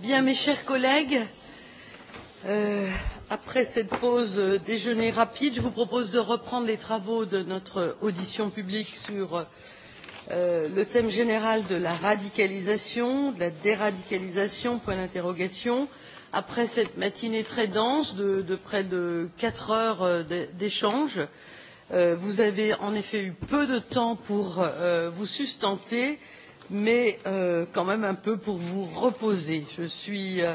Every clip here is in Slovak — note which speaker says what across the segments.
Speaker 1: Bien, mes chers collègues, euh, après cette pause euh, déjeuner rapide, je vous propose de reprendre les travaux de notre audition publique sur euh, le thème général de la radicalisation, de la déradicalisation, point d'interrogation, après cette matinée très dense de, de près de quatre heures euh, d'échange. Euh, vous avez en effet eu peu de temps pour vous sustenter mais euh, quand même un peu pour vous reposer. Je suis euh,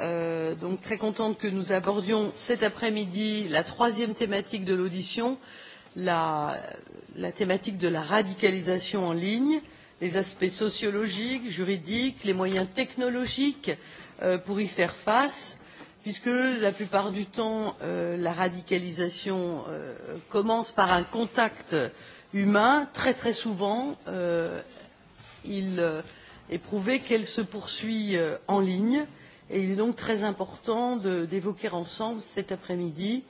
Speaker 1: euh, donc très contente que nous abordions cet après-midi la troisième thématique de l'audition, la, la thématique de la radicalisation en ligne, les aspects sociologiques, juridiques, les moyens technologiques euh, pour y faire face puisque la plupart du temps euh, la radicalisation euh, commence par un contact humain, très très souvent euh, il euh, est prouvé qu'elle se poursuit euh, en ligne et il est donc très important d'évoquer ensemble cet après midi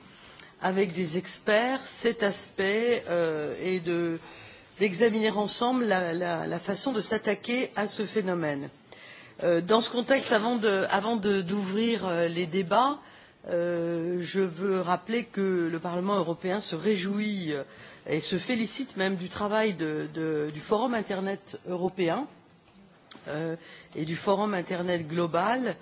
Speaker 1: avec des experts cet aspect euh, et d'examiner de, ensemble la, la, la façon de s'attaquer à ce phénomène. Euh, dans ce contexte, avant d'ouvrir euh, les débats, euh, je veux rappeler que le Parlement européen se réjouit et se félicite même du travail de, de, du Forum Internet européen euh, et du Forum Internet global,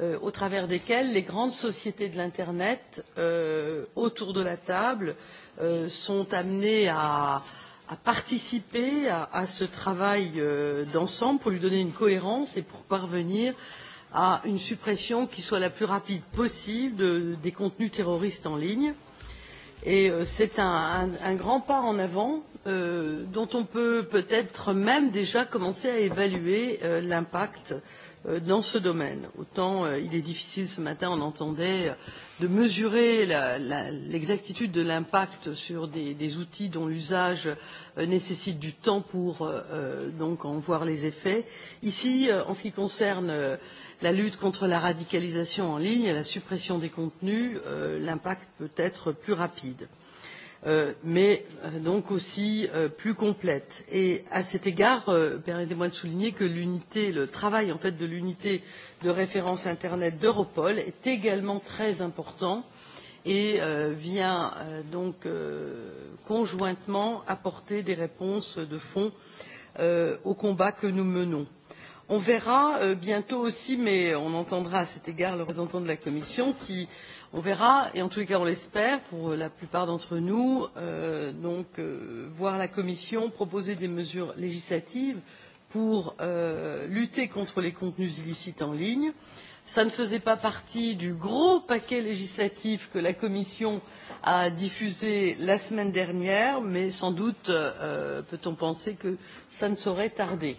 Speaker 1: euh, au travers desquels les grandes sociétés de l'Internet euh, autour de la table euh, sont amenées à, à participer à, à ce travail euh, d'ensemble pour lui donner une cohérence et pour parvenir à une suppression qui soit la plus rapide possible de, des contenus terroristes en ligne. Et euh, c'est un, un, un grand pas en avant euh, dont on peut peut-être même déjà commencer à évaluer euh, l'impact euh, dans ce domaine. Autant euh, il est difficile ce matin, on entendait, euh, de mesurer l'exactitude de l'impact sur des, des outils dont l'usage euh, nécessite du temps pour euh, euh donc en voir les effets. Ici, en ce qui concerne euh, la lutte contre la radicalisation en ligne et la suppression des contenus, euh, l'impact peut être plus rapide, euh, mais euh, donc aussi euh, plus complète. Et à cet égard, euh, permettez-moi de souligner que l'unité, le travail en fait de l'unité de référence Internet d'Europol est également très important et euh, vient euh, donc euh, conjointement apporter des réponses de fond euh, au combat que nous menons on verra euh, bientôt aussi, mais on entendra à cet égard le représentant de la Commission, si on verra, et en tous les cas on l'espère pour la plupart d'entre nous, euh, donc euh, voir la Commission proposer des mesures législatives pour euh, lutter contre les contenus illicites en ligne. Ça ne faisait pas partie du gros paquet législatif que la Commission a diffusé la semaine dernière, mais sans doute euh, peut-on penser que ça ne saurait tarder.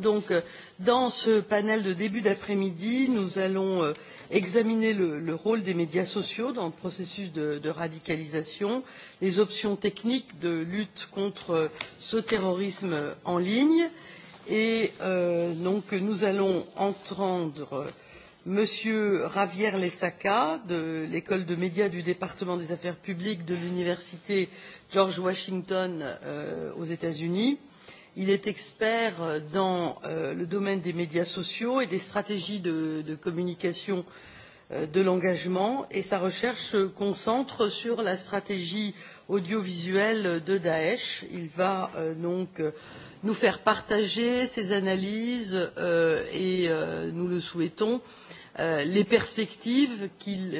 Speaker 1: Donc, euh, dans ce panel de début d'après-midi, nous allons euh, examiner le, le rôle des médias sociaux dans le processus de, de radicalisation, les options techniques de lutte contre euh, ce terrorisme en ligne. Et euh, donc, nous allons entendre Monsieur Javier Lesaka de l'école de médias du département des affaires publiques de l'université George Washington euh, aux États-Unis il est expert euh, dans euh, le domaine des médias sociaux et des stratégies de, de communication euh, de l'engagement et sa recherche se concentre sur la stratégie audiovisuelle de Daech. Il va donc nous faire partager ses analyses et nous le souhaitons les perspectives qu'il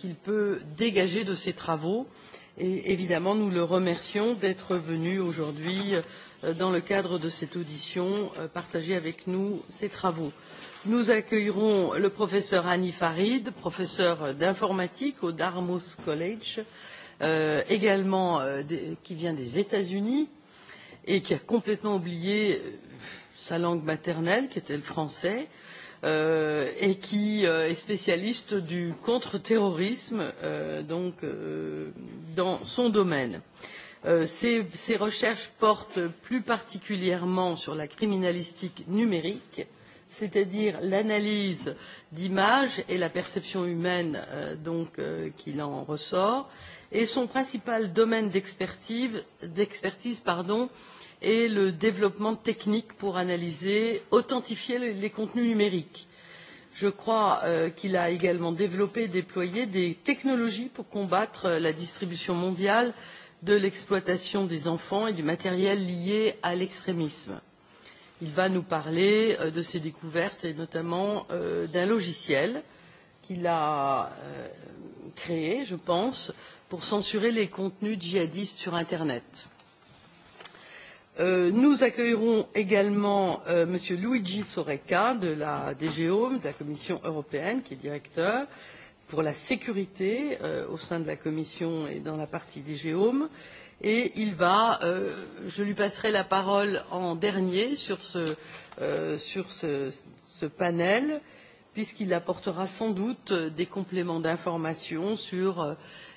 Speaker 1: qu peut dégager de ses travaux et évidemment nous le remercions d'être venu aujourd'hui euh, dans le cadre de cette audition euh, partager avec nous ses travaux. Nous accueillerons le professeur Annie Farid, professeur d'informatique au Dartmouth College, euh, également euh, des, qui vient des États-Unis et qui a complètement oublié euh, sa langue maternelle, qui était le français, euh, et qui euh, est spécialiste du contre-terrorisme donc, dans son domaine. Euh, Euh, ces, recherches portent plus particulièrement sur la criminalistique numérique c'est à dire l'analyse d'images et la perception humaine euh, donc, euh, qui en ressort et son principal domaine d'expertise est le développement technique pour analyser authentifier les, contenus numériques. je crois qu'il a également développé et déployé des technologies pour combattre la distribution mondiale de l'exploitation des enfants et du matériel lié à l'extrémisme. Il va nous parler euh, de ses découvertes et notamment euh, d'un logiciel qu'il a euh, créé, je pense, pour censurer les contenus djihadistes sur Internet. Nous accueillerons également M. Luigi Soreca de la DGO, de la Commission européenne, qui est directeur, euh, pour la sécurité euh, au sein de la Commission et dans la partie des Géomes. Et il va, euh, je lui passerai la parole en dernier sur ce, euh, sur ce, ce panel, puisqu'il apportera sans doute des compléments d'information sur euh,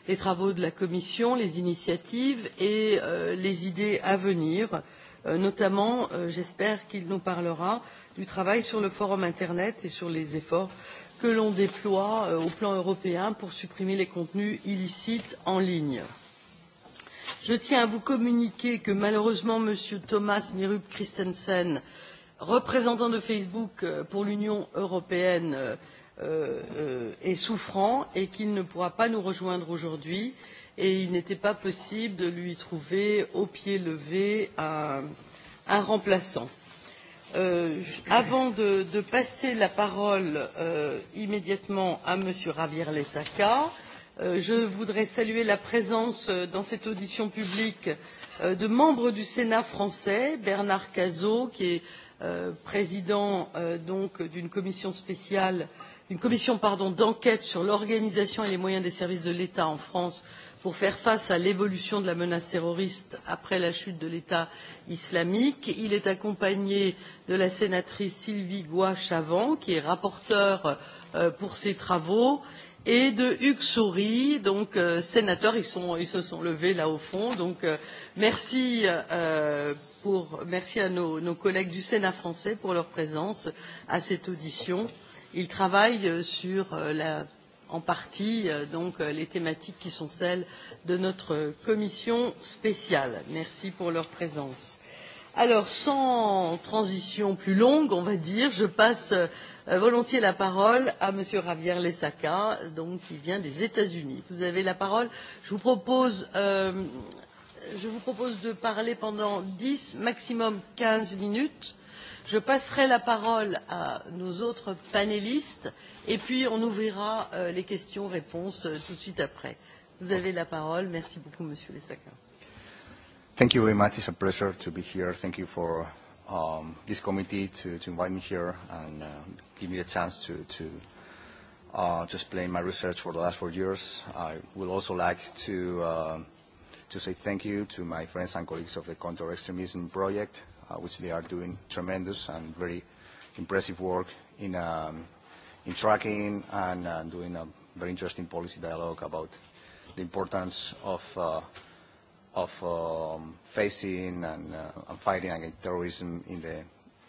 Speaker 1: les travaux de la Commission, les initiatives et euh, les idées à venir. Euh, notamment, euh, j'espère qu'il nous parlera du travail sur le forum Internet et sur les efforts euh, que l'on déploie euh, au plan européen pour supprimer les contenus illicites en ligne. Je tiens à vous communiquer que malheureusement M. Thomas Mirup Christensen, représentant de Facebook euh, pour l'Union européenne, euh, est souffrant et qu'il ne pourra pas nous rejoindre aujourd'hui et il n'était pas possible de lui trouver au pied levé un, un remplaçant Euh, avant de, de passer la parole euh, immédiatement à M. Javier Lesaka, euh, je voudrais saluer la présence euh, dans cette audition publique euh, de membres du Sénat français, Bernard Cazot, qui est Euh, président euh, donc d'une commission spéciale une commission d'enquête sur l'organisation et les moyens des services de l'État en France pour faire face à l'évolution de la menace terroriste après la chute de l'État islamique. Il est accompagné de la sénatrice Sylvie Goy Chavant, qui est rapporteure euh, pour ses travaux, et de Hugues Soury, donc sénateur. Ils, sont, ils se sont levés là au fond. Donc merci euh, pour merci à nos, nos collègues du Sénat français pour leur présence à cette audition. Ils travaillent euh, sur euh, la en partie euh, donc les thématiques qui sont celles de notre commission spéciale. Merci pour leur présence. Alors, sans transition plus longue, on va dire, je passe volontiers la parole à Monsieur Javier Lesaca, donc, qui vient des États-Unis. Vous avez la parole. Je vous propose euh, je vous propose de parler pendant dix maximum quinze minutes je passerai la parole à nos autres panélistes et puis on ouvrira euh, les questions réponses euh, tout de suite après. Vous avez la parole. Merci beaucoup, Monsieur Lesaka.
Speaker 2: Thank you very much. It's a pleasure to be here. Thank you for um, this committee to, to invite me here and uh, give me the chance to, to, uh, to explain my research for the last four years. I would also like to uh, to say thank you to my friends and colleagues of the Counter Extremism Project, uh, which they are doing tremendous and very impressive work in, um, in tracking and uh, doing a very interesting policy dialogue about the importance of, uh, of um, facing and, uh, and fighting against terrorism in the,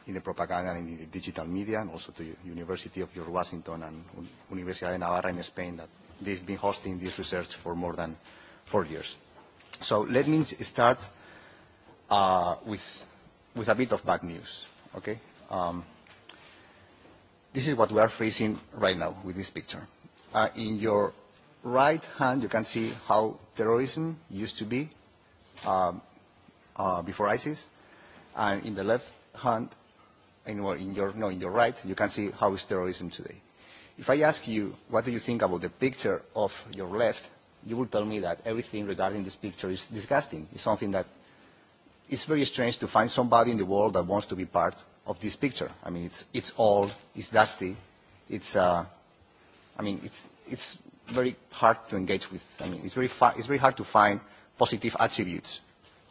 Speaker 2: in the propaganda and in the digital media, and also to University of George Washington and Universidad de Navarra in Spain that they've been hosting this research for more than four years. So let me start uh, with, with a bit of bad news, okay? Um, this is what we are facing right now with this picture. Uh, in your right hand, you can see how terrorism used to be um, uh, before ISIS, and in the left hand, in, or in your, no, in your right, you can see how is terrorism today. If I ask you, what do you think about the picture of your left, you will tell me that everything regarding this picture is disgusting. It's something that it's very strange to find somebody in the world that wants to be part of this picture. I mean, it's, it's old, it's dusty, it's, uh, I mean, it's, it's very hard to engage with. I mean, it's very, fa it's very hard to find positive attributes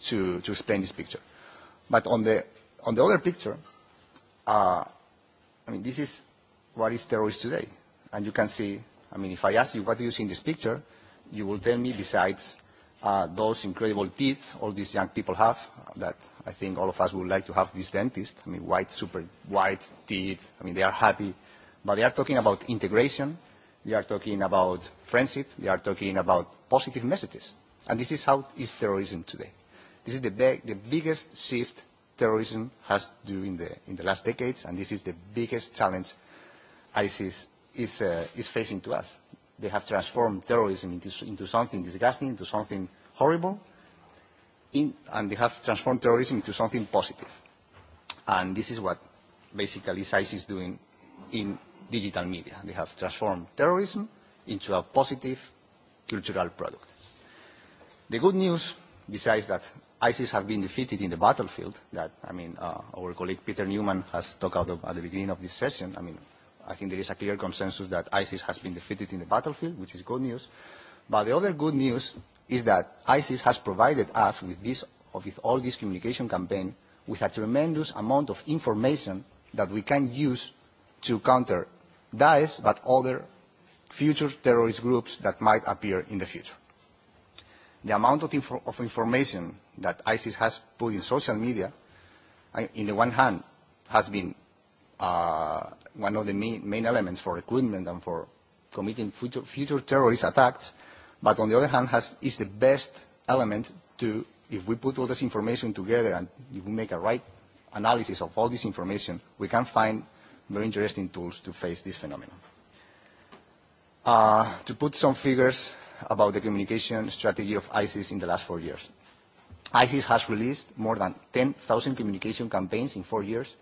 Speaker 2: to, to explain this picture. But on the, on the other picture, uh, I mean, this is what is terrorist today. And you can see, I mean, if I ask you what do you see in this picture, you will tell me besides uh, those incredible teeth all these young people have that I think all of us would like to have this dentist. I mean, white, super white teeth. I mean, they are happy. But they are talking about integration. They are talking about friendship. They are talking about positive messages. And this is how is terrorism today. This is the, big, the biggest shift terrorism has to do in the, in the last decades, and this is the biggest challenge ISIS is, uh, is facing to us They have transformed terrorism into, into something disgusting, into something horrible, in, and they have transformed terrorism into something positive. And this is what basically SAIS is doing in digital media. They have transformed terrorism into a positive cultural product. The good news, besides that ISIS have been defeated in the battlefield, that, I mean, uh, our colleague Peter Newman has talked about at the beginning of this session, I mean, i think there is a clear consensus that ISIS has been defeated in the battlefield, which is good news. But the other good news is that ISIS has provided us with, this, with all this communication campaign with a tremendous amount of information that we can use to counter Daesh, but other future terrorist groups that might appear in the future. The amount of, infor of information that ISIS has put in social media, in the one hand, has been uh, one of the main, main elements for recruitment and for committing future, future terrorist attacks, but on the other hand has, is the best element to, if we put all this information together and if we make a right analysis of all this information, we can find very interesting tools to face this phenomenon. Uh, to put some figures about the communication strategy of ISIS in the last four years. ISIS has released more than 10,000 communication campaigns in four years,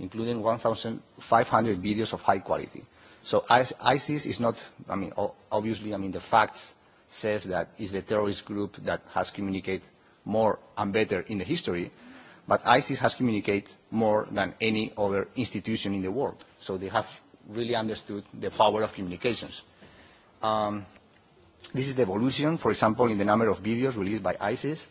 Speaker 2: including 1,500 videos of high quality. So ISIS is not, I mean, obviously, I mean, the facts says that it's the terrorist group that has communicated more and better in the history, but ISIS has communicated more than any other institution in the world. So they have really understood the power of communications. Um, this is the evolution, for example, in the number of videos released by ISIS.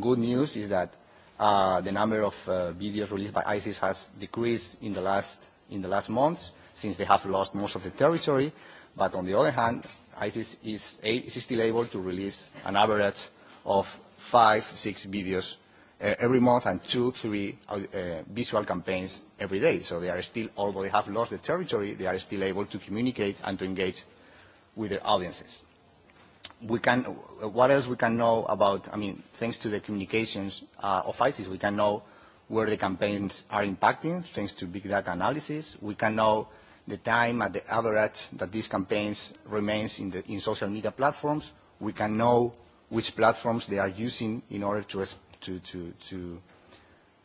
Speaker 2: Good news is that Uh, the number of uh, videos released by ISIS has decreased in the last in the last months since they have lost most of the territory. But on the other hand, ISIS is, a, is still able to release an average of five, six videos uh, every month and two, three uh, uh, visual campaigns every day. So they are still, although they have lost the territory, they are still able to communicate and to engage with their audiences we can, what else we can know about, I mean, thanks to the communications uh, of ISIS, we can know where the campaigns are impacting, thanks to big data analysis. We can know the time at the average that these campaigns remains in, the, in social media platforms. We can know which platforms they are using in order to, to, to, to,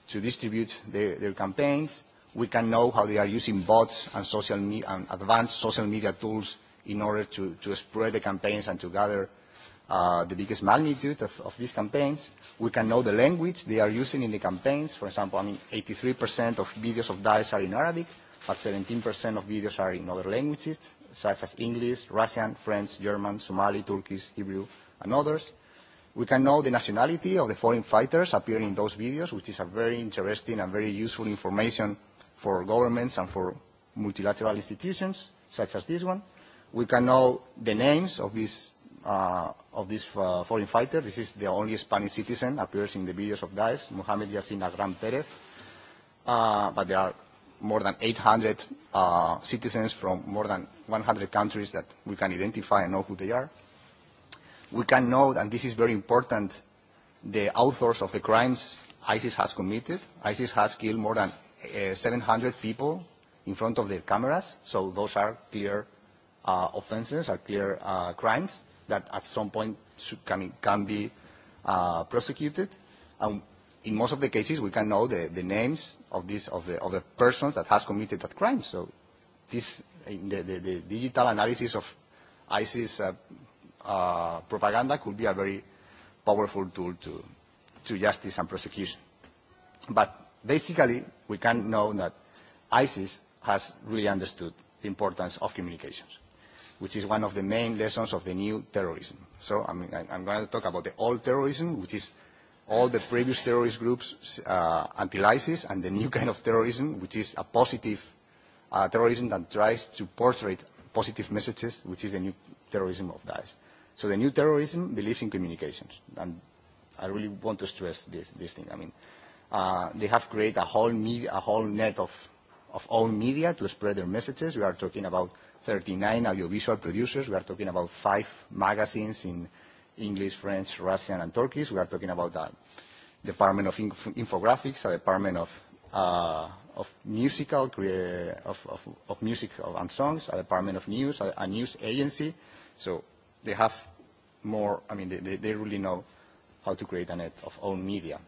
Speaker 2: to distribute their, their campaigns. We can know how they are using bots and, social me and advanced social media tools in order to, to spread the campaigns and to gather uh, the biggest magnitude of, of these campaigns. We can know the language they are using in the campaigns. For example, I mean, 83% of videos of Daesh are in Arabic, but 17% of videos are in other languages, such as English, Russian, French, German, Somali, Turkish, Hebrew, and others. We can know the nationality of the foreign fighters appearing in those videos, which is a very interesting and very useful information for governments and for multilateral institutions, such as this one. We can know the names of this uh, of this uh, foreign fighter. This is the only Spanish citizen appears in the videos of Daesh, Mohamed Yassin Agran Perez. Uh, but there are more than 800 uh, citizens from more than 100 countries that we can identify and know who they are. We can know, and this is very important, the authors of the crimes ISIS has committed. ISIS has killed more than uh, 700 people in front of their cameras, so those are clear uh, offenses, are clear uh, crimes that at some point should, can, can be uh, prosecuted. And in most of the cases, we can know the, the names of, this of, the, of the persons that has committed that crime. So this, in the, the, the digital analysis of ISIS uh, uh, propaganda could be a very powerful tool to, to justice and prosecution. But basically, we can know that ISIS has really understood the importance of communications which is one of the main lessons of the new terrorism. So I mean, I, I'm going to talk about the old terrorism, which is all the previous terrorist groups, uh, anti-ISIS, and the new kind of terrorism, which is a positive uh, terrorism that tries to portray positive messages, which is the new terrorism of Daesh. So the new terrorism believes in communications, and I really want to stress this, this thing. I mean, uh, they have created a whole, media, a whole net of, of own media to spread their messages. We are talking about 39 audiovisual producers. We are talking about five magazines in English, French, Russian, and Turkish. We are talking about the Department of Inf Infographics, a Department of, uh, of musical, of, of, of music and songs, a Department of News, a, a news agency. So they have more, I mean, they, they really know how to create a net of own media.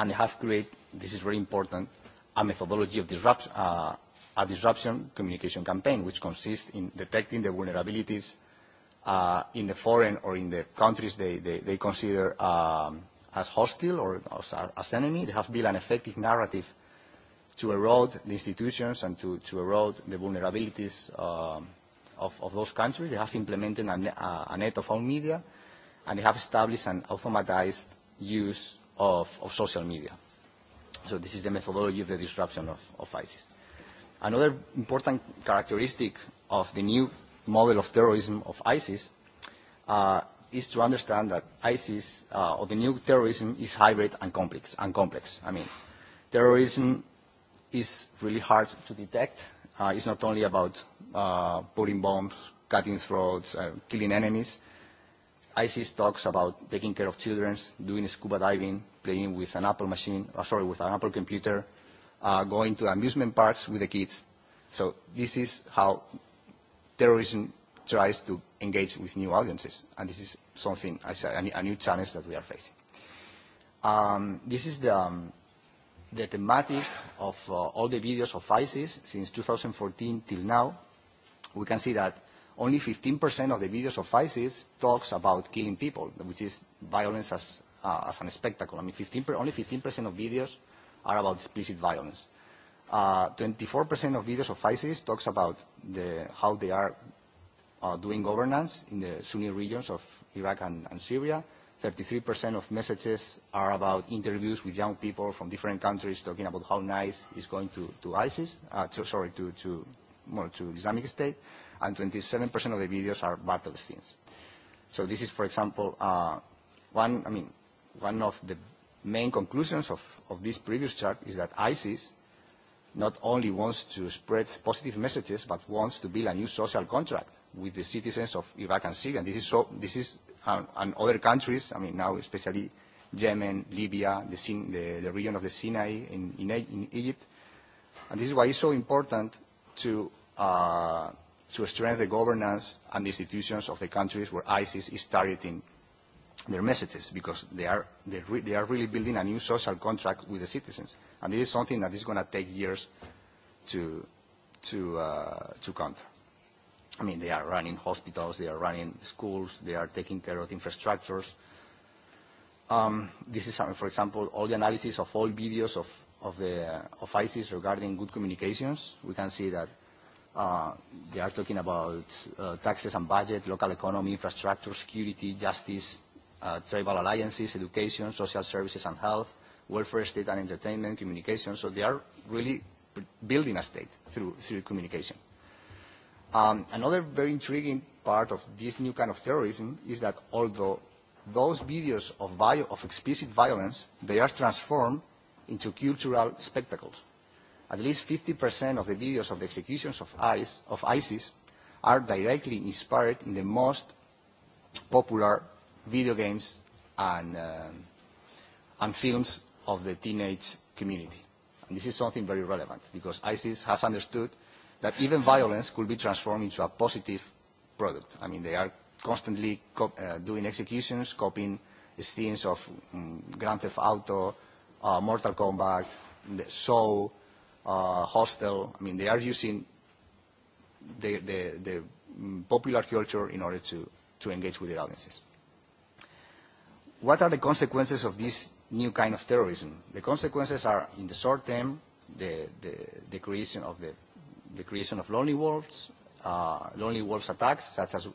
Speaker 2: And they have created, this is very important, a methodology of disruption, uh, a disruption communication campaign, which consists in detecting the vulnerabilities uh, in the foreign or in the countries they, they, they consider um, as hostile or as, as enemy. They have built an effective narrative to erode the institutions and to, to erode the vulnerabilities um, of, of those countries. They have implemented a, a net of all media, and they have established an automatized use of, of social media. So this is the methodology of the disruption of, of ISIS. Another important characteristic of the new model of terrorism of ISIS uh, is to understand that ISIS uh, or the new terrorism is hybrid and complex. And complex. I mean, terrorism is really hard to detect. Uh, it's not only about uh, putting bombs, cutting throats, uh, killing enemies. ISIS talks about taking care of children, doing scuba diving, playing with an Apple machine, uh, sorry, with an Apple computer, uh, going to amusement parks with the kids. So this is how terrorism tries to engage with new audiences, and this is something, as a, a new challenge that we are facing. Um, this is the, um, the thematic of uh, all the videos of ISIS since 2014 till now. We can see that only 15% of the videos of ISIS talks about killing people, which is violence as, uh, as a spectacle. I mean, 15, only 15% of videos are about explicit violence. Uh, 24% of videos of ISIS talks about the, how they are uh, doing governance in the Sunni regions of Iraq and, and Syria. 33% of messages are about interviews with young people from different countries talking about how nice is going to, to ISIS, uh, to, sorry, to, to, to Islamic State, and 27% of the videos are battle scenes. So this is, for example, uh, one, I mean, one of the main conclusions of, of this previous chart is that ISIS not only wants to spread positive messages, but wants to build a new social contract with the citizens of Iraq and Syria. And this is, so, this is um, and other countries, I mean, now especially Yemen, Libya, the, Sin, the, the region of the Sinai in, in, e, in Egypt. And this is why it's so important to, uh, to strengthen the governance and the institutions of the countries where ISIS is targeting their messages because they are, they, re they are really building a new social contract with the citizens. And this is something that is going to take years to, to, uh, to counter. I mean, they are running hospitals, they are running schools, they are taking care of infrastructures. Um, this is, for example, all the analysis of all videos of, of, the, uh, of ISIS regarding good communications. We can see that Uh, they are talking about uh, taxes and budget, local economy, infrastructure, security, justice, uh, tribal alliances, education, social services and health, welfare state and entertainment, communication. So they are really building a state through, through communication. Um, another very intriguing part of this new kind of terrorism is that although those videos of, bio, of explicit violence, they are transformed into cultural spectacles. At least 50% of the videos of the executions of, ICE, of ISIS are directly inspired in the most popular video games and, uh, and films of the teenage community. And this is something very relevant because ISIS has understood that even violence could be transformed into a positive product. I mean, they are constantly co uh, doing executions, copying scenes of um, Grand Theft Auto, uh, Mortal Kombat, the Soul, uh, Hostel. I mean, they are using the, the, the mm, popular culture in order to, to engage with their audiences. What are the consequences of this new kind of terrorism? The consequences are, in the short term, the, the, the creation of the, the creation of lonely wolves, uh, lonely wolves attacks, such as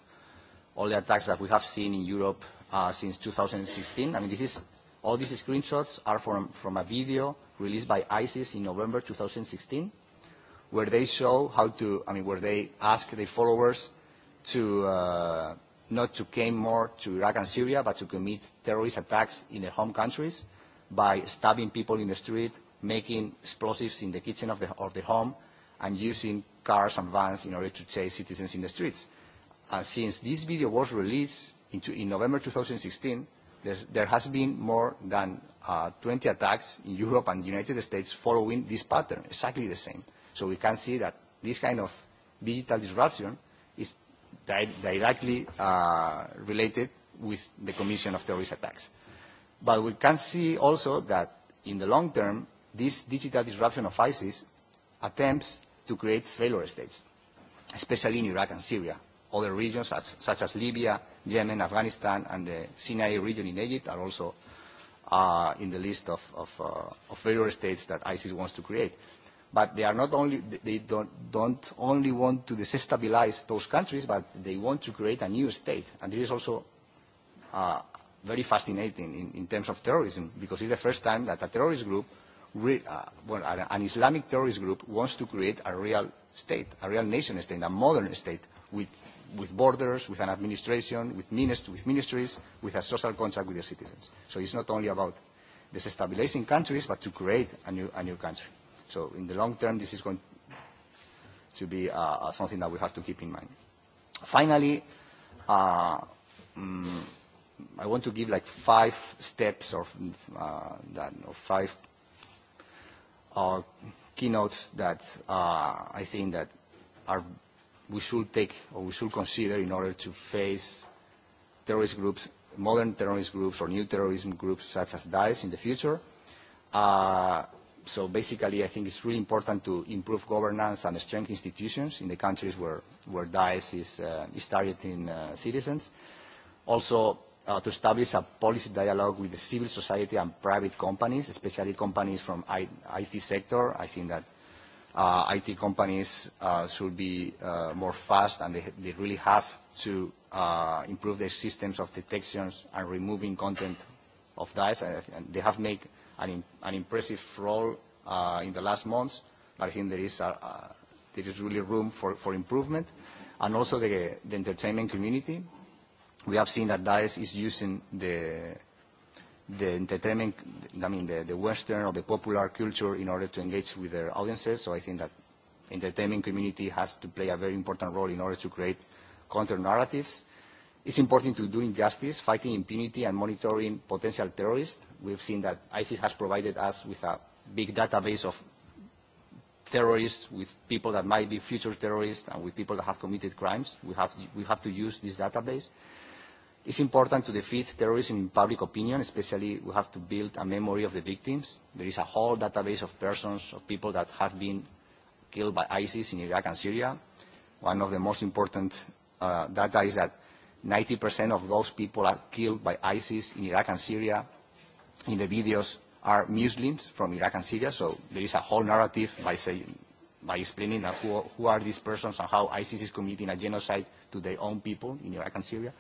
Speaker 2: all the attacks that we have seen in Europe uh, since 2016. I mean, this is, all these screenshots are from, from a video released by ISIS in November 2016, where they show how to, I mean, where they ask their followers to, uh, not to came more to Iraq and Syria, but to commit terrorist attacks in their home countries by stabbing people in the street, making explosives in the kitchen of the, of their home, and using cars and vans in order to chase citizens in the streets. And since this video was released in November 2016, sixteen, there has been more than uh, 20 attacks in Europe and the United States following this pattern, exactly the same. So we can see that this kind of digital disruption di directly uh, related with the commission of terrorist attacks. But we can see also that in the long term, this digital disruption of ISIS attempts to create failure states, especially in Iraq and Syria. Other regions such, such as Libya, Yemen, Afghanistan, and the Sinai region in Egypt are also uh, in the list of, of, uh, of failure states that ISIS wants to create. But they are not only, they don't, don't only want to destabilize those countries, but they want to create a new state. And this is also uh, very fascinating in, in terms of terrorism, because it's the first time that a terrorist group, re, uh, well, an Islamic terrorist group wants to create a real state, a real nation state, a modern state with, with borders, with an administration, with, minist- with ministries, with a social contract with the citizens. So it's not only about destabilizing countries, but to create a new, a new country. So in the long term, this is going to be uh, uh something that we have to keep in mind. Finally, uh, mm, I want to give like five steps or, uh, that, or five uh, keynotes that uh, I think that are, we should take or we should consider in order to face terrorist groups, modern terrorist groups or new terrorism groups such as DICE in the future. Uh, so basically, I think it's really important to improve governance and strengthen institutions in the countries where, where DAESH is, uh, is targeting uh, citizens. Also, uh, to establish a policy dialogue with the civil society and private companies, especially companies from I IT sector. I think that uh, IT companies uh, should be uh, more fast and they, they really have to uh, improve their systems of detections and removing content of DAESH. And they have made an, an impressive role uh, in the last months, but I think there is, uh, there is really room for, for improvement. And also the, the entertainment community. We have seen that DICE is using the, the entertainment, I mean, the, the Western or the popular culture in order to engage with their audiences. So I think that entertainment community has to play a very important role in order to create counter narratives It's important to do justice, fighting impunity and monitoring potential terrorists. We've seen that ISIS has provided us with a big database of terrorists, with people that might be future terrorists and with people that have committed crimes. We have, we have to use this database. It's important to defeat terrorism in public opinion, especially we have to build a memory of the victims. There is a whole database of persons, of people that have been killed by ISIS in Iraq and Syria. One of the most important uh, data is that 90% of those people are killed by ISIS in Iraq and Syria. In the videos are Muslims from Iraq and Syria, so there is a whole narrative by, saying by explaining that who, who are these persons and how ISIS is committing a genocide to their own people in Iraq and Syria.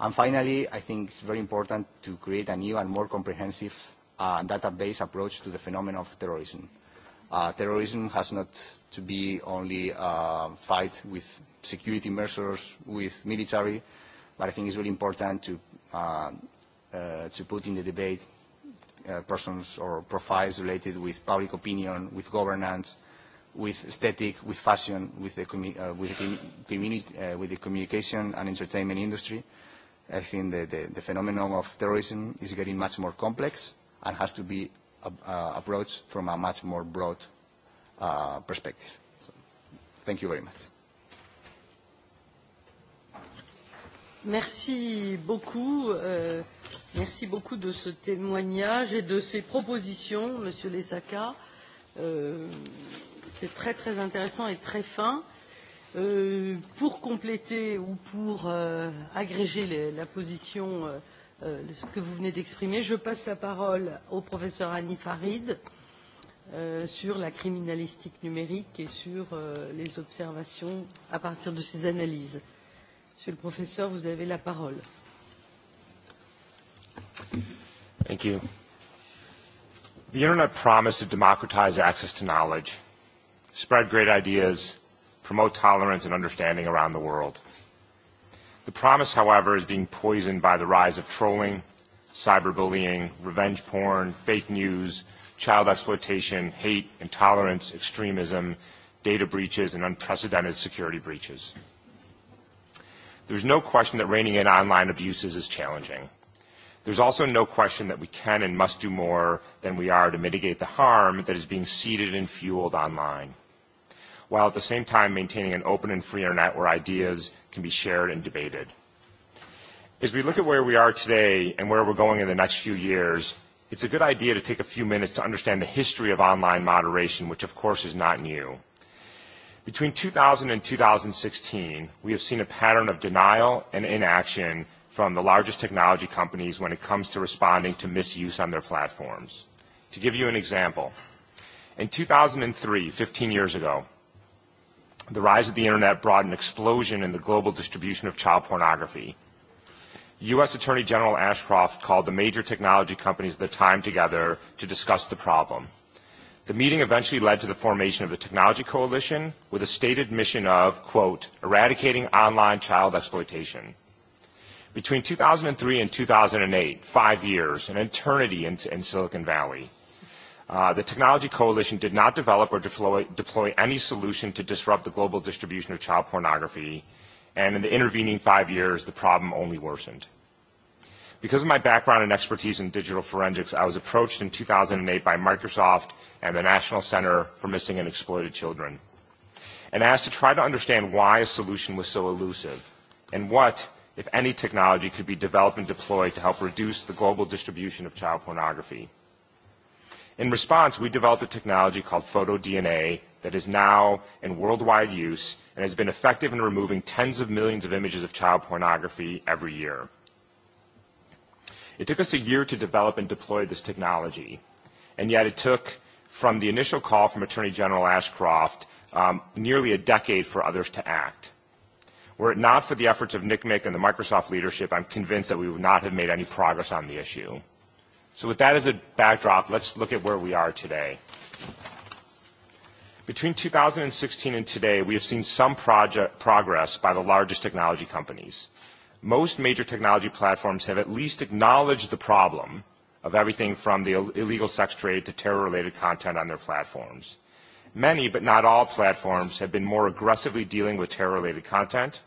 Speaker 2: And finally, I think it's very important to create a new and more comprehensive uh, database approach to the phenomenon of terrorism. Uh, terrorism has not to be only uh, fight with security measures with military, but I think it's really important to, uh, uh, to put in the debate uh, persons or profiles related with public opinion, with governance, with aesthetic, with fashion, with the, commu uh, with the, uh, with the communication and entertainment industry. I think the, the, the phenomenon of terrorism is getting much more complex and has to be uh, approached from a much more broad uh, perspective. So, thank you very much.
Speaker 1: Merci beaucoup. Euh, merci beaucoup de ce témoignage et de ces propositions, Monsieur Lesaka. Euh, C'est très très intéressant et très fin. Euh, pour compléter ou pour euh, agréger les, la position euh, euh que vous venez d'exprimer, je passe la parole au professeur Annie Farid euh, sur la criminalistique numérique et sur euh, les observations à partir de ses analyses. Monsieur le professeur, vous avez la parole.
Speaker 3: Thank you. The internet promised to democratize access to knowledge, spread great ideas, promote tolerance and understanding around the world. The promise, however, is being poisoned by the rise of trolling, cyberbullying, revenge porn, fake news, child exploitation, hate, intolerance, extremism, data breaches, and unprecedented security breaches. There's no question that reining in online abuses is challenging. There's also no question that we can and must do more than we are to mitigate the harm that is being seeded and fueled online, while at the same time maintaining an open and free internet where ideas can be shared and debated. As we look at where we are today and where we're going in the next few years, it's a good idea to take a few minutes to understand the history of online moderation, which of course is not new. Between 2000 and 2016, we have seen a pattern of denial and inaction from the largest technology companies when it comes to responding to misuse on their platforms. To give you an example, in 2003, 15 years ago, the rise of the internet brought an explosion in the global distribution of child pornography. U.S. Attorney General Ashcroft called the major technology companies at the time together to discuss the problem. The meeting eventually led to the formation of the Technology Coalition with a stated mission of, quote, eradicating online child exploitation. Between 2003 and 2008, five years, an eternity in, in Silicon Valley, uh, the Technology Coalition did not develop or deploy, deploy any solution to disrupt the global distribution of child pornography, and in the intervening five years, the problem only worsened. Because of my background and expertise in digital forensics, I was approached in 2008 by Microsoft and the National Center for Missing and Exploited Children and asked to try to understand why a solution was so elusive and what, if any, technology could be developed and deployed to help reduce the global distribution of child pornography. In response, we developed a technology called PhotoDNA that is now in worldwide use and has been effective in removing tens of millions of images of child pornography every year. It took us a year to develop and deploy this technology, and yet it took from the initial call from Attorney General Ashcroft um, nearly a decade for others to act. Were it not for the efforts of NCMEC and the Microsoft leadership, I'm convinced that we would not have made any progress on the issue. So with that as a backdrop, let's look at where we are today. Between 2016 and today, we have seen some project progress by the largest technology companies most major technology platforms have at least acknowledged the problem of everything from the illegal sex trade to terror-related content on their platforms. Many, but not all, platforms have been more aggressively dealing with terror-related content.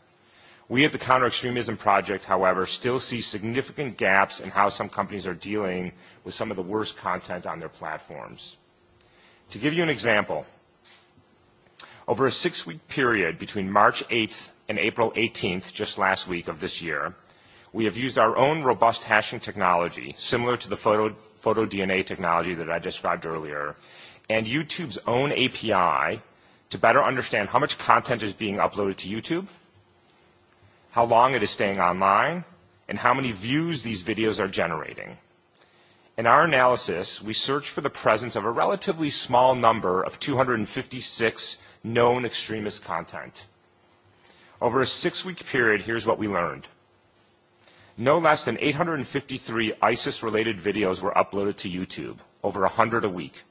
Speaker 3: We at the Counter-Extremism Project, however, still see significant gaps in how some companies are dealing with some of the worst content on their platforms. To give you an example, over a six-week period between March 8th and April 18th, just last week of this year, we have used our own robust hashing technology, similar to the photo, photo DNA technology that I described earlier, and YouTube's own API to better understand how much content is being uploaded to YouTube, how long it is staying online, and how many views these videos are generating. In our analysis, we searched for the presence of a relatively small number of 256 known extremist content. Over a six-week period, here's what we learned. No less than 853 ISIS-related videos were uploaded to YouTube, over 100 a week.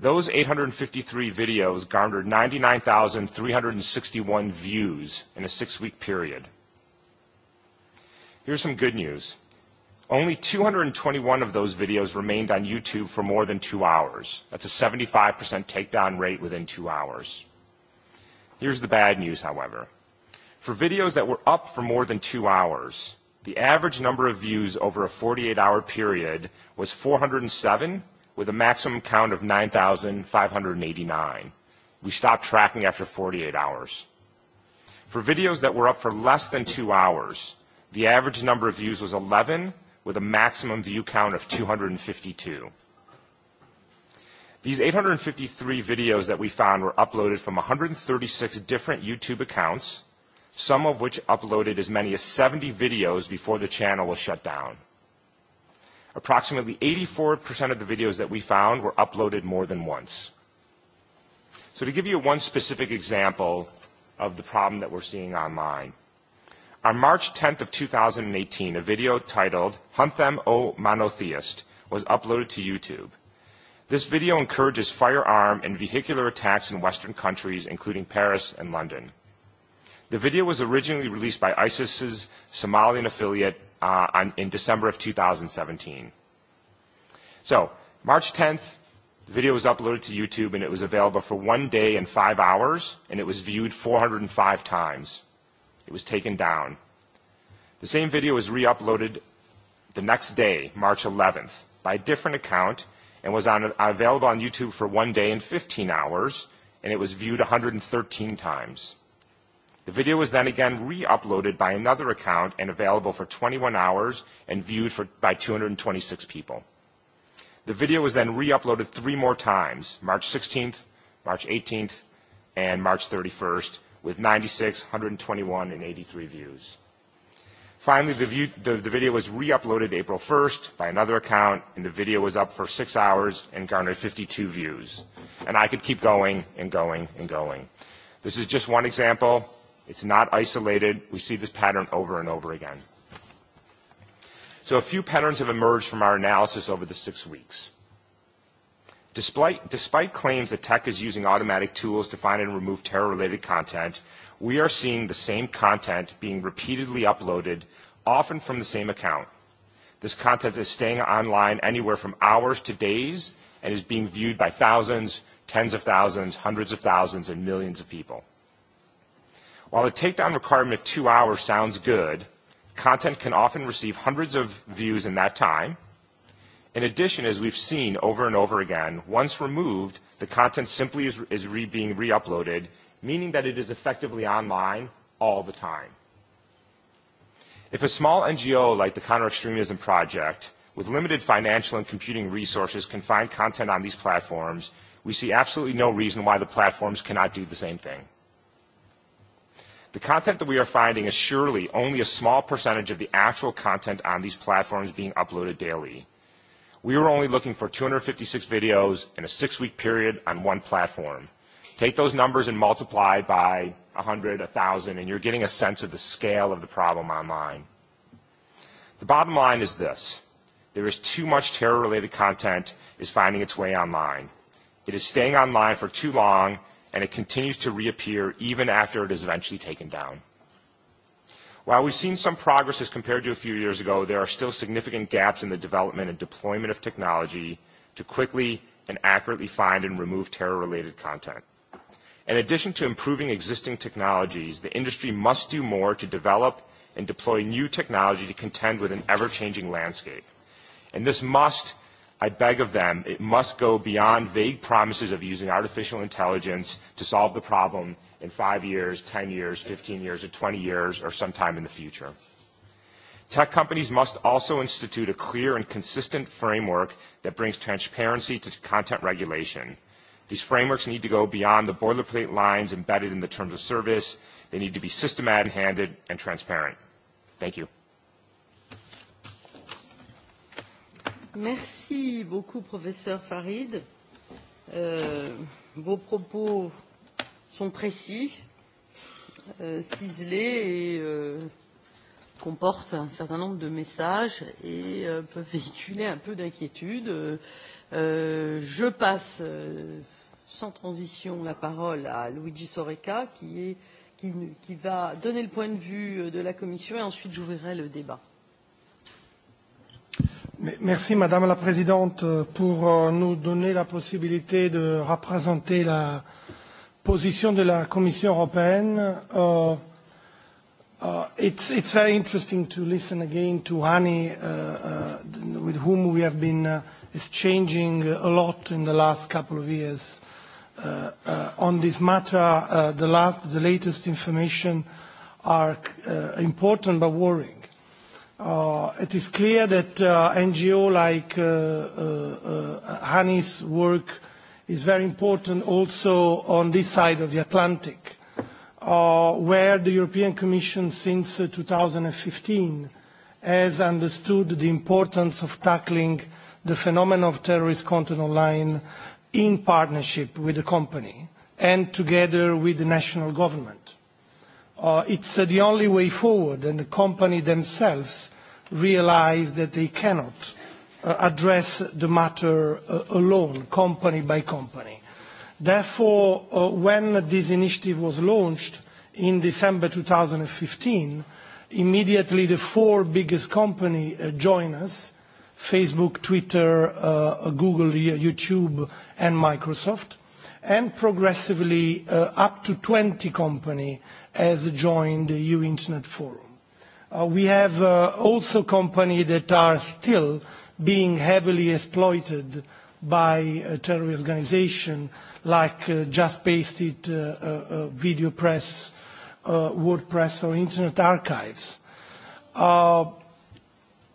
Speaker 3: Those 853 videos garnered 99,361 views in a six-week period. Here's some good news. Only 221 of those videos remained on YouTube for more than two hours. That's a 75% takedown rate within two hours. Here's the bad news, however. For videos that were up for more than two hours, the average number of views over a 48-hour period was 407, with a maximum count of 9,589. We stopped tracking after 48 hours. For videos that were up for less than two hours, the average number of views was 11, with a maximum view count of 252. These 853 videos that we found were uploaded from 136 different YouTube accounts, some of which uploaded as many as 70 videos before the channel was shut down. Approximately 84% of the videos that we found were uploaded more than once. So to give you one specific example of the problem that we're seeing online, on March 10th of 2018, a video titled Hunt Them, O Monotheist was uploaded to YouTube. This video encourages firearm and vehicular attacks in Western countries, including Paris and London. The video was originally released by ISIS's Somalian affiliate uh, on, in December of 2017. So, March 10th, the video was uploaded to YouTube and it was available for one day and five hours, and it was viewed 405 times. It was taken down. The same video was re-uploaded the next day, March 11th, by a different account and was on, available on YouTube for one day and 15 hours, and it was viewed 113 times. The video was then again re-uploaded by another account and available for 21 hours and viewed for, by 226 people. The video was then re-uploaded three more times, March 16th, March 18th, and March 31st, with 96, 121, and 83 views. Finally, the, view, the, the video was re-uploaded April 1st by another account, and the video was up for six hours and garnered 52 views. And I could keep going and going and going. This is just one example. It's not isolated. We see this pattern over and over again. So a few patterns have emerged from our analysis over the six weeks. Despite, despite claims that tech is using automatic tools to find and remove terror-related content, we are seeing the same content being repeatedly uploaded, often from the same account. This content is staying online anywhere from hours to days and is being viewed by thousands, tens of thousands, hundreds of thousands, and millions of people. While the takedown requirement of two hours sounds good, content can often receive hundreds of views in that time. In addition, as we've seen over and over again, once removed, the content simply is, is re, being re-uploaded meaning that it is effectively online all the time. If a small NGO like the Counter-Extremism Project, with limited financial and computing resources, can find content on these platforms, we see absolutely no reason why the platforms cannot do the same thing. The content that we are finding is surely only a small percentage of the actual content on these platforms being uploaded daily. We were only looking for 256 videos in a six-week period on one platform. Take those numbers and multiply by 100, 1,000, and you're getting a sense of the scale of the problem online. The bottom line is this. There is too much terror-related content is finding its way online. It is staying online for too long, and it continues to reappear even after it is eventually taken down. While we've seen some progress as compared to a few years ago, there are still significant gaps in the development and deployment of technology to quickly and accurately find and remove terror-related content. In addition to improving existing technologies, the industry must do more to develop and deploy new technology to contend with an ever-changing landscape. And this must, I beg of them, it must go beyond vague promises of using artificial intelligence to solve the problem in five years, 10 years, 15 years, or 20 years, or sometime in the future. Tech companies must also institute a clear and consistent framework that brings transparency to content regulation. These frameworks need to go beyond the boilerplate lines embedded in the terms of service. They need to be systematic-handed and transparent. Thank you.
Speaker 1: Merci beaucoup, professeur Farid. Euh, vos propos sont précis, euh, ciselés et euh, comportent un certain nombre de messages et euh, peuvent véhiculer un peu d'inquiétude. Euh, je passe euh, sans transition la parole à Luigi Soreca qui, est, qui, qui va donner le point de vue euh, de la Commission et ensuite j'ouvrirai le débat.
Speaker 4: Merci Madame la Présidente pour euh, nous donner la possibilité de représenter la position de la Commission européenne. Uh, Uh, it's, it's very interesting to listen again to Hani, uh, uh, with whom we have been uh, exchanging a lot in the last couple of years Uh, uh, on this matter, uh, the, last, the latest information are uh, important but worrying. It is clear that NGO like Hani's work is very important also on this side of the Atlantic, where the European Commission since 2015 has understood the importance of tackling the phenomenon of terrorist content online in partnership with the company and together with the national government. Uh, it's uh, the only way forward, and the company themselves realize that they cannot uh, address the matter uh, alone, company by company. Therefore, uh, when this initiative was launched in December 2015, immediately the four biggest companies uh, joined us, Facebook, Twitter, uh, Google, YouTube, and Microsoft. And progressively, uh, up to 20 companies have joined the EU Internet Forum. Uh, we have also companies that are still being heavily exploited by terrorist organisations, like Just pasted VideoPress, WordPress, or Internet Archives.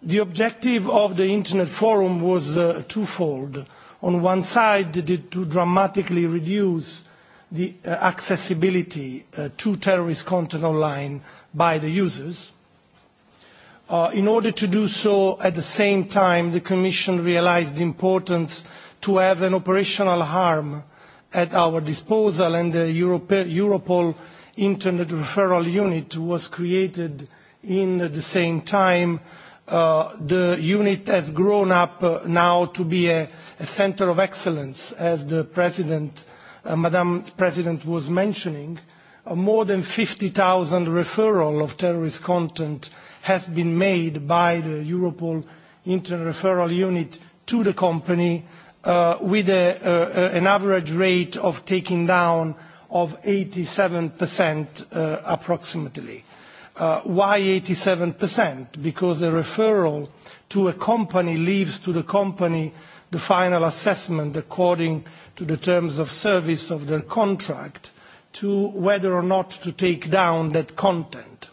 Speaker 4: The objective of the Internet Forum was uh, twofold. On one side, to dramatically reduce the uh, accessibility uh, to terrorist content online by the users. Uh, in order to do so, at the same time, the Commission realised the importance to have an operational arm at our disposal, and the Europe Europol Internet Referral Unit was created in the same time Uh, the unit has grown up uh, now to be a, centre of excellence, as the president, uh, Madam President was mentioning. more than 50,000 referral of terrorist content has been made by the Europol Internal Referral Unit to the company with an average rate of taking down of 87% approximately. Uh, why 87%? Because a referral to a company leaves to the company the final assessment according to the terms of service of their contract to whether or not to take down that content.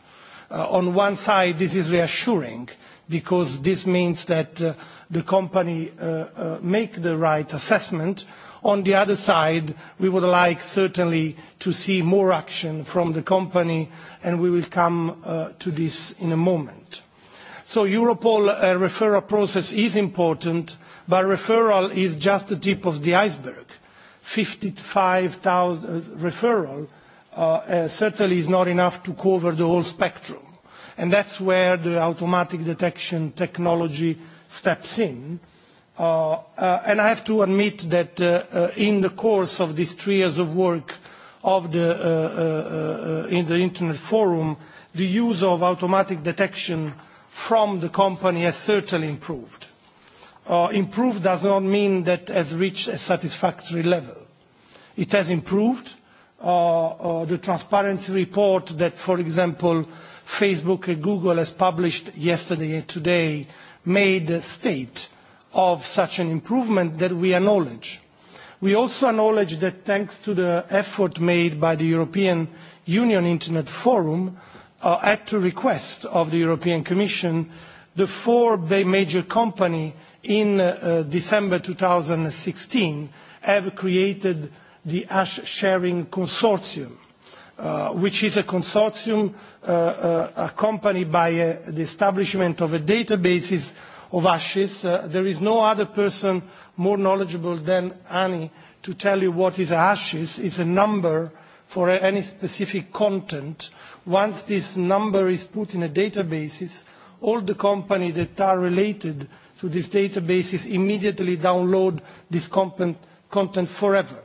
Speaker 4: Uh, on one side, this is reassuring because this means that uh, the company makes the right assessment. On the other side, we would like certainly to see more action from the company, and we will come uh, to this in a moment. So Europol uh, referral process is important, but referral is just the tip of the iceberg. 55,000 uh, referral certainly is not enough to cover the whole spectrum. and That's where the automatic detection technology steps in Uh, uh, and I have to admit that uh, uh, in the course of these three years of work of the, uh, uh, in the Internet Forum, the use of automatic detection from the company has certainly improved. improved does not mean that it has reached a satisfactory level. It has improved. the transparency report that, for example, Facebook and Google has published yesterday and today made state of such an improvement that we acknowledge. We also acknowledge that thanks to the effort made by the European Union Internet Forum, uh, at the request of the European Commission, the four major companies in uh, uh December sixteen have created the ash sharing consortium. Uh, which is a consortium uh, uh, accompanied by uh, the establishment of a databases of ashes. Uh, there is no other person more knowledgeable than Annie to tell you what is ashes. It's a number for any specific content. Once this number is put in a database, all the companies that are related to these databases immediately download this content forever.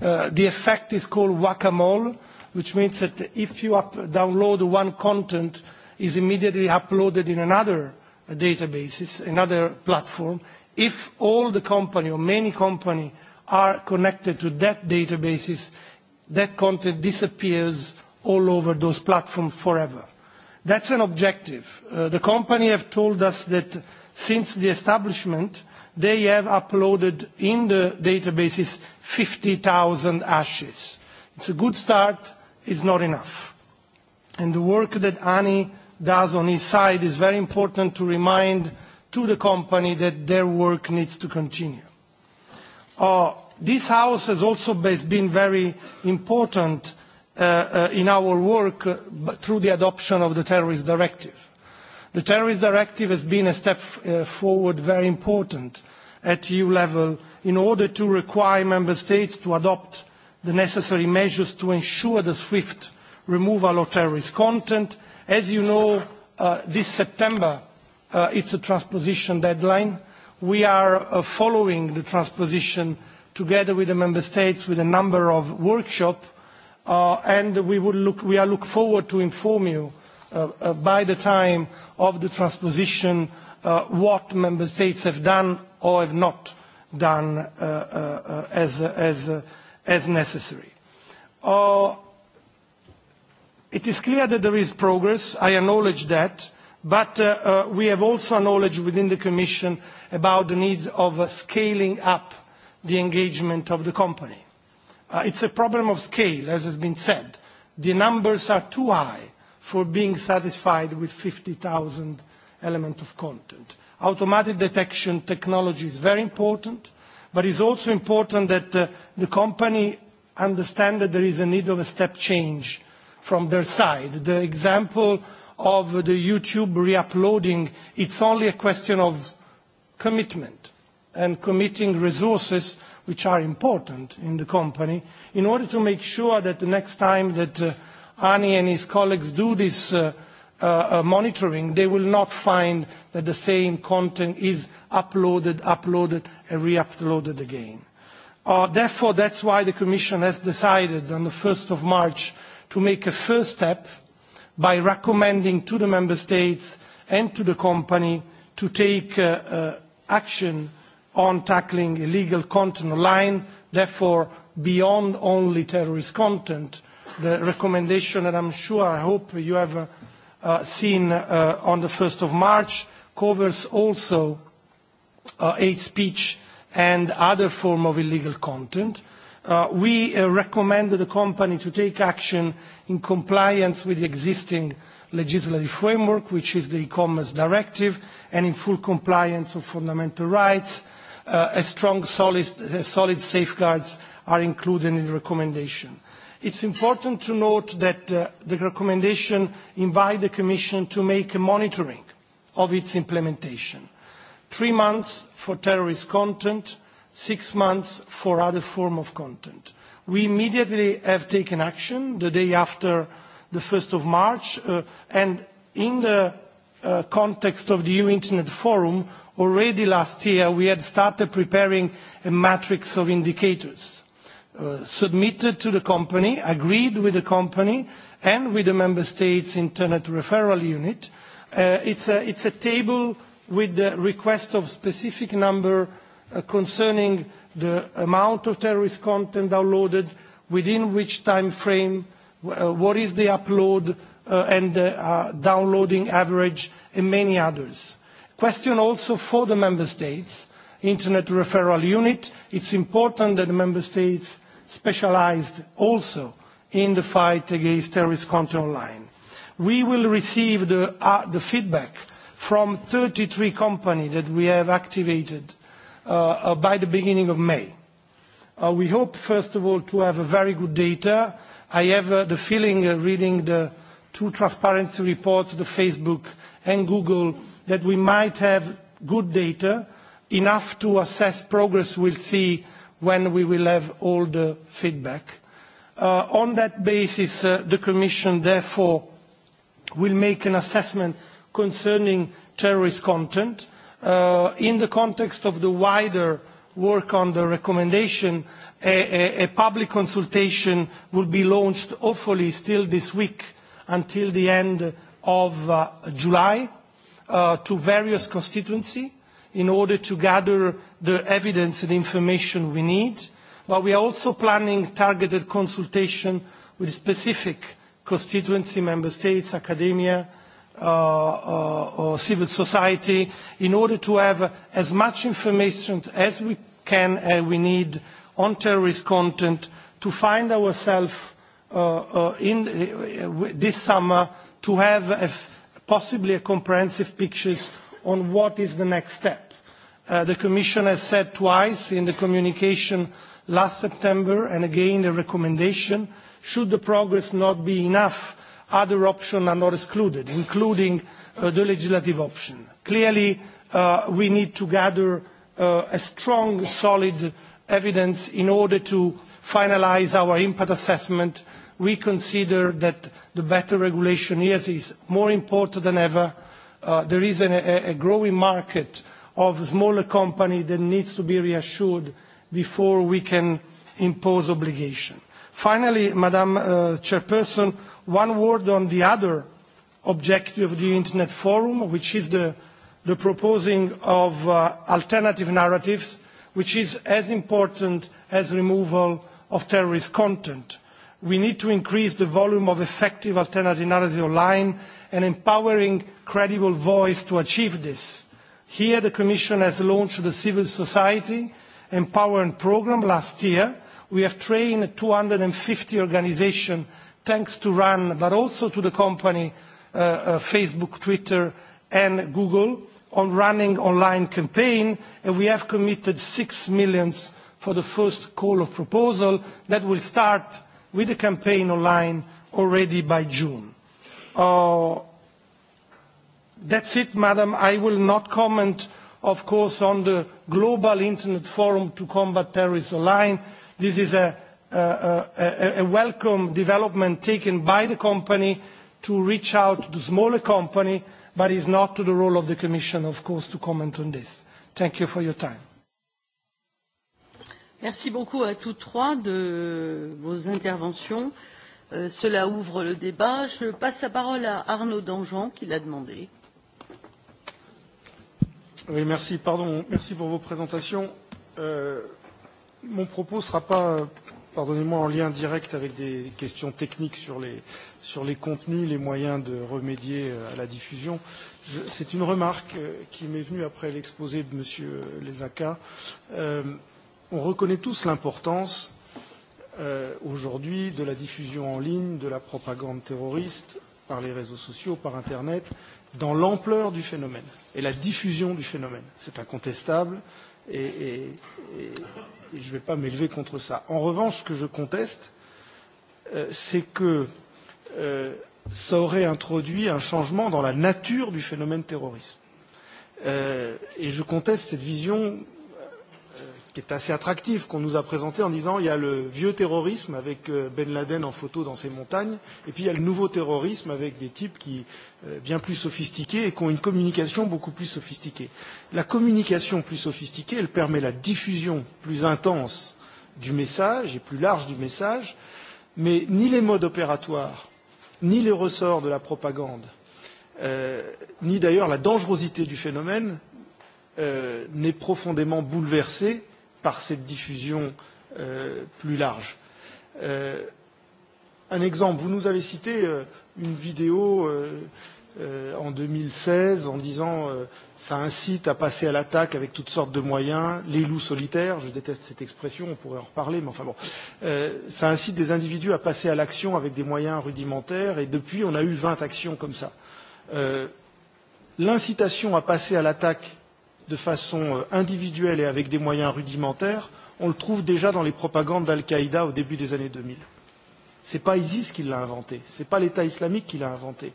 Speaker 4: Uh, the effect is called whack-a-mole, which means that if you up download one content, is immediately uploaded in another databases, another platform, if all the company or many company are connected to that databases, that content disappears all over those platforms forever. That's an objective. Uh, the company have told us that since the establishment, they have uploaded in the databases 50,000 ashes. It's a good start. It's not enough. And the work that Ani does on his side is very important to remind to the company that their work needs to continue. Uh, this house has also been very important uh, uh, in our work uh, through the adoption of the terrorist directive. The terrorist directive has been a step uh, forward very important at EU level in order to require member states to adopt the necessary measures to ensure the swift removal of terrorist content As you know, uh, this September, uh, it's a transposition deadline. We are uh, following the transposition together with the member states with a number of workshops, uh, and we, would look, we are look forward to inform you uh, uh, by the time of the transposition what member states have done or have not done as, as, as necessary. It is clear that there is progress. I acknowledge that. But uh, uh, we have also acknowledged within the Commission about the needs of uh, scaling up the engagement of the company. Uh, it is a problem of scale, as has been said. The numbers are too high for being satisfied with fifty 50,000 elements of content. Automatic detection technology is very important, but it is also important that uh, the company understand that there is a need of a step change from their side. The example of the YouTube re-uploading, it's only a question of commitment and committing resources which are important in the company in order to make sure that the next time that uh, Ani and his colleagues do this uh, uh, uh, monitoring, they will not find that the same content is uploaded, uploaded, and re-uploaded again. Uh, therefore, that's why the Commission has decided on the 1st of March to make a first step by recommending to the member states and to the company to take uh, uh, action on tackling illegal content online. Therefore, beyond only terrorist content, the recommendation that I'm sure, I hope you have uh, uh seen uh, on the 1st of March covers also uh, hate speech and other form of illegal content Uh, we uh, recommend the company to take action in compliance with the existing legislative framework, which is the e-commerce directive, and in full compliance of fundamental rights. Uh, a strong, solid, solid safeguards are included in the recommendation. It's important to note that the recommendation invites the Commission to make a monitoring of its implementation. Three months for terrorist content, six months for other form of content. We immediately have taken action the day after the 1st of March, uh, and in the uh, context of the EU Internet Forum, already last year, we had started preparing a matrix of indicators uh, submitted to the company, agreed with the company, and with the member states' internet referral unit. it's a table with the request of specific number Uh, concerning the amount of terrorist content downloaded, within which time frame, uh, what is the upload uh, and the downloading average, and many others. Question also for the member states, Internet Referral Unit. It's important that the member states specialise also in the fight against terrorist content online. We will receive the, uh, the feedback from 33 companies that we have activated Uh, by the beginning of May. Uh, we hope, first of all, to have very good data. I have uh, the feeling, uh, reading the two transparency reports, the Facebook and Google, that we might have good data, enough to assess progress. We'll see when we will have all the feedback. Uh, on that basis, uh, the Commission, therefore, will make an assessment concerning terrorist content uh, in the context of the wider work on the recommendation, a, a, a public consultation will be launched hopefully still this week until the end of uh, July uh, to various constituencies in order to gather the evidence and information we need. But we are also planning targeted consultation with specific constituency member states, academia, Uh, uh, uh, civil society in order to have as much information as we can and uh, we need on terrorist content to find ourselves uh, uh, in uh, this summer to have a possibly a comprehensive picture on what is the next step. Uh, the Commission has said twice in the communication last September and again the recommendation, should the progress not be enough other options are not excluded, including uh, the legislative option. Clearly, uh, we need to gather uh, a strong, solid evidence in order to finalise our impact assessment. We consider that the better regulation yes, is more important than ever. Uh, there is a, a growing market of smaller companies that needs to be reassured before we can impose obligations Finally, Madam uh, Chairperson, one word on the other objective of the Internet Forum, which is the, the proposing of uh, alternative narratives, which is as important as removal of terrorist content. We need to increase the volume of effective alternative narratives online and empowering credible voice to achieve this. Here, the Commission has launched the Civil Society Empowerment Programme last year, We have trained 250 organizations, thanks to RAN, but also to the company, uh, uh, Facebook, Twitter, and Google, on running online campaign, and we have committed 6 million for the first call of proposal that will start with a campaign online already by June. Uh, that's it, madam. I will not comment, of course, on the Global Internet Forum to Combat Terrorism Online. This is a, welcome development taken by the company to reach out to the smaller company, but it's not to the role of the Commission, of course, to comment on this. Thank you for your time.
Speaker 1: Merci beaucoup à tous trois de vos interventions. Euh, cela ouvre le débat. Je passe la parole à Arnaud Dangean qui l'a demandé.
Speaker 5: Oui, merci. Pardon. Merci pour vos présentations. Euh, mon propos ne sera pas, euh, pardonnez-moi, en lien direct avec des questions techniques sur les, sur les contenus, les moyens de remédier euh, à la diffusion. C'est une remarque euh, qui m'est venue après l'exposé de M. Lesaka. Euh, on reconnaît tous l'importance euh, aujourd'hui de la diffusion en ligne, de la propagande terroriste par les réseaux sociaux, par Internet, dans l'ampleur du phénomène et la diffusion du phénomène. C'est incontestable et, et, et et je ne vais pas m'élever contre ça. En revanche, ce que je conteste, euh, c'est que euh, ça aurait introduit un changement dans la nature du phénomène terroriste. Euh, et je conteste cette vision qui est assez attractif, qu'on nous a présenté en disant il y a le vieux terrorisme avec euh, Ben Laden en photo dans ses montagnes, et puis il y a le nouveau terrorisme avec des types qui euh, bien plus sophistiqués et qui ont une communication beaucoup plus sophistiquée. La communication plus sophistiquée, elle permet la diffusion plus intense du message et plus large du message, mais ni les modes opératoires, ni les ressorts de la propagande, euh, ni d'ailleurs la dangerosité du phénomène euh, n'est profondément bouleversée par cette diffusion euh, plus large. Euh, un exemple, vous nous avez cité euh, une vidéo euh, euh, en 2016 en disant euh, ça incite à passer à l'attaque avec toutes sortes de moyens, les loups solitaires, je déteste cette expression, on pourrait en reparler, mais enfin bon, euh, ça incite des individus à passer à l'action avec des moyens rudimentaires, et depuis on a eu 20 actions comme ça. Euh, L'incitation à passer à l'attaque de façon euh, individuelle et avec des moyens rudimentaires, on le trouve déjà dans les propagandes d'Al-Qaïda au début des années 2000. Ce n'est pas ISIS qui l'a inventé, ce n'est pas l'État islamique qui l'a inventé.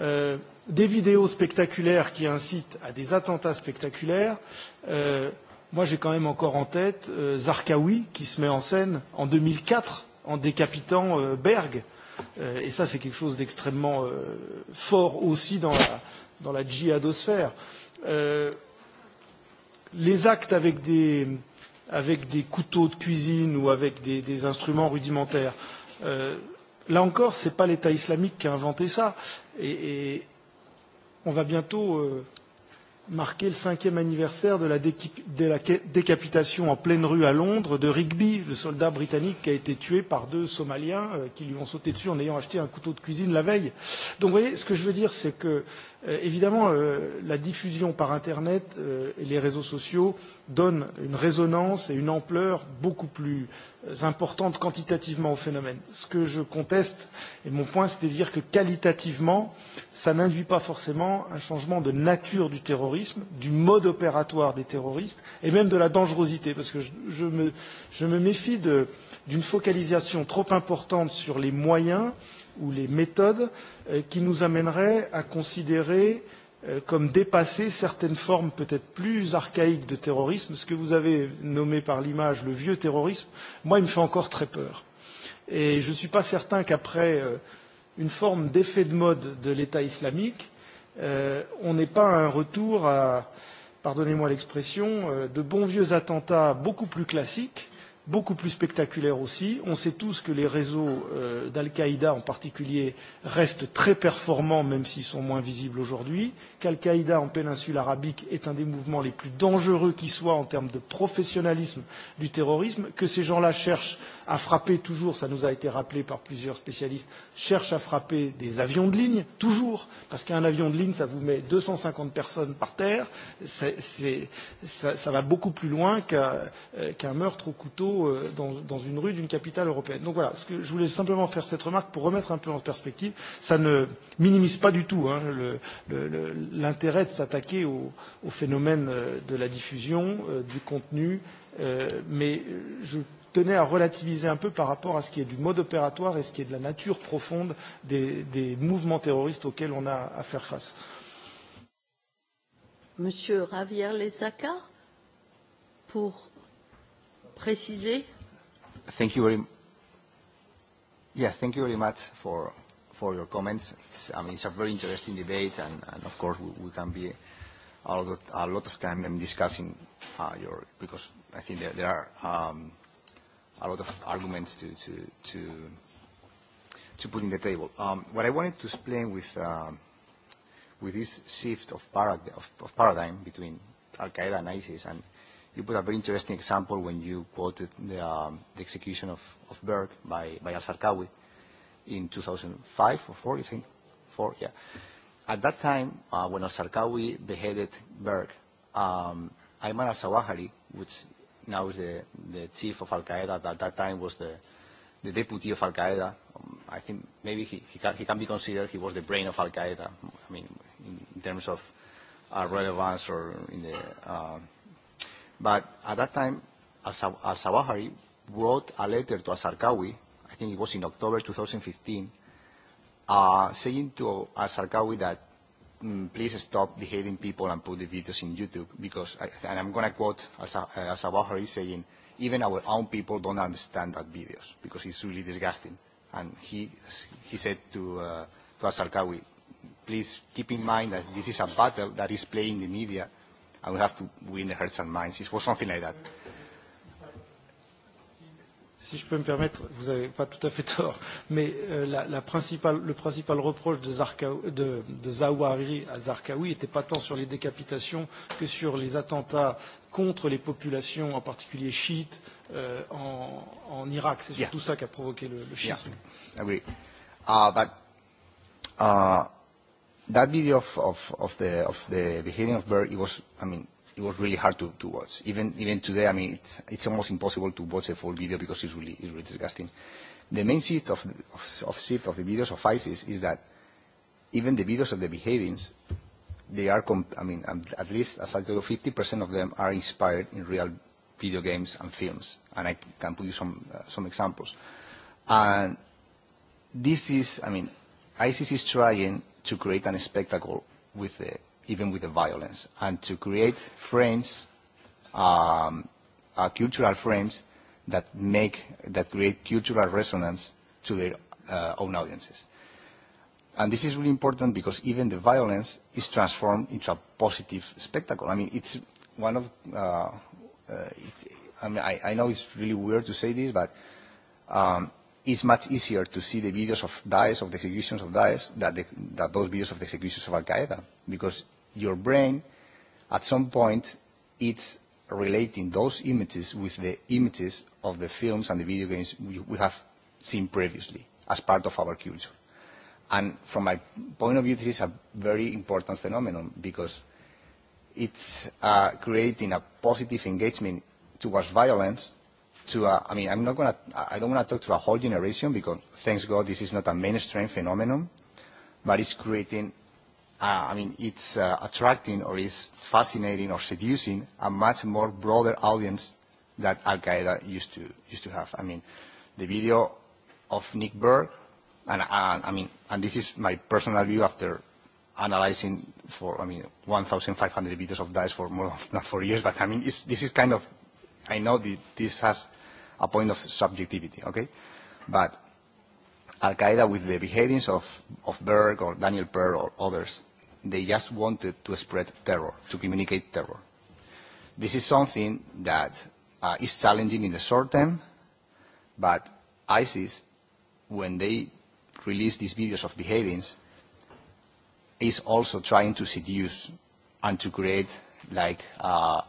Speaker 5: Euh, des vidéos spectaculaires qui incitent à des attentats spectaculaires, euh, moi j'ai quand même encore en tête euh, Zarqawi qui se met en scène en 2004 en décapitant euh, Berg. Euh, et ça c'est quelque chose d'extrêmement euh, fort aussi dans la, dans la djihadosphère. Euh, les actes avec des, avec des couteaux de cuisine ou avec des, des instruments rudimentaires, euh, là encore, ce n'est pas l'État islamique qui a inventé ça. Et, et on va bientôt euh, marqué le cinquième anniversaire de la, de la décapitation en pleine rue à Londres de Rigby, le soldat britannique qui a été tué par deux Somaliens euh, qui lui ont sauté dessus en ayant acheté un couteau de cuisine la veille. Donc vous voyez, ce que je veux dire, c'est que euh, évidemment euh, la diffusion par Internet euh, et les réseaux sociaux donnent une résonance et une ampleur beaucoup plus importantes quantitativement au phénomène. Ce que je conteste, et mon point, c'est de dire que qualitativement, ça n'induit pas forcément un changement de nature du terrorisme, du mode opératoire des terroristes, et même de la dangerosité, parce que je, je, me, je me méfie d'une focalisation trop importante sur les moyens ou les méthodes euh, qui nous amènerait à considérer euh, Euh, comme dépasser certaines formes peut-être plus archaïques de terrorisme. Ce que vous avez nommé par l'image le vieux terrorisme, moi, il me fait encore très peur. Et je ne suis pas certain qu'après euh, une forme d'effet de mode de l'État islamique, euh, on n'ait pas un retour à, pardonnez-moi l'expression, euh, de bons vieux attentats beaucoup plus classiques beaucoup plus spectaculaire aussi. On sait tous que les réseaux euh, d'Al-Qaïda en particulier restent très performants, même s'ils sont moins visibles aujourd'hui, qu'Al-Qaïda en péninsule arabique est un des mouvements les plus dangereux qui soit en termes de professionnalisme du terrorisme, que ces gens-là cherchent à frapper toujours, ça nous a été rappelé par plusieurs spécialistes, cherche à frapper des avions de ligne, toujours, parce qu'un avion de ligne, ça vous met 250 personnes par terre, c'est, ça, ça va beaucoup plus loin qu'un euh, qu meurtre au couteau euh, dans, dans une rue d'une capitale européenne. Donc voilà, ce que je voulais simplement faire cette remarque pour remettre un peu en perspective, ça ne minimise pas du tout hein, l'intérêt de s'attaquer au, au phénomène euh, de la diffusion euh, du contenu, euh, mais je tenait à relativiser un peu par rapport à ce qui est du mode opératoire et ce qui est de la nature profonde des, des mouvements terroristes auxquels on a à faire face.
Speaker 1: Monsieur Javier Lezaca, pour préciser.
Speaker 2: Thank you very, yeah, thank you very much for, for your comments. It's, I mean, it's a very interesting debate, and, and of course we, we can be a lot of, a lot of time discussing uh, your because I think there, there are. Um, a lot of arguments to, to, to, to put in the table. Um, what I wanted to explain with, uh, with this shift of, parad of, of paradigm between Al-Qaeda and ISIS, and you put a very interesting example when you quoted the, um, the execution of, of Berg by, by al-Sarkawi in 2005 or 4, you think? 4, yeah. At that time, uh, when al-Sarkawi beheaded Berg, um, Ayman al-Sawahari, which now is the, the chief of Al Qaeda. At that time was the, the deputy of Al Qaeda. Um, I think maybe he, he, can, he can be considered he was the brain of Al Qaeda. I mean, in, in terms of uh, relevance or in the. Uh, but at that time, Al Sawahari wrote a letter to Al Sarkawi. I think it was in October 2015, uh, saying to Al Sarkawi that mm, please stop behaving people and put the videos in YouTube because, I, and I'm going to quote as a uh, as Asawahari saying, even our own people don't understand that videos because it's really disgusting. And he, he said to, uh, to Asarkawi, please keep in mind that this is a battle that is playing the media and we have to win the hearts and minds. It was something like that. Mm-hmm
Speaker 5: si je peux me permettre, vous n'avez pas tout à fait tort, mais euh, la, la principale, le principal reproche de, de, de Zawahiri à Zarqawi n'était pas tant sur les décapitations que sur les attentats contre les populations, en particulier chiites, euh, en, en Irak. C'est surtout yeah. ça qui a provoqué le, le schisme.
Speaker 2: Yeah. Agree. Uh, but uh, that video of, of, of, the, of the beheading of Bird, it was, I mean, it was really hard to, to watch. Even even today, I mean, it's, it's almost impossible to watch a full video because it's really it's really disgusting. The main shift of, of, of shift of the videos of ISIS is that even the videos of the beheadings, they are, comp- I mean, um, at least as I told you, 50% of them are inspired in real video games and films, and I can put you some uh, some examples. And this is, I mean, ISIS is trying to create an spectacle with the even with the violence, and to create frames, um, uh, cultural frames that make that create cultural resonance to their uh, own audiences. And this is really important because even the violence is transformed into a positive spectacle. I mean, it's one of uh, uh, it, I mean, I, I know it's really weird to say this, but um, it's much easier to see the videos of Daesh, of the executions of Daesh, than the, that those videos of the executions of Al Qaeda, because your brain, at some point, it's relating those images with the images of the films and the video games we, we have seen previously as part of our culture. And from my point of view, this is a very important phenomenon because it's uh, creating a positive engagement towards violence. To a, I mean, I'm not gonna, I don't want to talk to a whole generation because, thanks God, this is not a mainstream phenomenon, but it's creating uh, I mean, it's uh, attracting or is fascinating or seducing a much more broader audience that Al Qaeda used to used to have. I mean, the video of Nick Berg, and, and I mean, and this is my personal view after analyzing for I mean 1,500 videos of Daesh for more not for years, but I mean, it's, this is kind of I know the, this has a point of subjectivity, okay, but Al Qaeda with the beheadings of, of Berg or Daniel Pearl or others they just wanted to spread terror, to communicate terror. This is something that uh, is challenging in the short term, but ISIS, when they release these videos of beheadings, is also trying to seduce and to create like uh,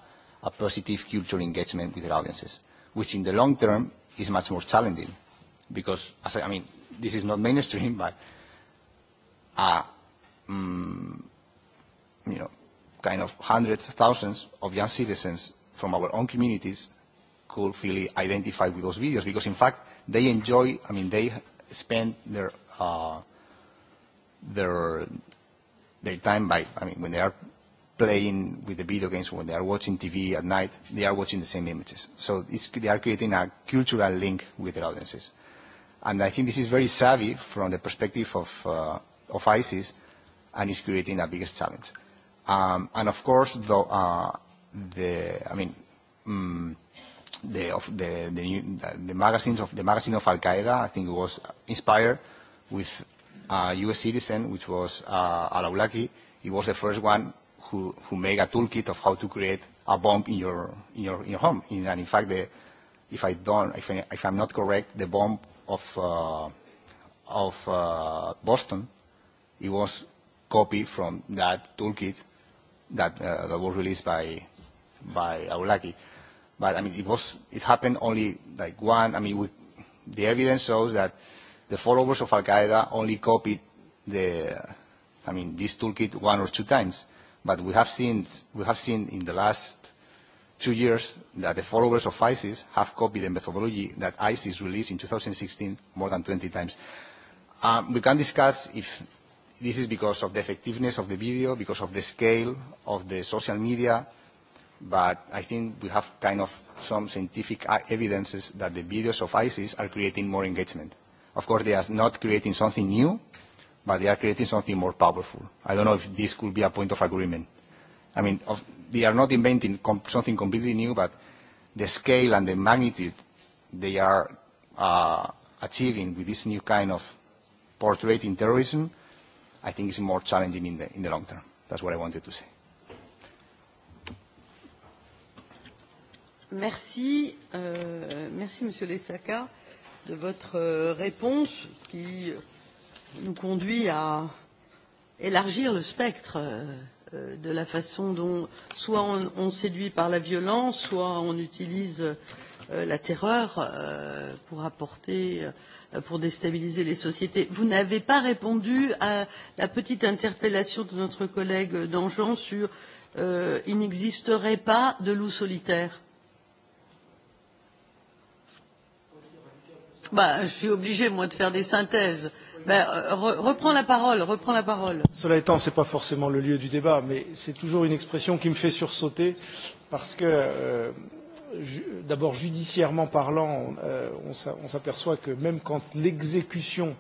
Speaker 2: a positive cultural engagement with their audiences, which in the long term is much more challenging because, as I, I mean, this is not mainstream, but uh, um, you know, kind of hundreds, of thousands of young citizens from our own communities could feel identify with those videos because, in fact, they enjoy, I mean, they spend their, uh, their, their time by, I mean, when they are playing with the video games, when they are watching TV at night, they are watching the same images. So it's, they are creating a cultural link with their audiences. And I think this is very savvy from the perspective of, uh, of ISIS and is creating a biggest challenge. Um, and of course, the, uh, the I mean, um, the, of the, the, new, the, the magazines of the magazine of Al Qaeda, I think, it was inspired with a U.S. citizen, which was uh, Al Awlaki. He was the first one who, who made a toolkit of how to create a bomb in your in your, in your home. In, and in fact, the, if I don't, if, I, if I'm not correct, the bomb of uh, of uh, Boston, it was copy from that toolkit that, uh, that was released by, by Aulaki. But I mean, it, was, it happened only like one, I mean, we, the evidence shows that the followers of Al-Qaeda only copied the, uh, I mean, this toolkit one or two times. But we have seen, we have seen in the last two years that the followers of ISIS have copied the methodology that ISIS released in 2016 more than 20 times. Um, we can discuss if This is because of the effectiveness of the video, because of the scale of the social media, but I think we have kind of some scientific uh, evidences that the videos of ISIS are creating more engagement. Of course, they are not creating something new, but they are creating something more powerful. I don't know if this could be a point of agreement. I mean, of, they are not inventing com something completely new, but the scale and the magnitude they are uh, achieving with this new kind of portraying terrorism i think it's more challenging in the, in the long term. That's what I wanted to say.
Speaker 1: Merci, euh, merci Monsieur Lesaka de votre euh, réponse qui nous conduit à élargir le spectre euh, de la façon dont soit on, on séduit par la violence, soit on utilise euh, la terreur euh, pour apporter pour déstabiliser les sociétés. Vous n'avez pas répondu à la petite interpellation de notre collègue Dangean sur euh, il n'existerait pas de loup solitaire. Bah, je suis obligé, moi, de faire des synthèses. Ben, re, reprends la parole, reprends la parole.
Speaker 5: Cela étant, ce n'est pas forcément le lieu du débat, mais c'est toujours une expression qui me fait sursauter parce que euh, d'abord judiciairement parlant, euh, on s'aperçoit que même quand l'exécution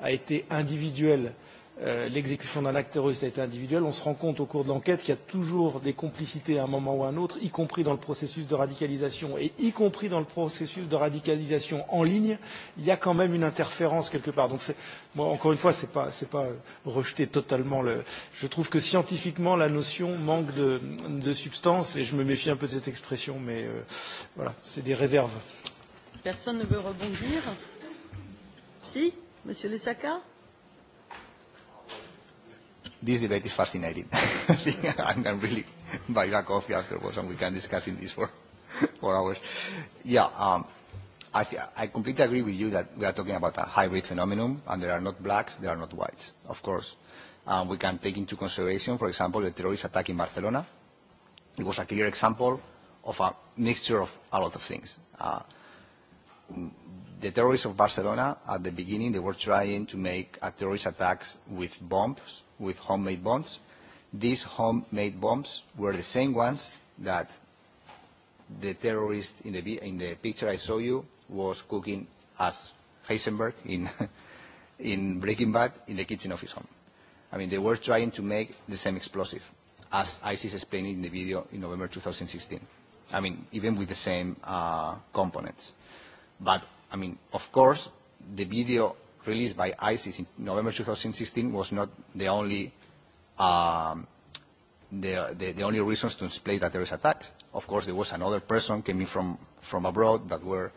Speaker 5: a été individuelle, Euh, l'exécution d'un acte terroriste a été individuelle, on se rend compte au cours de l'enquête qu'il y a toujours des complicités à un moment ou à un autre, y compris dans le processus de radicalisation et y compris dans le processus de radicalisation en ligne, il y a quand même une interférence quelque part. Donc moi, encore une fois, ce n'est pas, pas rejeter totalement le... Je trouve que scientifiquement, la notion manque de, de substance et je me méfie un peu de cette expression, mais euh, voilà, c'est des réserves.
Speaker 1: Personne ne veut rebondir Si Monsieur Lesaka
Speaker 2: this debate is fascinating. I'm, I'm really buy a coffee afterwards and we can discuss in this for, for hours. Yeah, um, I, th- I completely agree with you that we are talking about a hybrid phenomenon and there are not blacks, there are not whites, of course. Um, we can take into consideration, for example, the terrorist attack in Barcelona. It was a clear example of a mixture of a lot of things. Uh, the terrorists of Barcelona, at the beginning, they were trying to make a terrorist attacks with bombs with homemade bombs. These homemade bombs were the same ones that the terrorist in the, in the picture I saw you was cooking as Heisenberg in, in Breaking Bad in the kitchen of his home. I mean, they were trying to make the same explosive, as ISIS explained in the video in November 2016. I mean, even with the same uh, components. But, I mean, of course, the video released by ISIS in November 2016 was not the only um, the, the, the only reasons to explain that terrorist attacks. Of course, there was another person coming from, from abroad that were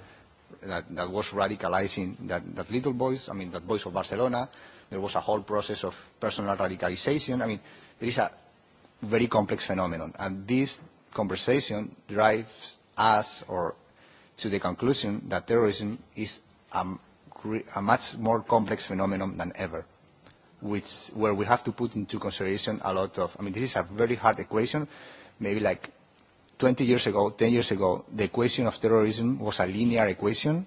Speaker 2: that, that was radicalizing that, that little voice, I mean, that voice of Barcelona. There was a whole process of personal radicalization. I mean, it is a very complex phenomenon, and this conversation drives us or to the conclusion that terrorism is a um, a much more complex phenomenon than ever, which, where we have to put into consideration a lot of, I mean, this is a very hard equation. Maybe like 20 years ago, 10 years ago, the equation of terrorism was a linear equation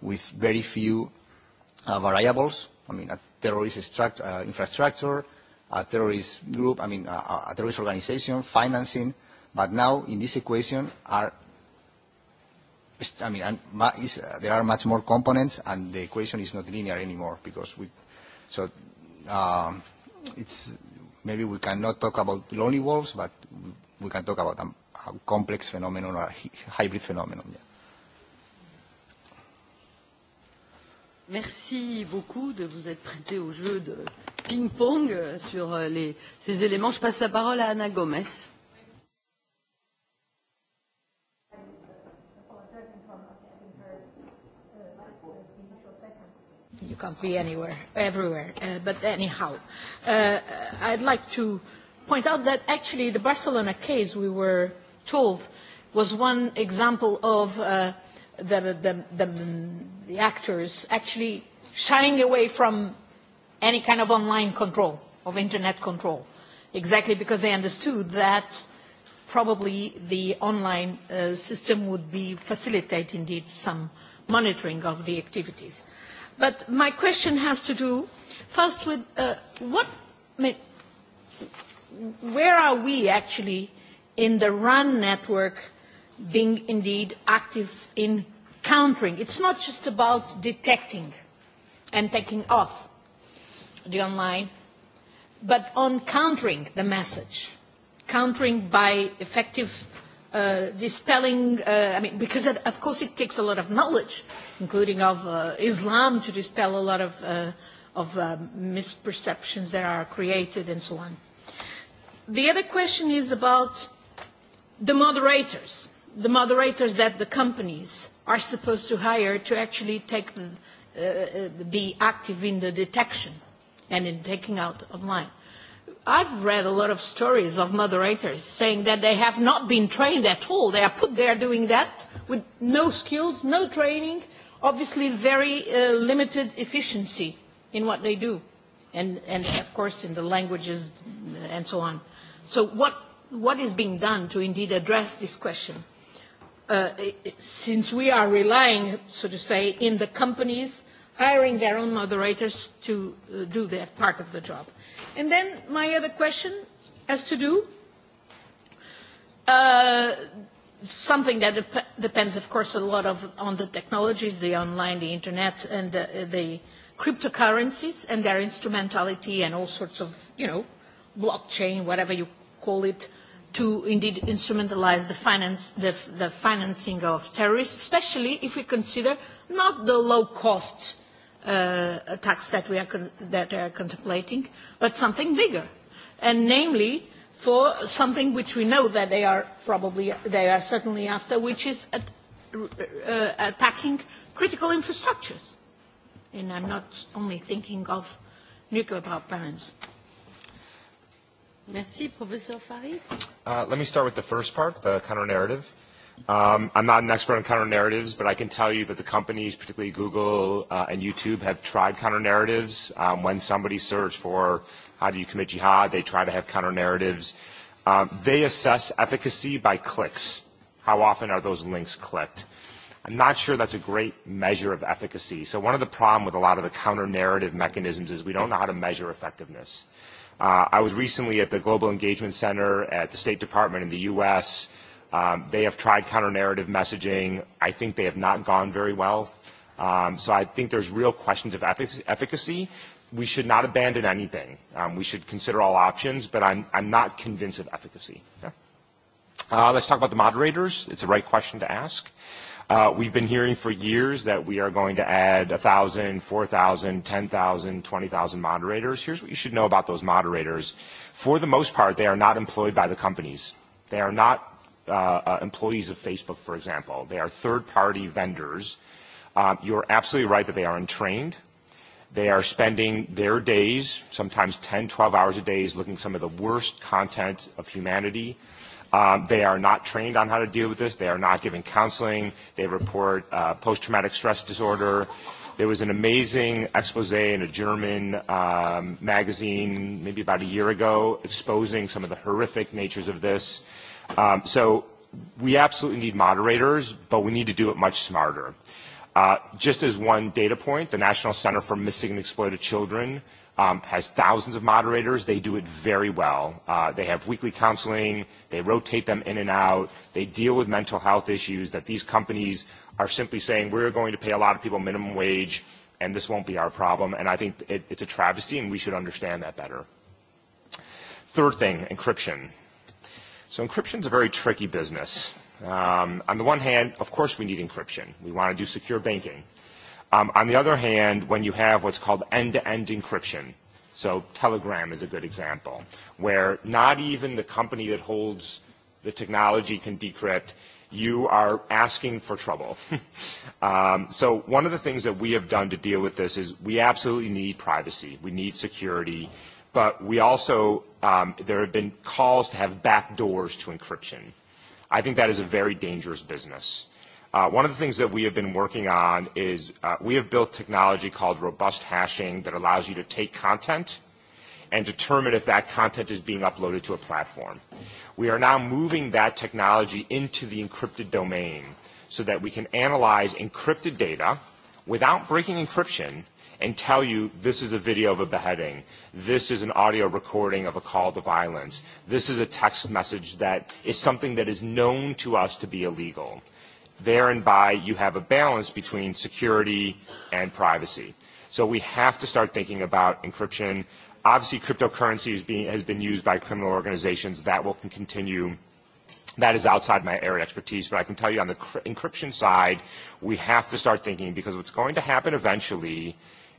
Speaker 2: with very few uh, variables. I mean, a terrorist uh, infrastructure, a terrorist group, I mean, a, a terrorist organization, financing. But now in this equation are i mean, and ma is, uh, there are much more components, and the equation is not linear anymore because we. So, uh, it's maybe we cannot talk about lonely wolves, but we can talk about um, a complex phenomenon or a hybrid phenomenon. Yeah.
Speaker 1: Merci beaucoup de vous être prêté au jeu de ping-pong euh, sur euh, les, ces éléments. Je passe la parole à Anna Gomez.
Speaker 6: can't be anywhere, everywhere. Uh, but anyhow, uh, uh, I'd like to point out that actually the Barcelona case we were told was one example of uh, the, the, the, the actors actually shying away from any kind of online control, of internet control, exactly because they understood that probably the online uh, system would be facilitating indeed some monitoring of the activities. Uh, But my question has to do first with uh, what, where are we actually in the RAN network being indeed active in countering? It's not just about detecting and taking off the online, but on countering the message, countering by effective uh, dispelling, uh, I mean, because it, of course it takes a lot of knowledge including of uh, Islam, to dispel a lot of, uh, of uh, misperceptions that are created and so on. The other question is about the moderators, the moderators that the companies are supposed to hire to actually take the, uh, uh be active in the detection and in taking out online. I've read a lot of stories of moderators saying that they have not been trained at all. They are put there doing that with no skills, no training, obviously very uh, limited efficiency in what they do, and, and of course in the languages and so on. So what, what is being done to indeed address this question? Uh, since we are relying, so to say, in the companies hiring their own moderators to uh, do that part of the job. And then my other question has to do uh, something that dep depends, of course, a lot of, on the technologies, the online, the internet, and the, the cryptocurrencies and their instrumentality and all sorts of, you know, blockchain, whatever you call it, to indeed instrumentalize the, finance, the, the financing of terrorists, especially if we consider not the low-cost uh, attacks that we are, con that are contemplating, but something bigger, and namely for something which we know that they are probably they are certainly after, which is at, uh, attacking critical infrastructures. And I'm not only thinking of nuclear power plants.
Speaker 1: Merci, Professor Farid.
Speaker 3: Uh, let me start with the first part, the counter-narrative. Um, I'm not an expert on counter-narratives, but I can tell you that the companies, particularly Google uh, and YouTube, have tried counter-narratives um, when somebody searched for How do you commit jihad? They try to have counter narratives. Um, they assess efficacy by clicks. How often are those links clicked? I'm not sure that's a great measure of efficacy. So one of the problems with a lot of the counter narrative mechanisms is we don't know how to measure effectiveness. Uh, I was recently at the Global Engagement Center at the State Department in the U.S. Um, they have tried counter narrative messaging. I think they have not gone very well. Um, so I think there's real questions of efficacy we should not abandon anything. Um, we should consider all options, but I'm, I'm not convinced of efficacy. Yeah. Uh, let's talk about the moderators. It's the right question to ask. Uh, we've been hearing for years that we are going to add 1,000, 4,000, 10,000, 20,000 moderators. Here's what you should know about those moderators. For the most part, they are not employed by the companies. They are not uh, uh, employees of Facebook, for example. They are third-party vendors. Um, you're absolutely right that they are untrained. They are spending their days, sometimes 10, 12 hours a day, looking at some of the worst content of humanity. Um, they are not trained on how to deal with this. They are not given counseling. They report uh, post-traumatic stress disorder. There was an amazing expose in a German um, magazine maybe about a year ago exposing some of the horrific natures of this. Um, so we absolutely need moderators, but we need to do it much smarter. Uh, just as one data point, the National Center for Missing and Exploited Children um, has thousands of moderators. They do it very well. Uh, they have weekly counseling. They rotate them in and out. They deal with mental health issues that these companies are simply saying, we're going to pay a lot of people minimum wage, and this won't be our problem. And I think it, it's a travesty, and we should understand that better. Third thing, encryption. So encryption is a very tricky business. Um, on the one hand, of course we need encryption. We want to do secure banking. Um, on the other hand, when you have what's called end-to-end -end encryption, so Telegram is a good example, where not even the company that holds the technology can decrypt, you are asking for trouble. um, so one of the things that we have done to deal with this is we absolutely need privacy. We need security. But we also, um, there have been calls to have back doors to encryption i think that is a very dangerous business. Uh, one of the things that we have been working on is uh, we have built technology called robust hashing that allows you to take content and determine if that content is being uploaded to a platform. We are now moving that technology into the encrypted domain so that we can analyze encrypted data without breaking encryption and tell you this is a video of a beheading, this is an audio recording of a call to violence, this is a text message that is something that is known to us to be illegal. There and by, you have a balance between security and privacy. So we have to start thinking about encryption. Obviously, cryptocurrency is being, has been used by criminal organizations. That will continue that is outside my area of expertise, but I can tell you on the encryption side, we have to start thinking because what's going to happen eventually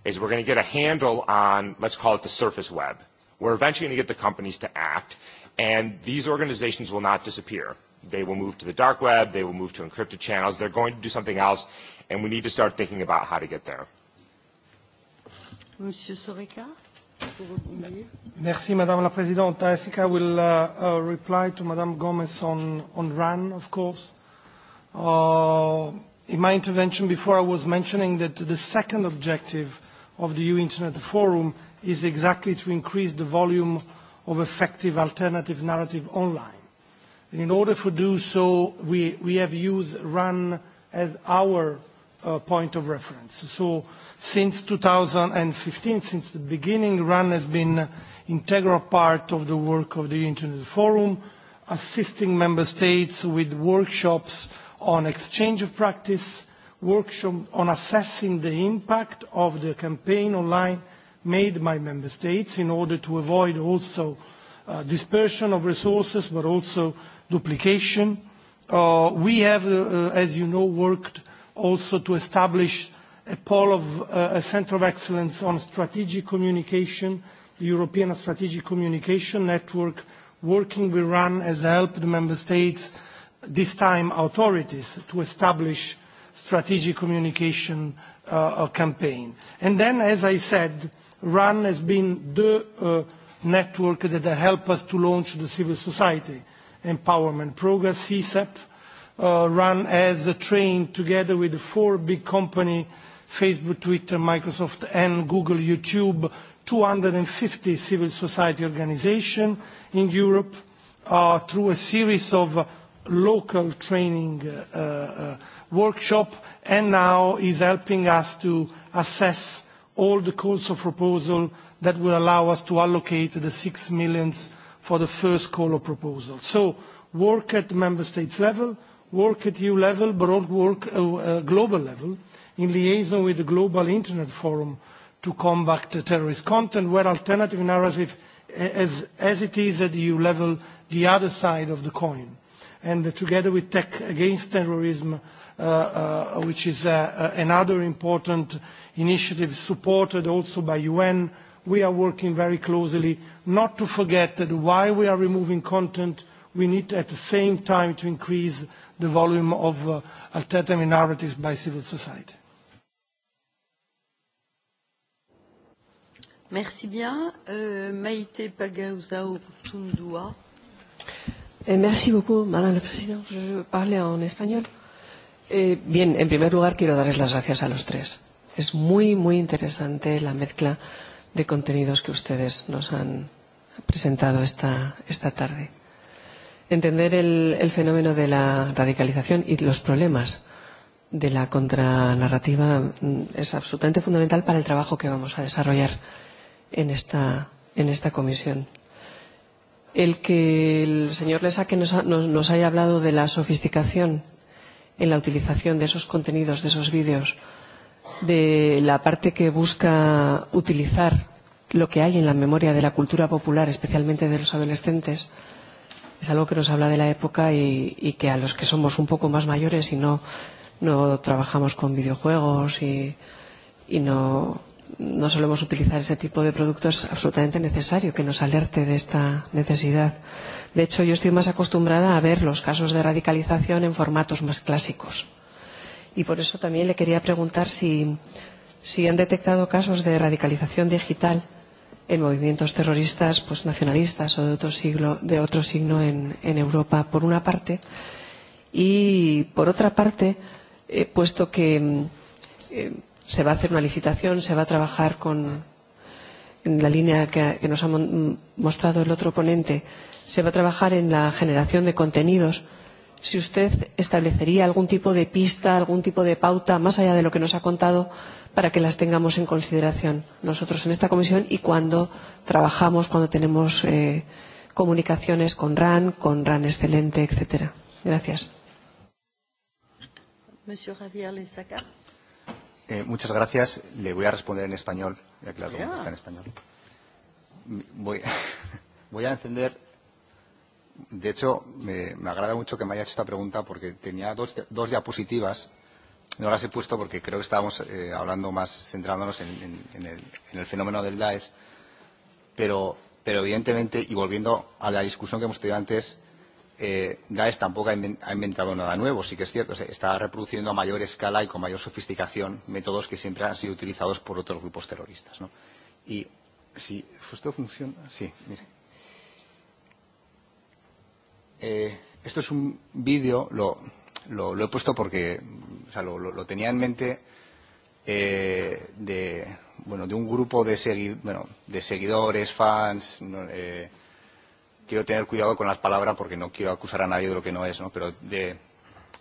Speaker 3: is we're going to get a handle on, let's call it the surface web. We're eventually going to get the companies to act, and these organizations will not disappear. They will move to the dark web. They will move to encrypted channels. They're going to do something else, and we need to start thinking about how to get there.
Speaker 1: Monsieur Sorica?
Speaker 4: Merci, Madame la Présidente. I think I will uh, uh, reply to Madame Gomez on, on RAN, of course. Uh, in my intervention before, I was mentioning that the second objective of the EU Internet Forum is exactly to increase the volume of effective alternative narrative online. And in order to do so, we, we have used RUN as our uh, point of reference. So since 2015, since the beginning, RUN has been an integral part of the work of the EU Internet Forum, assisting member states with workshops on exchange of practice, workshop on assessing the impact of the campaign online made by member states in order to avoid also uh, dispersion of resources but also duplication. Uh, we have, uh, as you know, worked also to establish a pole of uh, a center of excellence on strategic communication, the European Strategic Communication Network, working with RAN has helped the member states, this time authorities, to establish strategic communication uh, uh, campaign. And then, as I said, RAN has been the uh, network that helped us to launch the civil society empowerment program, CSEP. RAN has trained together with four big companies, Facebook, Twitter, Microsoft, and Google, YouTube, 250 civil society organizations in Europe through a series of local training workshop and now is helping us to assess all the calls for proposal that will allow us to allocate the 6 million for the first call of proposal. So work at member states level, work at EU level, but also work at uh, uh, global level in liaison with the Global Internet Forum to combat terrorist content, where alternative narrative, as, as it is at EU level, the other side of the coin. And together with Tech Against Terrorism, Uh, uh, which is uh, another important initiative supported also by UN. We are working very closely not to forget that while we are removing content, we need at the same time to increase the volume of alternative narratives by civil society.
Speaker 1: Merci bien. Euh, Tundua.
Speaker 7: Merci beaucoup, Madame la Présidente. Je en espagnol. Eh, bien, en primer lugar quiero darles las gracias a los tres. Es muy, muy interesante la mezcla de contenidos que ustedes nos han presentado esta, esta tarde. Entender el, el fenómeno de la radicalización y los problemas de la contranarrativa mm, es absolutamente fundamental para el trabajo que vamos a desarrollar en esta, en esta comisión. El que el señor Lesaque nos, nos, nos haya hablado de la sofisticación en la utilización de esos contenidos, de esos vídeos, de la parte que busca utilizar lo que hay en la memoria de la cultura popular, especialmente de los adolescentes, es algo que nos habla de la época y, y que a los que somos un poco más mayores y no, no trabajamos con videojuegos y, y no, no solemos utilizar ese tipo de productos es absolutamente necesario que nos alerte de esta necesidad. De hecho, yo estoy más acostumbrada a ver los casos de radicalización en formatos más clásicos. Y por eso también le quería preguntar si, si han detectado casos de radicalización digital en movimientos terroristas pues, nacionalistas o de otro, siglo, de otro signo en, en Europa, por una parte. Y por otra parte, eh, puesto que mm, eh, se va a hacer una licitación, se va a trabajar con en la línea que, que nos ha mostrado el otro ponente, eh, se va a trabajar en la generación de contenidos, si usted establecería algún tipo de pista, algún tipo de pauta, más allá de lo que nos ha contado, para que las tengamos en consideración nosotros en esta comisión y cuando trabajamos, cuando tenemos eh, comunicaciones con RAN, con RAN excelente, etcétera. Gracias.
Speaker 2: Eh, muchas gracias. Le voy a responder en español, ya que la pregunta yeah. está en español. Voy, voy a encender de hecho, me, me agrada mucho que me hayas hecho esta pregunta porque tenía dos, dos diapositivas. No las he puesto porque creo que estábamos eh, hablando más, centrándonos en, en, en, el, en el fenómeno del Daesh. Pero, pero evidentemente, y volviendo a la discusión que hemos tenido antes, eh, DAES tampoco ha, ha inventado nada nuevo. Sí que es cierto, o sea, está reproduciendo a mayor escala y con mayor sofisticación métodos que siempre han sido utilizados por otros grupos terroristas. ¿no? Y si esto funciona, sí, mire eh, esto es un vídeo, lo, lo, lo he puesto porque o sea, lo, lo, lo tenía en mente eh, de, bueno, de un grupo de, segui bueno, de seguidores, fans. No, eh, quiero tener cuidado con las palabras porque no quiero acusar a nadie de lo que no es, ¿no? pero de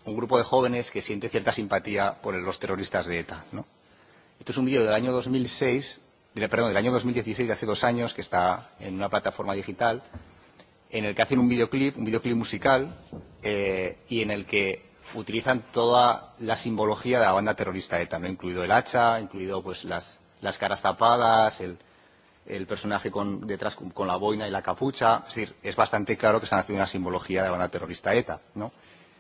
Speaker 2: un grupo de jóvenes que siente cierta simpatía por los terroristas de ETA. ¿no? Esto es un vídeo del año 2006, perdón, del año 2016, de hace dos años, que está en una plataforma digital en el que hacen un videoclip, un videoclip musical, eh, y en el que utilizan toda la simbología de la banda terrorista ETA, ¿no? incluido el hacha, incluido pues las, las caras tapadas, el, el personaje con, detrás con, con la boina y la capucha. Es decir, es bastante claro que están haciendo una simbología de la banda terrorista ETA, ¿no?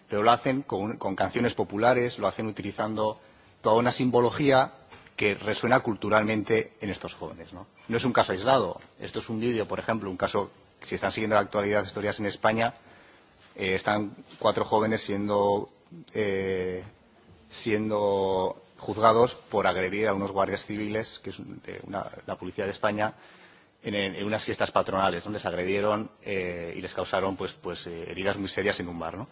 Speaker 2: Pero lo hacen con, con canciones populares, lo hacen utilizando toda una simbología que resuena culturalmente en estos jóvenes. No, no es un caso aislado. Esto es un vídeo, por ejemplo, un caso si están siguiendo la actualidad de historias en España, eh, están cuatro jóvenes siendo, eh, siendo juzgados por agredir a unos guardias civiles, que es de una, la policía de España, en, en unas fiestas patronales. ¿no? Les agredieron eh, y les causaron pues, pues, eh, heridas muy serias en un bar. ¿no?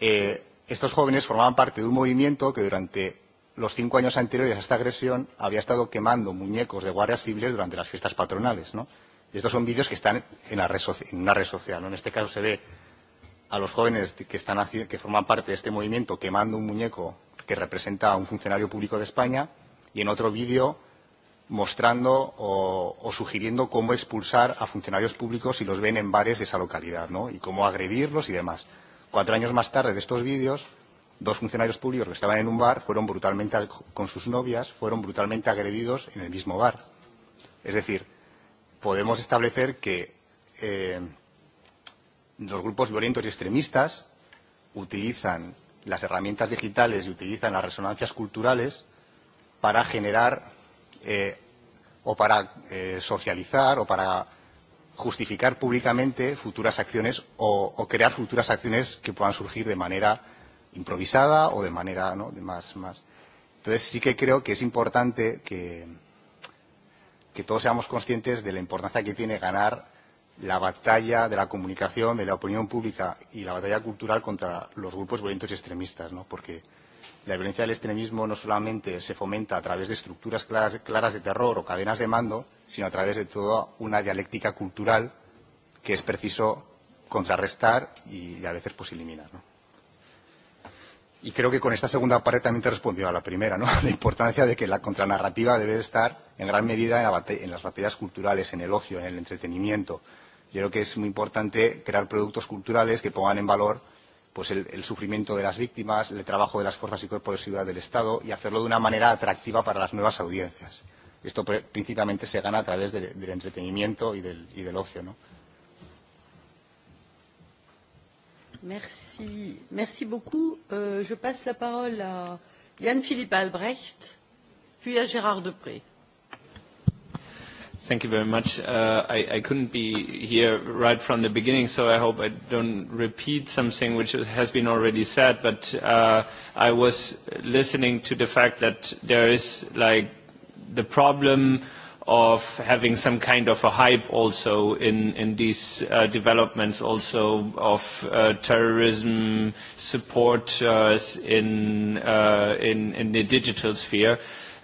Speaker 2: Eh, estos jóvenes formaban parte de un movimiento que durante los cinco años anteriores a esta agresión había estado quemando muñecos de guardias civiles durante las fiestas patronales. ¿no? Y estos son vídeos que están en, la red, en una red social. ¿no? En este caso se ve a los jóvenes que, están, que forman parte de este movimiento quemando un muñeco que representa a un funcionario público de España y en otro vídeo mostrando o, o sugiriendo cómo expulsar a funcionarios públicos si los ven en bares de esa localidad ¿no? y cómo agredirlos y demás. Cuatro años más tarde de estos vídeos, dos funcionarios públicos que estaban en un bar fueron brutalmente con sus novias, fueron brutalmente agredidos en el mismo bar. Es decir, podemos establecer que eh, los grupos violentos y extremistas utilizan las herramientas digitales y utilizan las resonancias culturales para generar eh, o para eh, socializar o para justificar públicamente futuras acciones o, o crear futuras acciones que puedan surgir de manera improvisada o de manera ¿no? de más, más. Entonces sí que creo que es importante que, que todos seamos conscientes de la importancia que tiene ganar la batalla de la comunicación, de la opinión pública y la batalla cultural contra los grupos violentos y extremistas, ¿no? porque la violencia del extremismo no solamente se fomenta a través de estructuras claras, claras de terror o cadenas de mando, sino a través de toda una dialéctica cultural que es preciso contrarrestar y, y a veces pues eliminar. ¿no? Y creo que con esta segunda parte también te he respondido a la primera, ¿no? La importancia de que la contranarrativa debe estar en gran medida en, la en las batallas culturales, en el ocio, en el entretenimiento. Yo creo que es muy importante crear productos culturales que pongan en valor pues el, el sufrimiento de las víctimas, el trabajo de las fuerzas y cuerpos de seguridad del Estado y hacerlo de una manera atractiva para las nuevas audiencias. Esto principalmente se gana a través del, del entretenimiento y del, y del ocio, ¿no?
Speaker 1: Merci, merci beaucoup. Euh, je passe la parole à Jan-Philippe Albrecht, puis à Gérard Depré.
Speaker 8: Thank you very much. Uh, I, I couldn't be here right from the beginning, so I hope I don't repeat something which has been already said, but uh, I was listening to the fact that there is like the problem of having some kind of a hype also in, in these uh, developments also of uh, terrorism support uh, in, uh, in, in the digital sphere.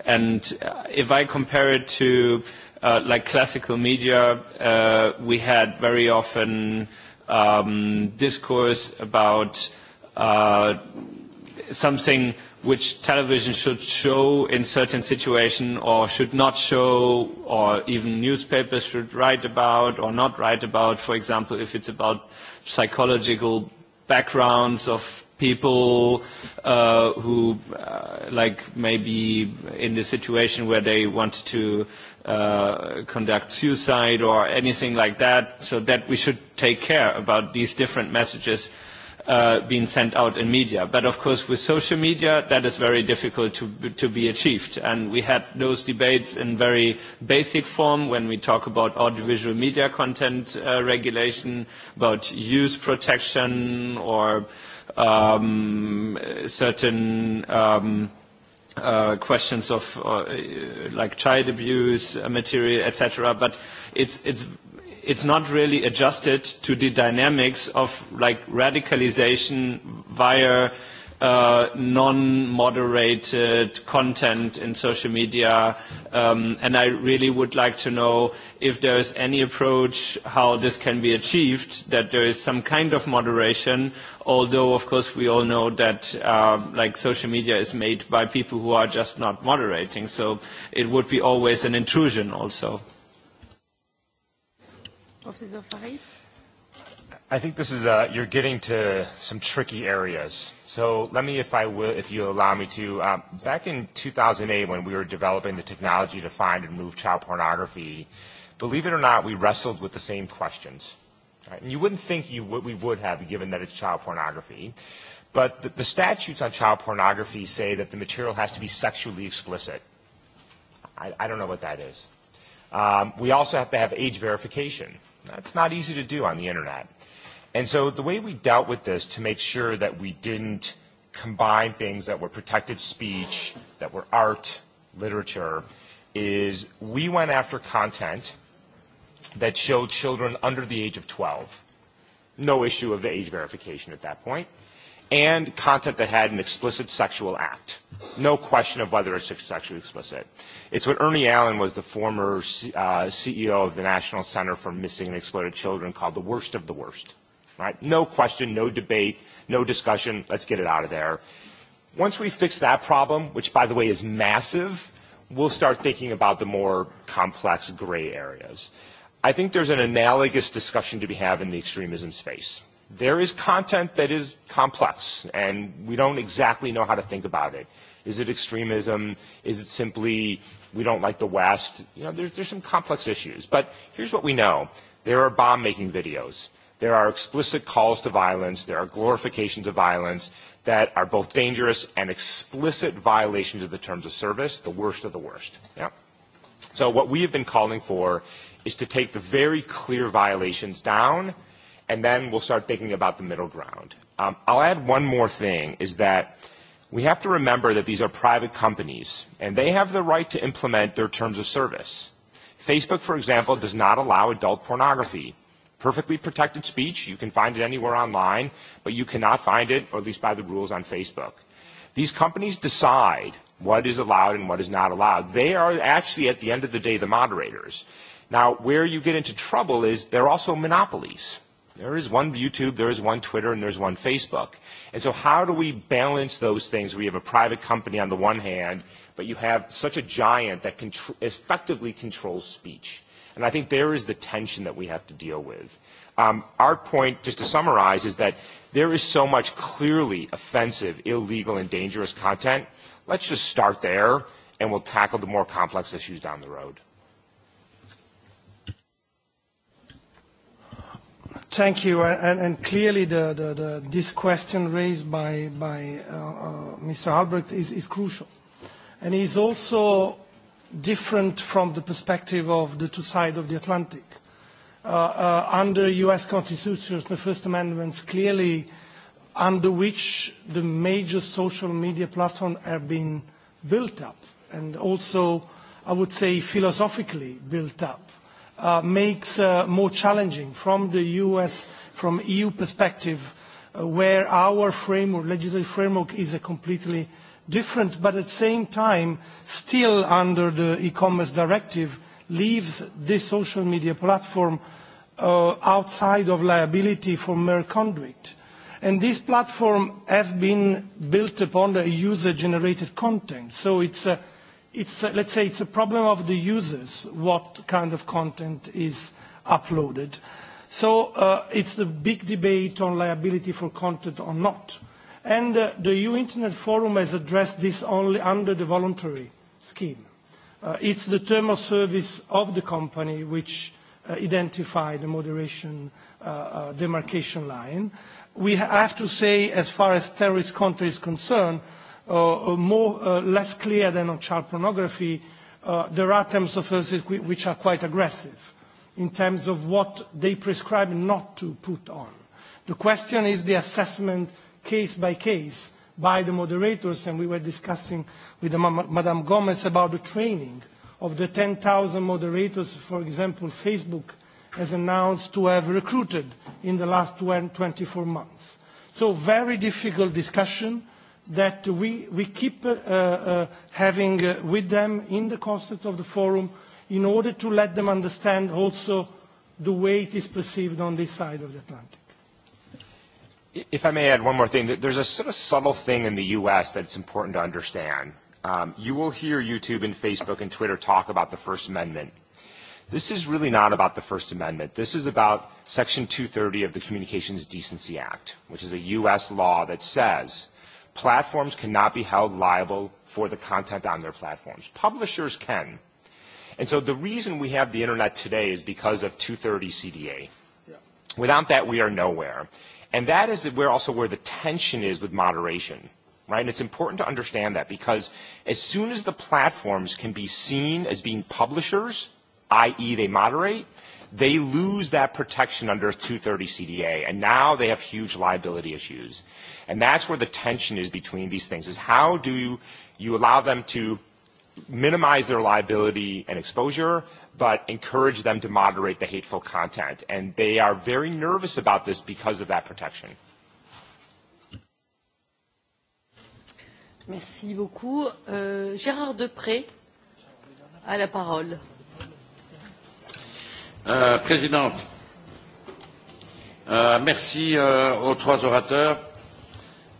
Speaker 8: And uh, if I compare it to uh, like classical media, uh, we had very often um, discourse about uh, something which television should show in certain situations or should not show or even newspapers should write about or not write about, for example, if it's about psychological backgrounds of people uh, who uh, like maybe in the situation where they want to uh, conduct suicide or anything like that, so that we should take care about these different messages uh, being sent out in media. But of course, with social media, that is very difficult to, to be achieved. And we had those debates in very basic form when we talk about audiovisual media content uh, regulation, about use protection, or um, certain um, uh, questions of uh, like child abuse uh, material, etc. But it's, it's it's not really adjusted to the dynamics of like radicalization via uh, non-moderated content in social media. Um, and I really would like to know if there is any approach how this can be achieved, that there is some kind of moderation, although of course we all know that uh, like social media is made by people who are just not moderating. So
Speaker 3: it would be always
Speaker 8: an intrusion also.
Speaker 9: Professor Farid?
Speaker 3: I think this is, uh, you're getting to some tricky areas. So let me, if I will, if you allow me to, um, back in 2008 when we were developing the technology to find and remove child pornography, believe it or not, we wrestled with the same questions. Right? And you wouldn't think you would, we would have given that it's child pornography. But the, the statutes on child pornography say that the material has to be sexually explicit. I, I don't know what that is. Um, we also have to have age verification. That's not easy to do on the internet. And so the way we dealt with this to make sure that we didn't combine things that were protected speech, that were art, literature, is we went after content that showed children under the age of 12. No issue of the age verification at that point. And content that had an explicit sexual act no question of whether it's sexually explicit. It's what Ernie Allen was the former uh, CEO of the National Center for Missing and Exploited Children called the worst of the worst. Right? No question, no debate, no discussion. Let's get it out of there. Once we fix that problem, which by the way is massive, we'll start thinking about the more complex gray areas. I think there's an analogous discussion to be had in the extremism space there is content that is complex, and we don't exactly know how to think about it. Is it extremism? Is it simply we don't like the West? You know, there's, there's some complex issues. But here's what we know. There are bomb-making videos. There are explicit calls to violence. There are glorifications of violence that are both dangerous and explicit violations of the terms of service, the worst of the worst. Yeah. So what we have been calling for is to take the very clear violations down, and then we'll start thinking about the middle ground. Um, I'll add one more thing, is that – we have to remember that these are private companies, and they have the right to implement their terms of service. Facebook, for example, does not allow adult pornography. Perfectly protected speech, you can find it anywhere online, but you cannot find it, or at least by the rules on Facebook. These companies decide what is allowed and what is not allowed. They are actually, at the end of the day, the moderators. Now, where you get into trouble is they're also monopolies. There is one YouTube, there is one Twitter, and there's one Facebook. And so how do we balance those things? We have a private company on the one hand, but you have such a giant that contr effectively controls speech. And I think there is the tension that we have to deal with. Um, our point, just to summarize, is that there is so much clearly offensive, illegal, and dangerous content. Let's just start there, and we'll tackle the more complex issues down the road.
Speaker 4: Thank you. And, clearly, the, the, the, this question raised by, by uh, uh, Mr. Albrecht is, is crucial. And is also different from the perspective of the two sides of the Atlantic. Uh, under U.S. Constitution, the First Amendment clearly under which the major social media platforms have been built up and also, I would say, philosophically built up Uh, makes uh, more challenging from the US, from EU perspective, uh, where our framework, legislative framework is a completely different, but at the same time, still under the e-commerce directive, leaves this social media platform outside of liability for mere conduit. And these platforms have been built upon the user-generated content. So it's a it's, uh, let's say, it's a problem of the users what kind of content is uploaded. So uh, it's the big debate on liability for content or not. And uh, the EU Internet Forum has addressed this only under the voluntary scheme. Uh, it's the term of service of the company which uh, identify the moderation uh, uh, demarcation line. We ha- have to say, as far as terrorist content is concerned, uh, more, uh, less clear than on child pornography, uh, there are terms of services which are quite aggressive in terms of what they prescribe not to put on. The question is the assessment case by case by the moderators, and we were discussing with Madame Gomez about the training of the 10,000 moderators, for example, Facebook has announced to have recruited in the last 24 months. So very difficult discussion that we, we keep uh, uh, having uh, with them in the concept of the forum in order to let them understand also the way it is perceived on this side of the Atlantic.
Speaker 3: If I may add one more thing, there's a sort of subtle thing in the U.S. that it's important to understand. Um, you will hear YouTube and Facebook and Twitter talk about the First Amendment. This is really not about the First Amendment. This is about Section 230 of the Communications Decency Act, which is a U.S. law that says platforms cannot be held liable for the content on their platforms. Publishers can. And so the reason we have the internet today is because of 230 CDA. Yeah. Without that, we are nowhere. And that is where also where the tension is with moderation, right? And it's important to understand that because as soon as the platforms can be seen as being publishers, i.e. they moderate, they lose that protection under 230 CDA, and now they have huge liability issues. And that's where the tension is between these things, is how do you, you allow them to minimize their liability and exposure, but encourage them to moderate the hateful content. And they are very nervous about this because of that protection.
Speaker 1: Merci beaucoup. Uh, Gérard Depré à la parole.
Speaker 10: Euh, Présidente, euh, merci euh, aux trois orateurs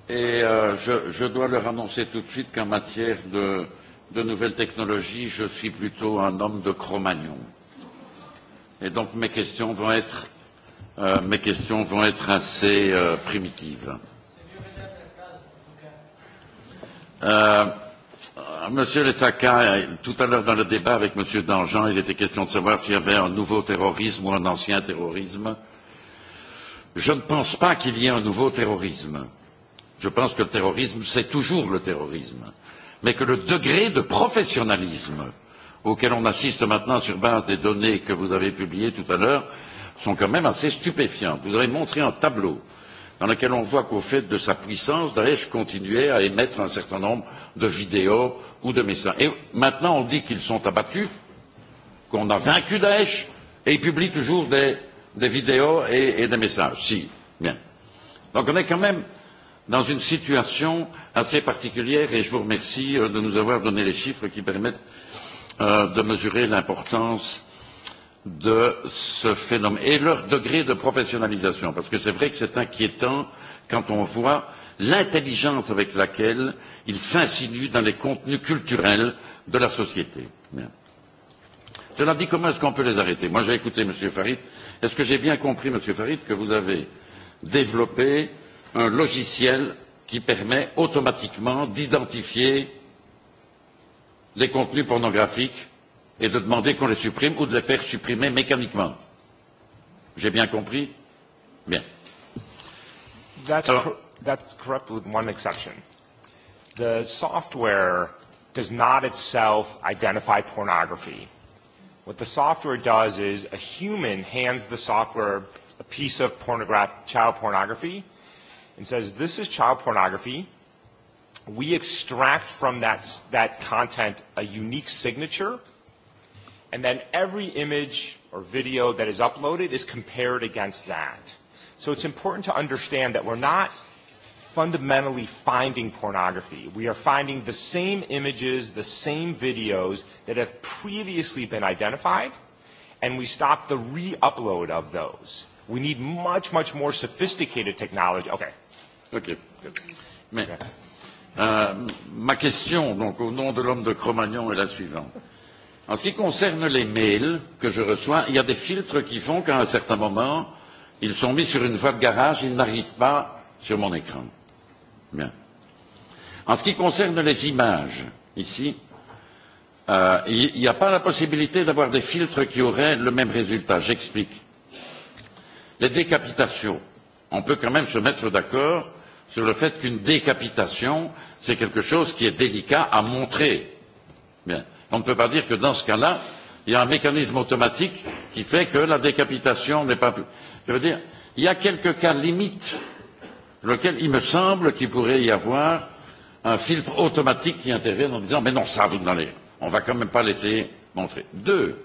Speaker 10: Et euh, je, je dois leur annoncer tout de suite qu'en matière de, de nouvelles technologies, je suis plutôt un homme de Cro-Magnon. Et donc mes questions vont être, euh, mes questions vont être assez euh, primitives. Euh, Monsieur Lesaka, tout à l'heure dans le débat avec Monsieur Dangean, il était question de savoir s'il y avait un nouveau terrorisme ou un ancien terrorisme. Je ne pense pas qu'il y ait un nouveau terrorisme. Euh, je pense que le terrorisme, c'est toujours le terrorisme, mais que le degré de professionnalisme auquel on assiste maintenant sur base des données que vous avez publiées tout à l'heure sont quand même assez stupéfiantes. Vous avez montré un tableau dans lequel on voit qu'au fait de sa puissance, Daesh continuait à émettre un certain nombre de vidéos ou de messages. Et maintenant, on dit qu'ils sont abattus, qu'on a vaincu Daesh, et ils publient toujours des, des vidéos et, et des messages. Si, bien. Donc on est quand même dans une situation assez particulière et je vous remercie euh, de nous avoir donné les chiffres qui permettent euh, de mesurer l'importance de ce phénomène et leur degré de professionnalisation parce que c'est vrai que c'est inquiétant quand on voit l'intelligence avec laquelle ils s'insinuent dans les contenus culturels de la société. Bien. Cela dit, comment est-ce qu'on peut les arrêter Moi, j'ai écouté M. Farid. Est-ce que j'ai bien compris, M. Farid, que vous avez développé euh, un logiciel qui permet automatiquement d'identifier les contenus pornographiques et de demander qu'on les supprime ou de les faire supprimer mécaniquement. J'ai bien compris Bien.
Speaker 3: That's, Alors, cor that's correct with one exception. The software does not itself identify pornography. What the software does is a human hands the software a piece of pornograph- child pornography, and says, this is child pornography. We extract from that, that content a unique signature, and then every image or video that is uploaded is compared against that. So it's important to understand that we're not fundamentally finding pornography. We are finding the same images, the same videos that have previously been identified, and we stop the re-upload of those.
Speaker 10: We need much, much more sophisticated technology. Okay, Ok. Mais euh, ma question, donc au nom de l'homme de Cro-Magnon, est la suivante. En ce qui concerne les mails que je reçois, il y a des filtres qui font qu'à un certain moment, ils sont mis sur une voie de garage, ils n'arrivent pas sur mon écran. Bien. En ce qui concerne les images, ici, euh, il euh, n'y a pas la possibilité d'avoir des filtres qui auraient le même résultat. J'explique. Les décapitations, on peut quand même se mettre d'accord sur le fait qu'une décapitation, c'est quelque chose qui est délicat à montrer. Bien. On ne peut pas dire que dans ce cas-là, il y a un mécanisme automatique qui fait que la décapitation n'est pas plus. Je veux dire, il y a quelques cas limites, lequel il me semble qu'il pourrait y avoir un filtre automatique qui intervient en disant mais non, ça vous n'allez, on ne va quand même pas laisser montrer. Deux,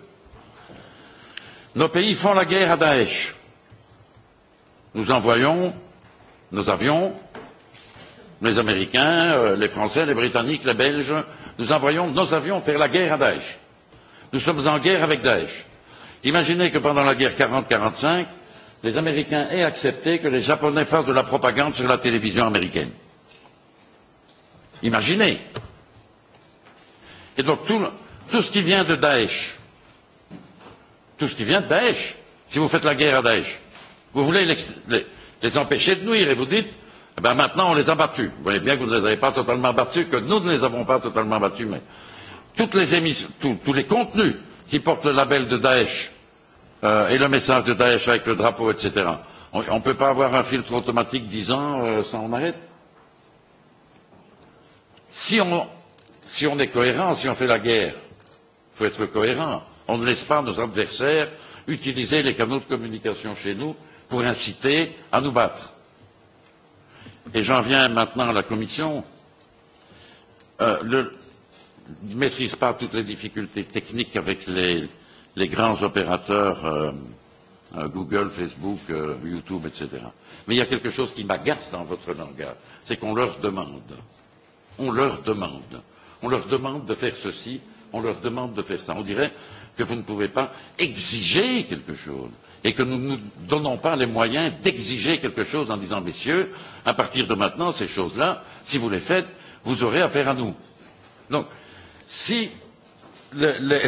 Speaker 10: nos pays font la guerre à Daech. Nous envoyons nos avions, les Américains, euh, les Français, les Britanniques, les Belges, nous envoyons nos avions faire la guerre à Daech. Nous sommes en guerre avec Daech. Imaginez que pendant la guerre quarante quarante cinq, les Américains aient accepté que les Japonais fassent de la propagande sur la télévision américaine. Imaginez. Et donc tout, tout ce qui vient de Daesh, tout ce qui vient de Daesh, si vous faites la guerre à Daesh, vous voulez les, les, les empêcher de nuire et vous dites Eh bien maintenant, on les a battus. Vous voyez bien que vous ne les avez pas totalement battus, que nous ne les avons pas totalement battus, mais toutes les émissions, tout, tous les contenus qui portent le label de Daesh euh, et le message de Daesh avec le drapeau, etc. On ne peut pas avoir un filtre automatique disant euh, ça on arrête. Si on, si on est cohérent, si on fait la guerre, il faut être cohérent. On ne laisse pas nos adversaires utiliser les canaux de communication chez nous pour inciter à nous battre. Et j'en viens maintenant à la Commission. Euh, le, ne maîtrise pas toutes les difficultés techniques avec les, les grands opérateurs euh, euh, Google, Facebook, euh, YouTube, etc. Mais il y a quelque chose qui m'agace dans votre langage, c'est qu'on leur demande. On leur demande. On leur demande de faire ceci, on leur demande de faire ça. On dirait que vous ne pouvez pas exiger quelque chose et que nous ne nous donnons pas les moyens d'exiger quelque chose en disant messieurs, à partir de maintenant, ces choses-là, si vous les faites, vous aurez affaire à nous. Donc, si le, le,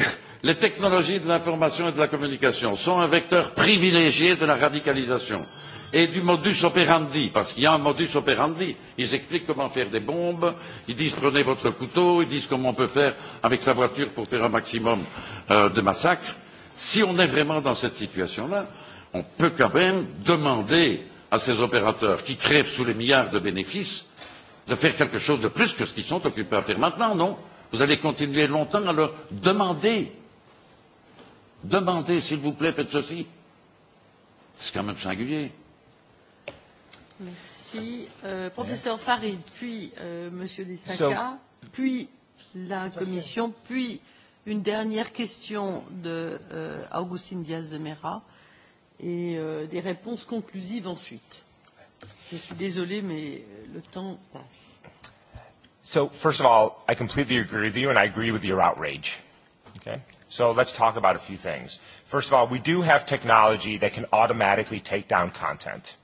Speaker 10: les technologies de l'information et de la communication sont un vecteur privilégié de la radicalisation, et du modus operandi, parce qu'il y a un modus operandi. Ils expliquent comment faire des bombes, ils disent prenez votre couteau, ils disent comment on peut faire avec sa voiture pour faire un maximum euh, de massacres. Si on est vraiment dans cette situation-là, on peut quand même demander à ces opérateurs qui crèvent sous les milliards de bénéfices de faire quelque chose de plus que ce qu'ils sont occupés à faire maintenant, non Vous allez continuer longtemps à leur demander. Demandez, s'il vous plaît, faites ceci. C'est quand même singulier.
Speaker 1: Merci. Euh, professeur Farid, puis euh, Monsieur Lissaka, so, puis la Commission, puis une dernière question de euh, Augustine Diaz de Mera et euh, des réponses conclusives ensuite. Je suis désolé, mais euh, le temps passe.
Speaker 3: So, first of all, I completely agree with you, and I agree with your outrage. Okay? So let's talk about a few things. First of all, we do have technology that can automatically take down content.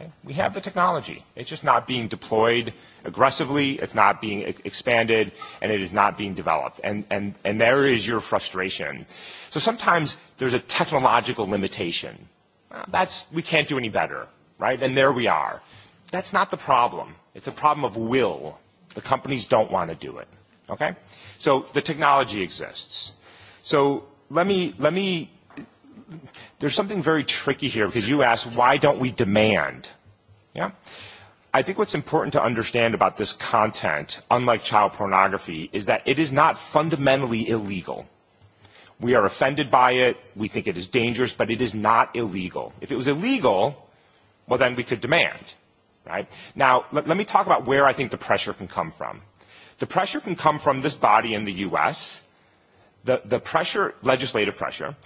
Speaker 3: Okay? We have the technology. It's just not being deployed aggressively, it's not being e-, expanded, and it is not being developed. And, and, and there is your frustration. So sometimes there's a technological limitation. Well, uh, that's, we can't do any better, right? And there we are. That's not the problem. It's a problem of will. The companies don't want to do it. Okay? So the technology exists. So let me, let me there's something very tricky here because you asked, why don't we demand? Yeah. I think what's important to understand about this content, unlike child pornography, is that it is not fundamentally illegal. We are offended by it. We think it is dangerous, but it is not illegal. If it was illegal, well, then we could demand, right? Now, let, let me talk about where I think the pressure can come from. The pressure can come from this body in the U.S., the, the pressure, legislative pressure,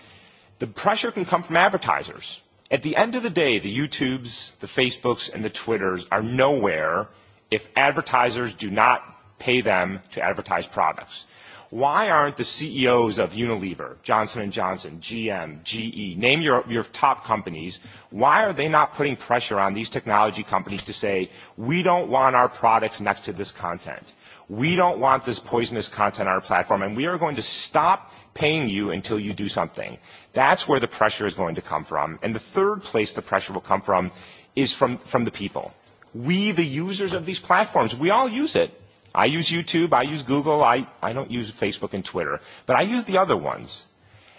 Speaker 3: the pressure can come from advertisers. At the end of the day, the YouTubes, the Facebooks, and the Twitters are nowhere if advertisers do not pay them to advertise products. Why aren't the CEOs of Unilever, Johnson Johnson, GM, GE, name your, your top companies, why are they not putting pressure on these technology companies to say, we don't want our products next to this content. We don't want this poisonous content on our platform, and we are going to stop paying you until you do something. That's where the pressure is going to come from. And the third place the pressure will come from is from, from the people. We, the users of these platforms, we all use it. I use YouTube, I use Google, I, I don't use Facebook and Twitter, but I use the other ones.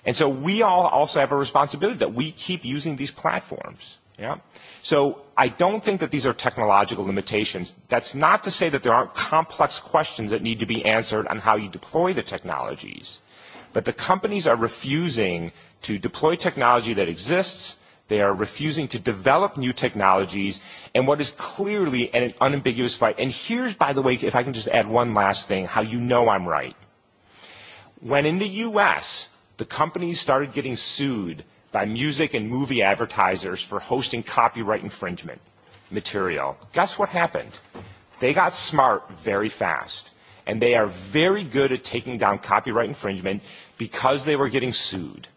Speaker 3: And so we all also have a responsibility that we keep using these platforms. Yeah? So I don't think that these are technological limitations. That's not to say that there aren't complex questions that need to be answered on how you deploy the technologies. But the companies are refusing to deploy technology that exists. They are refusing to develop new technologies. And what is clearly an unambiguous fight, and here's, by the way, if I can just add one last thing, how you know I'm right. When in the U.S., the companies started getting sued by music and movie advertisers for hosting copyright infringement material. Guess what happened? They got smart very fast And they are very good at taking down copyright infringement because they were getting sued.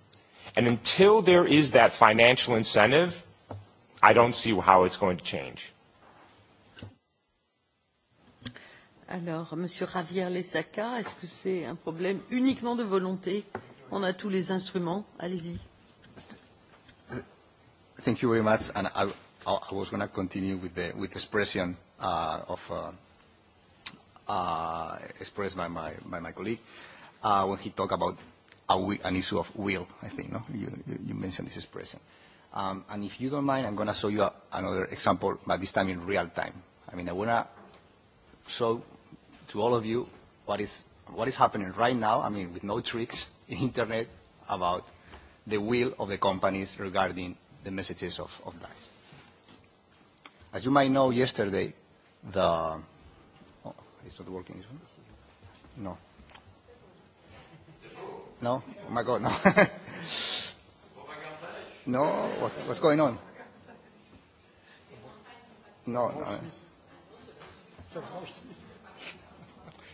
Speaker 3: And until there is that financial incentive, I don't see how it's going to change.
Speaker 1: Alors, Monsieur Javier Lesaca, est-ce que c'est un problème uniquement de volonté On a tous les instruments. Allez-y.
Speaker 2: Thank you very much. And I, I was going to continue with the, with the expression uh, of, uh, uh, expressed by my, by my colleague uh, when he talked about a, an issue of will, I think. No? You, you, you mentioned this expression. Um, and if you don't mind, I'm going to show you a, another example, but this time in real time. I mean, I want to show to all of you what is, what is happening right now, I mean, with no tricks in Internet about the will of the companies regarding the messages of, of DICE. As you might know, yesterday, the It's not working. Is it? No. No? Oh my God, no. no? What's, what's going on? No, no.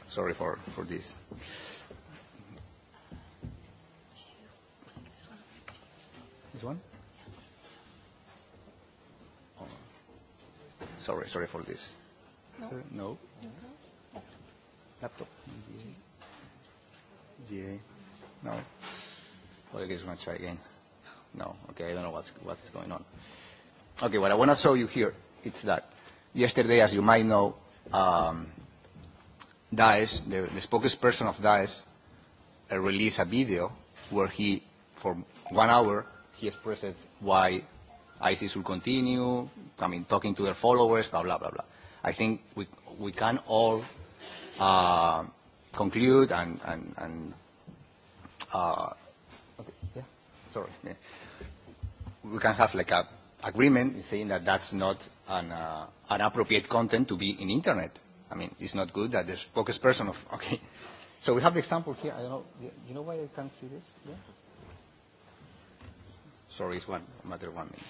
Speaker 2: Sorry for, for this. This one? Oh. Sorry, sorry for this. No. Uh, no. no laptop. GA. No. Well, I guess we're going to try again. No. Okay, I don't know what's, what's going on. Okay, what I want to show you here is that yesterday, as you might know, um, Daesh, the, the spokesperson of Daesh, uh, released a video where he, for one hour, he expresses why ISIS will continue, I mean, talking to their followers, blah, blah, blah, blah. I think we, we can all Uh, conclude and, and, and uh, okay, yeah, sorry, yeah. we can have like a agreement saying that that's not an, uh, an appropriate content to be in internet. I mean, it's not good that the spokesperson of, okay. So we have the example here. I don't know, you know why I can't see this? Yeah? Sorry, it's one, matter of one minute.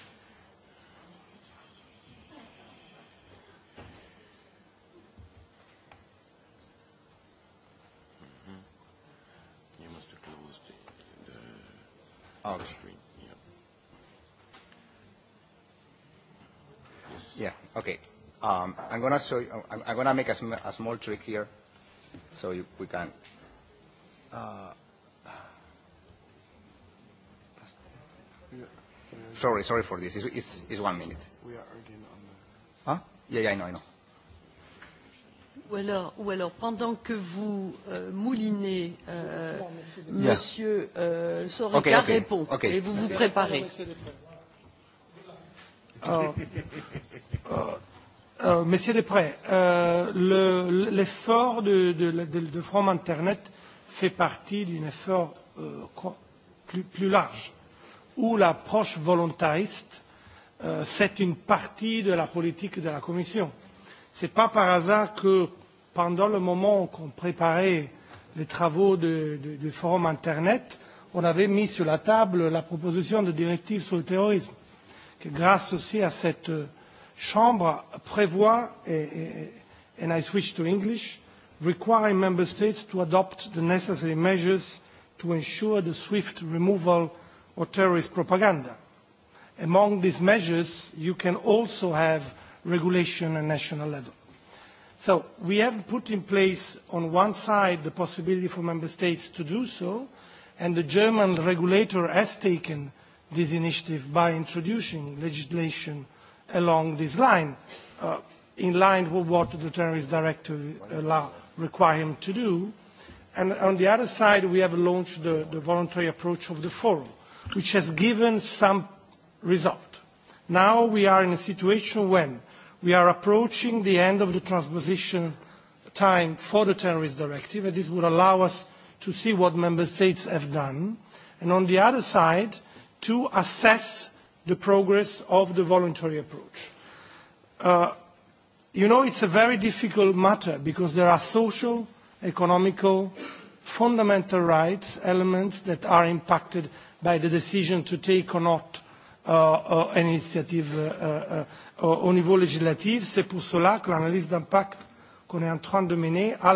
Speaker 9: our screen. Yeah.
Speaker 2: Yes. Yeah. Okay. Um, I'm gonna show. You, I'm, I'm gonna make a, sm a small trick here, so you, we can. Uh, sorry, sorry for this. It's, it's, it's one minute.
Speaker 11: We are again on the.
Speaker 2: Huh? Yeah, yeah, I know, I know.
Speaker 1: Ou alors, ou alors, pendant que vous euh, moulinez, euh, yeah. Monsieur euh, Soreka okay, okay, répond okay. et vous vous préparez.
Speaker 4: Oh. Oh. Euh, monsieur Després, euh, l'effort de, de, de, de From Internet fait partie d'un effort euh, plus, plus large, où l'approche volontariste, euh, c'est une partie de la politique de la Commission. Euh, Ce n'est pas par hasard que pendant le moment qu'on préparait les travaux de, de, du forum Internet, on avait mis sur la table la proposition de directive sur le terrorisme, qui grâce aussi à cette euh, chambre prévoit, et, et, and I switch to English, requiring member states to adopt the necessary measures to ensure the swift removal of terrorist propaganda. Among these measures, you can also have regulation at national level. So we have put in place, on one side, the possibility for member states to do so, and the German regulator has taken this initiative by introducing legislation along this line, uh, in line with what the terrorist directive uh, allow, require him to do. And on the other side, we have launched the, the voluntary approach of the forum, which has given some result. Now we are in a situation when we are approaching the end of the transposition time for the terrorist directive, and this would allow us to see what member states have done, and on the other side, to assess the progress of the voluntary approach. Uh, you know, it's a very difficult matter because there are social, economical, fundamental rights elements that are impacted by the decision to take or not uh, uh, an initiative uh, uh Euh, au niveau législatif. C'est pour cela que l'analyse d'impact qu'on est en train de mener a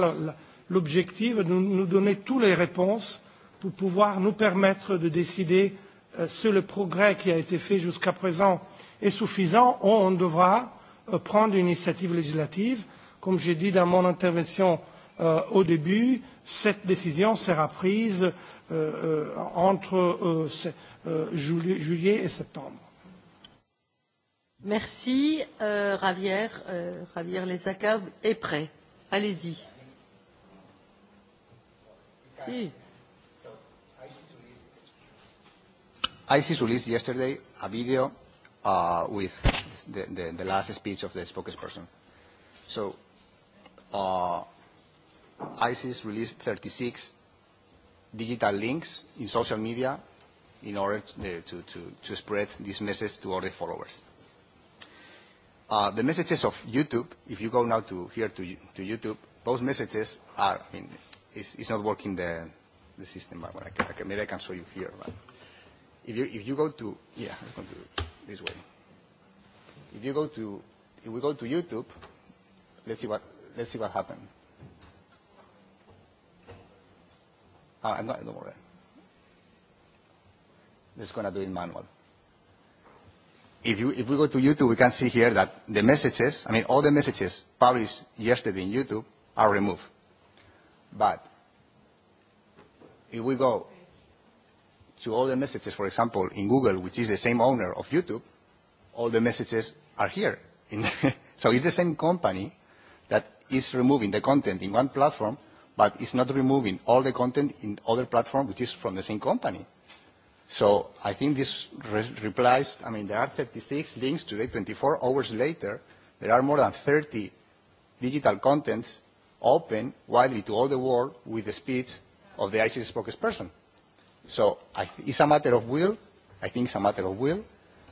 Speaker 4: l'objectif de nous donner toutes les réponses pour pouvoir nous permettre de décider euh, si le progrès qui a été fait jusqu'à présent est suffisant ou on devra euh, prendre une initiative législative. Comme j'ai dit dans mon intervention au début, cette décision sera prise entre juillet et septembre.
Speaker 1: Merci. Euh, Javier, euh, Javier Lesacab est prêt. Allez-y. Si.
Speaker 2: I released yesterday a video uh, with the, the, the last speech of the spokesperson. So uh, ISIS released 36 digital links in social media in order to, to, to, to spread this message to all the followers. Uh, the messages of YouTube, if you go now to here to, to YouTube, those messages are, I mean, it's, it's not working the, the system, but well, I can, I can, maybe I can show you here. But if you, if you go to, yeah, I'm going to this way. If you go to, if we go to YouTube, let's see what, let's see what happened. Uh, ah, I'm not, don't no worry. Just going to do it manual if, you, if we go to YouTube, we can see here that the messages, I mean, all the messages published yesterday in YouTube are removed. But if we go to all the messages, for example, in Google, which is the same owner of YouTube, all the messages are here. In so it's the same company that is removing the content in one platform, but it's not removing all the content in other platform, which is from the same company. So I think this re replies, I mean, there are 36 links today, 24 hours later. There are more than 30 digital contents open widely to all the world with the speech of the ICS spokesperson. So I th it's a matter of will. I think it's a matter of will.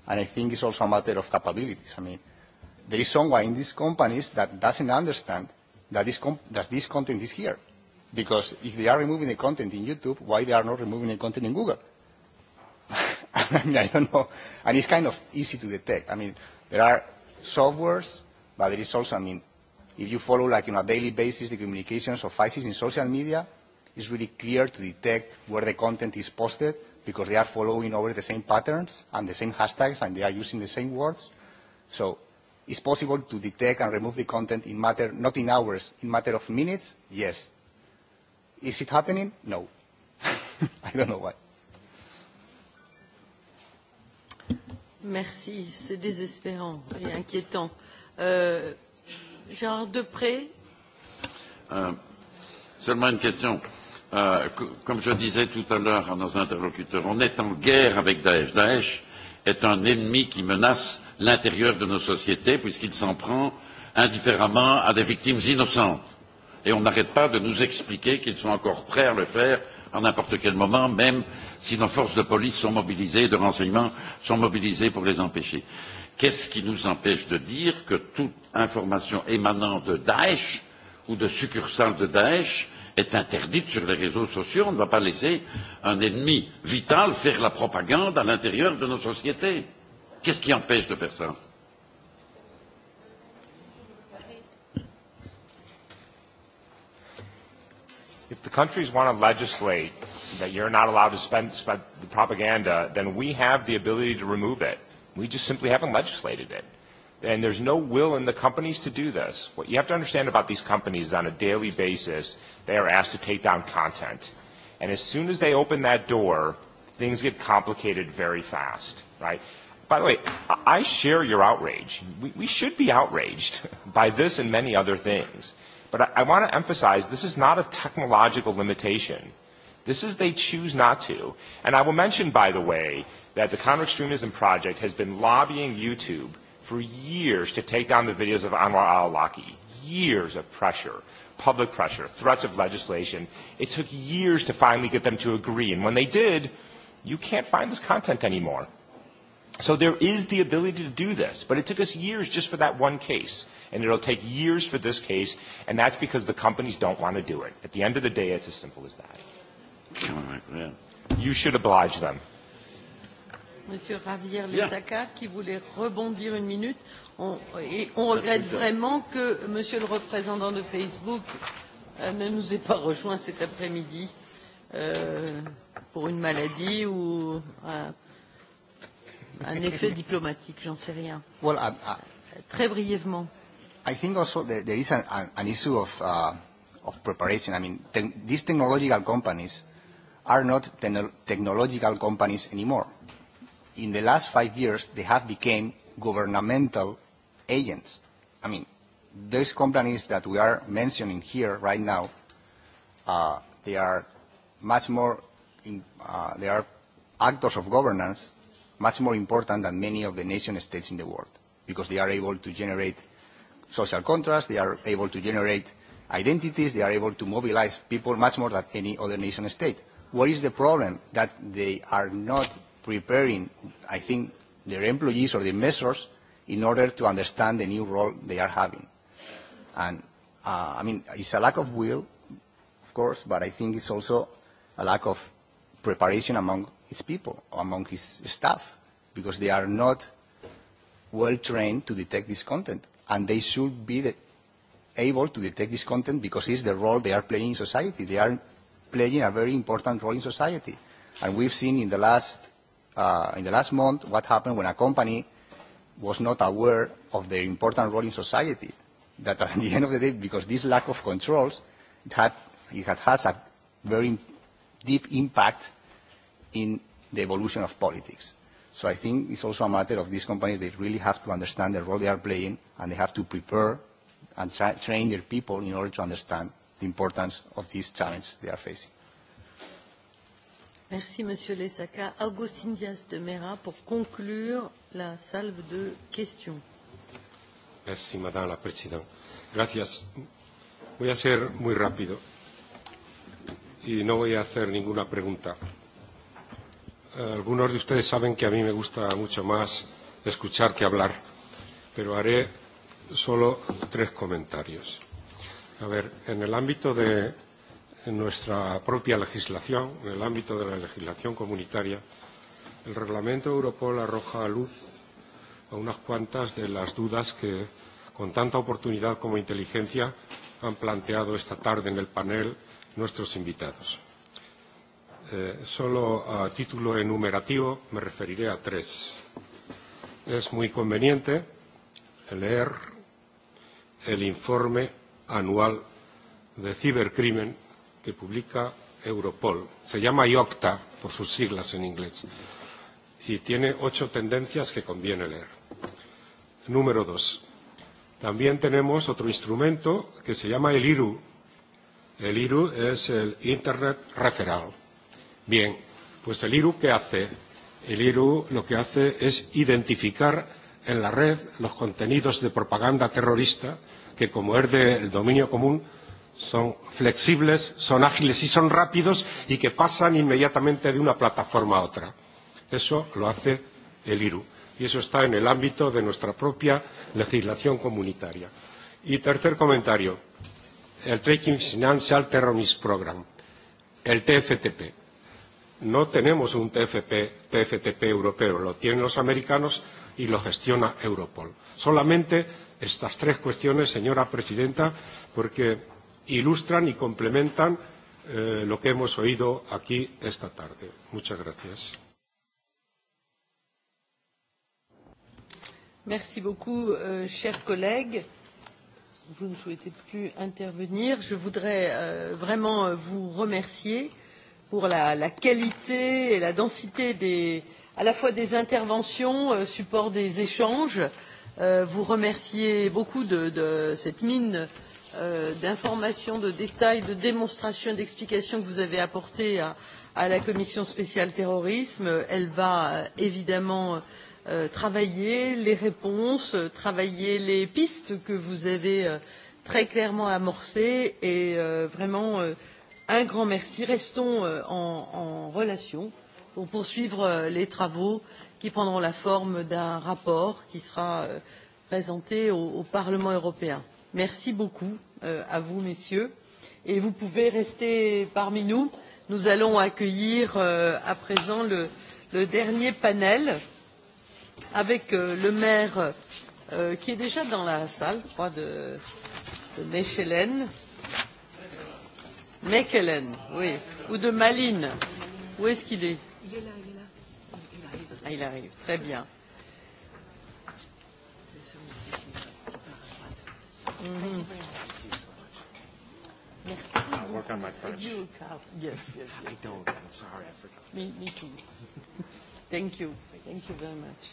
Speaker 2: And I think it's also a matter of capabilities. I mean, there is someone in these companies that doesn't understand that this, com that this content is here. Because if they are removing the content in YouTube, why they are not removing the content in Google? I mean, I don't know. And it's kind of easy to detect. I mean, there are softwares, but there is also, I mean, if you follow like on a daily basis the communications of ISIS in social media, it's really clear to detect where the content is posted because they are following over the same patterns and the same hashtags and they are using the same words. So it's possible to detect and remove the content in matter, not in hours, in matter of minutes? Yes. Is it happening? No. I don't know why.
Speaker 1: Merci, c'est désespérant et inquiétant. Euh, Gérard Depré
Speaker 10: euh, Seulement une question. Euh, comme je disais tout à l'heure à nos interlocuteurs, on est en guerre avec Daesh. Daesh est un ennemi qui menace l'intérieur de nos sociétés puisqu'il s'en prend indifféremment à des victimes innocentes. Et on n'arrête pas de nous expliquer qu'ils sont encore prêts à le faire à n'importe quel moment, même si nos forces de police sont mobilisées, de renseignement sont mobilisées pour les empêcher. Qu'est-ce qui nous empêche de dire que toute information émanant de Daesh ou de succursales de Daesh est interdite sur les réseaux sociaux On ne va pas laisser un ennemi vital faire la propagande à l'intérieur de nos sociétés. Qu'est-ce qui empêche de faire ça
Speaker 3: if the countries want to legislate that you're not allowed to spend, spend the propaganda, then we have the ability to remove it. We just simply haven't legislated it. And there's no will in the companies to do this. What you have to understand about these companies is on a daily basis, they are asked to take down content. And as soon as they open that door, things get complicated very fast, right? By the way, I share your outrage. We, we should be outraged by this and many other things. But I, want to emphasize this is not a technological limitation. This is they choose not to. And I will mention, by the way, that the Counter Extremism Project has been lobbying YouTube for years to take down the videos of Anwar al-Awlaki. Years of pressure, public pressure, threats of legislation. It took years to finally get them to agree. And when they did, you can't find this content anymore. So there is the ability to do this, but it took us years just for that one case and it'll take years for this case, and that's because the companies don't want to do it. At the end of the day, it's as simple as that. On, You should oblige them.
Speaker 1: Monsieur Javier Lesaca, yeah. qui voulait rebondir une minute. On, et on regrette vraiment que Monsieur le représentant de Facebook euh, ne nous ait pas rejoint cet après-midi euh, pour une maladie ou un, un effet diplomatique, j'en sais rien.
Speaker 2: Voilà. Très brièvement. I think also there there is an, an issue of, uh, of preparation. I mean, te these technological companies are not te technological companies anymore. In the last five years, they have become governmental agents. I mean, those companies that we are mentioning here right now, uh, they are much more, in, uh, they are actors of governance much more important than many of the nation states in the world because they are able to generate social contracts. They are able to generate identities. They are able to mobilize people much more than any other nation state. What is the problem? That they are not preparing, I think, their employees or their measures in order to understand the new role they are having. And, uh, I mean, it's a lack of will, of course, but I think it's also a lack of preparation among its people, among his staff, because they are not well trained to detect this content and they should be the, able to detect this content because it's the role they are playing in society. They are playing a very important role in society. And we've seen in the last, uh, in the last month what happened when a company was not aware of their important role in society. That at the end of the day, because this lack of controls, it had, it had has a very deep impact in the evolution of politics. So I think it's also a matter of these companies, they really have to understand the role they are playing and they have to prepare and tra train their people in order to understand the importance of these challenges they are facing.
Speaker 1: Merci, Monsieur Lesaka. Agustin Diaz de Mera pour conclure la salve de questions.
Speaker 12: Merci, Madame la Présidente. Gracias. Voy a ser muy rápido y no voy a hacer ninguna pregunta. Eh, algunos de ustedes saben que a mí me gusta mucho más escuchar que hablar, pero haré solo tres comentarios. A ver, en el ámbito de nuestra propia legislación, en el ámbito de la legislación comunitaria, el reglamento Europol arroja a luz a unas cuantas de las dudas que, con tanta oportunidad como inteligencia, han planteado esta tarde en el panel nuestros invitados. Eh, solo a título enumerativo me referiré a tres. Es muy conveniente leer el informe anual de cibercrimen que publica Europol. Se llama IOCTA, por sus siglas en inglés, y tiene ocho tendencias que conviene leer. Número dos. También tenemos otro instrumento que se llama el IRU. El IRU es el Internet Referral Bien, pues el IRU, ¿qué hace? El IRU lo que hace es identificar en la red los contenidos de propaganda terrorista que, como es del dominio común, son flexibles, son ágiles y son rápidos y que pasan inmediatamente de una plataforma a otra. Eso lo hace el IRU y eso está en el ámbito de nuestra propia legislación comunitaria. Y tercer comentario, el Taking Financial Terrorist Program, el TFTP no tenemos un TFP, TFTP europeo, lo tienen los americanos y lo gestiona Europol. Solamente estas tres cuestiones, señora presidenta, porque ilustran y complementan eh, lo que hemos oído aquí esta tarde. Muchas gracias.
Speaker 1: Merci beaucoup, euh, chers collègues. Vous ne souhaitez plus intervenir. Je voudrais euh, vraiment euh, vous remercier pour la, la qualité et la densité des, à la fois des interventions, euh, support des échanges. Euh, vous remercier beaucoup de, de cette mine euh, d'informations, de détails, de démonstrations, d'explications que vous avez apportées à, à la commission spéciale terrorisme. Elle va euh, évidemment euh, travailler les réponses, travailler les pistes que vous avez euh, très clairement amorcées et euh, vraiment euh, un grand merci. Restons euh, en, en relation pour poursuivre euh, les travaux qui prendront la forme d'un rapport qui sera euh, présenté au, au Parlement européen. Merci beaucoup à vous, messieurs, et vous pouvez rester parmi nous. Nous allons accueillir à présent le, le dernier panel avec le maire qui est déjà dans la salle, je crois, de, de Mechelen, Mekelen, oui, ou de Malines. Où est-ce qu'il est,
Speaker 7: qu il, est il est là, il
Speaker 1: est là. Il arrive. Ah, il arrive, très bien. Mm -hmm.
Speaker 9: Merci. I'll work on my French. You, Yes, yes, yes. I don't. I'm sorry, I forgot.
Speaker 1: Me, me too. Thank you. Thank you very much.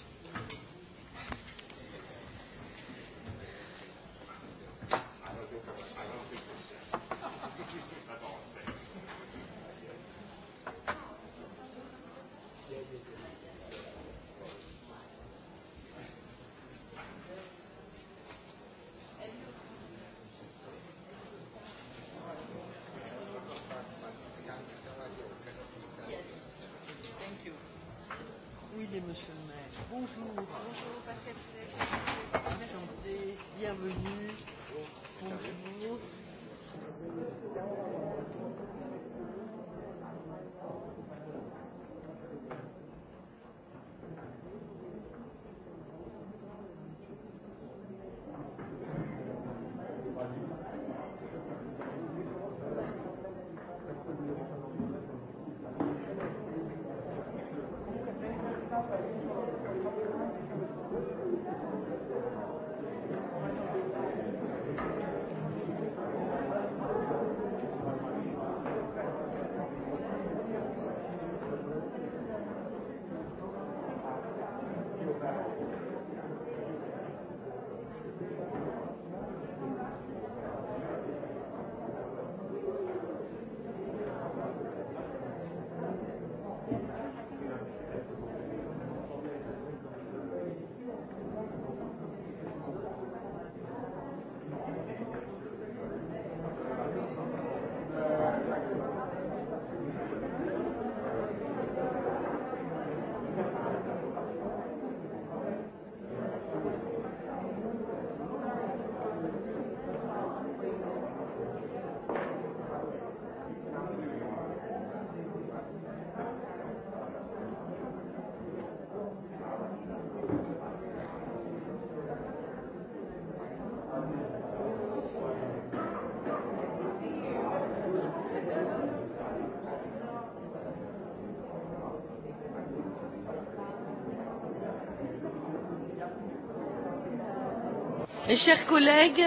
Speaker 1: Mes chers collègues,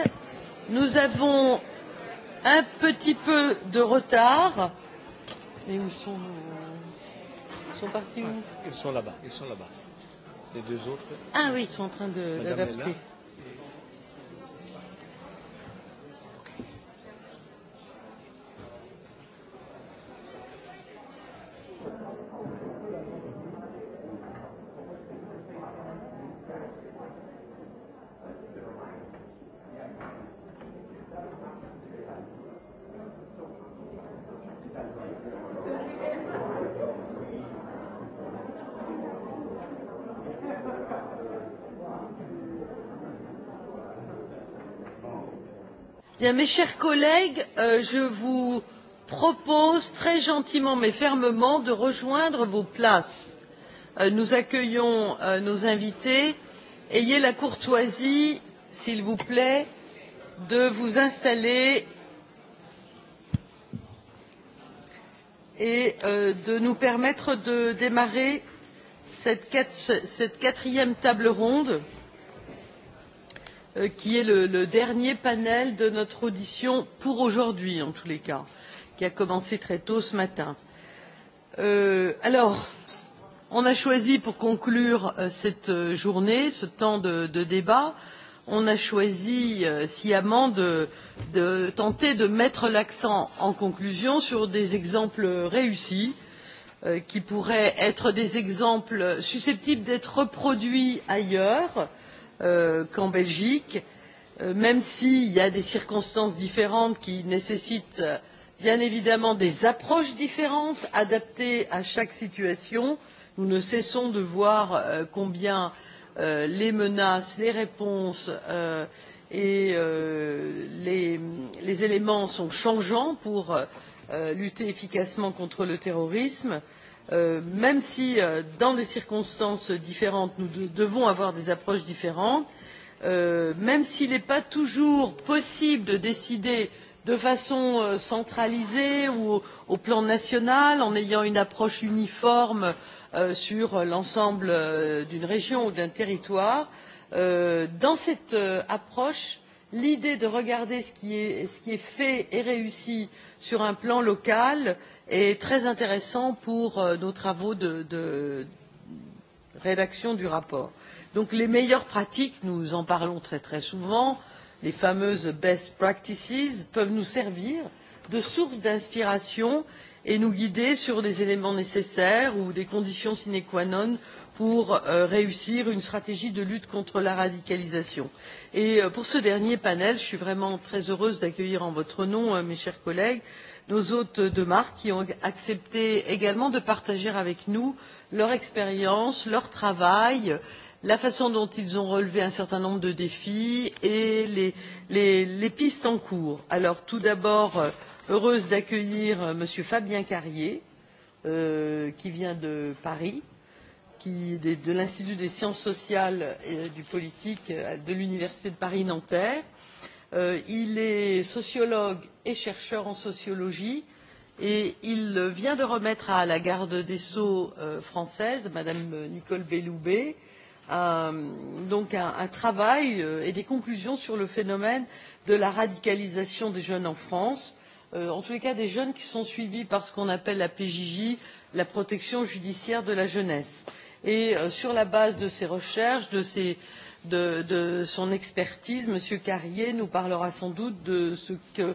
Speaker 1: nous avons un petit peu de retard. Mais où sont nos... Ils euh, sont partis où
Speaker 13: Ils sont là-bas, ils sont là-bas. Les deux autres.
Speaker 1: Ah oui, ils sont en train
Speaker 13: d'adapter.
Speaker 1: mes chers collègues, euh, je vous propose très gentiment mais fermement de rejoindre vos places. Euh, nous accueillons euh, nos invités. Ayez la courtoisie, s'il vous plaît, de vous installer et de nous permettre de démarrer cette, quatrième table ronde. Euh, qui est le, dernier panel de notre audition pour aujourd'hui en tous les cas qui a commencé très tôt ce matin. Euh, alors on a choisi pour conclure euh, cette journée ce temps de, de débat on a choisi sciemment de, de tenter de mettre l'accent en conclusion sur des exemples réussis qui pourraient être des exemples susceptibles d'être reproduits ailleurs euh, qu'en Belgique, euh, même s'il y a des circonstances différentes qui nécessitent euh, bien évidemment des approches différentes adaptées à chaque situation. Nous ne cessons de voir euh, combien euh, les menaces, les réponses euh, et euh, les, les éléments sont changeants pour euh, lutter efficacement contre le terrorisme. Euh, Euh, même si euh, dans des circonstances différentes nous devons avoir des approches différentes euh, même s'il n'est pas toujours possible de décider de façon centralisée ou au plan national en ayant une approche uniforme sur l'ensemble d'une région ou d'un territoire dans cette approche l'idée de regarder ce qui est fait et réussi sur un plan local est est très intéressant pour euh, nos travaux de, de rédaction du rapport. Donc les meilleures pratiques, nous en parlons très très souvent, les fameuses best practices peuvent nous servir de source d'inspiration et nous guider sur des éléments nécessaires ou des conditions sine qua non pour euh, réussir une stratégie de lutte contre la radicalisation. Et euh, pour ce dernier panel, je suis vraiment très heureuse d'accueillir en votre nom, euh, mes chers collègues, nos hôtes de marque qui ont accepté également de partager avec nous leur expérience, leur travail, la façon dont ils ont relevé un certain nombre de défis et les, les, les pistes en cours. Alors tout d'abord, heureuse d'accueillir Monsieur Fabien Carrier, euh, qui vient de Paris, qui, de, de l'Institut des sciences sociales et du politique de l'Université de Paris-Nanterre. Euh, il est sociologue et chercheur en sociologie et il vient de remettre à la garde des sceaux euh, française mme nicole belloubet un, un travail euh, et des conclusions sur le phénomène de la radicalisation des jeunes en france en tous les cas des jeunes qui sont suivis par ce qu'on appelle la pjj la protection judiciaire de la jeunesse. Et sur la base de ses recherches de ses de, de son expertise. Monsieur Carrier nous parlera sans doute de ce, que,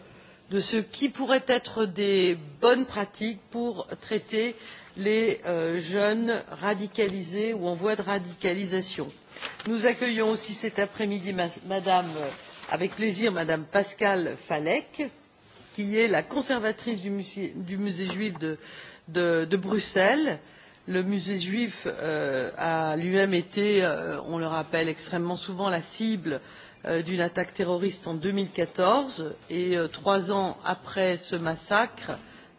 Speaker 1: de ce qui pourrait être des bonnes pratiques pour traiter les euh, jeunes radicalisés ou en voie de radicalisation. Nous accueillons aussi cet après-midi madame, avec plaisir Madame Pascale Falek, qui est la conservatrice du musée, du musée juif de, de, de Bruxelles. Euh, le musée juif euh, a lui même été euh, on le rappelle extrêmement souvent la cible euh, d'une attaque terroriste en deux mille quatorze et euh, trois ans après ce massacre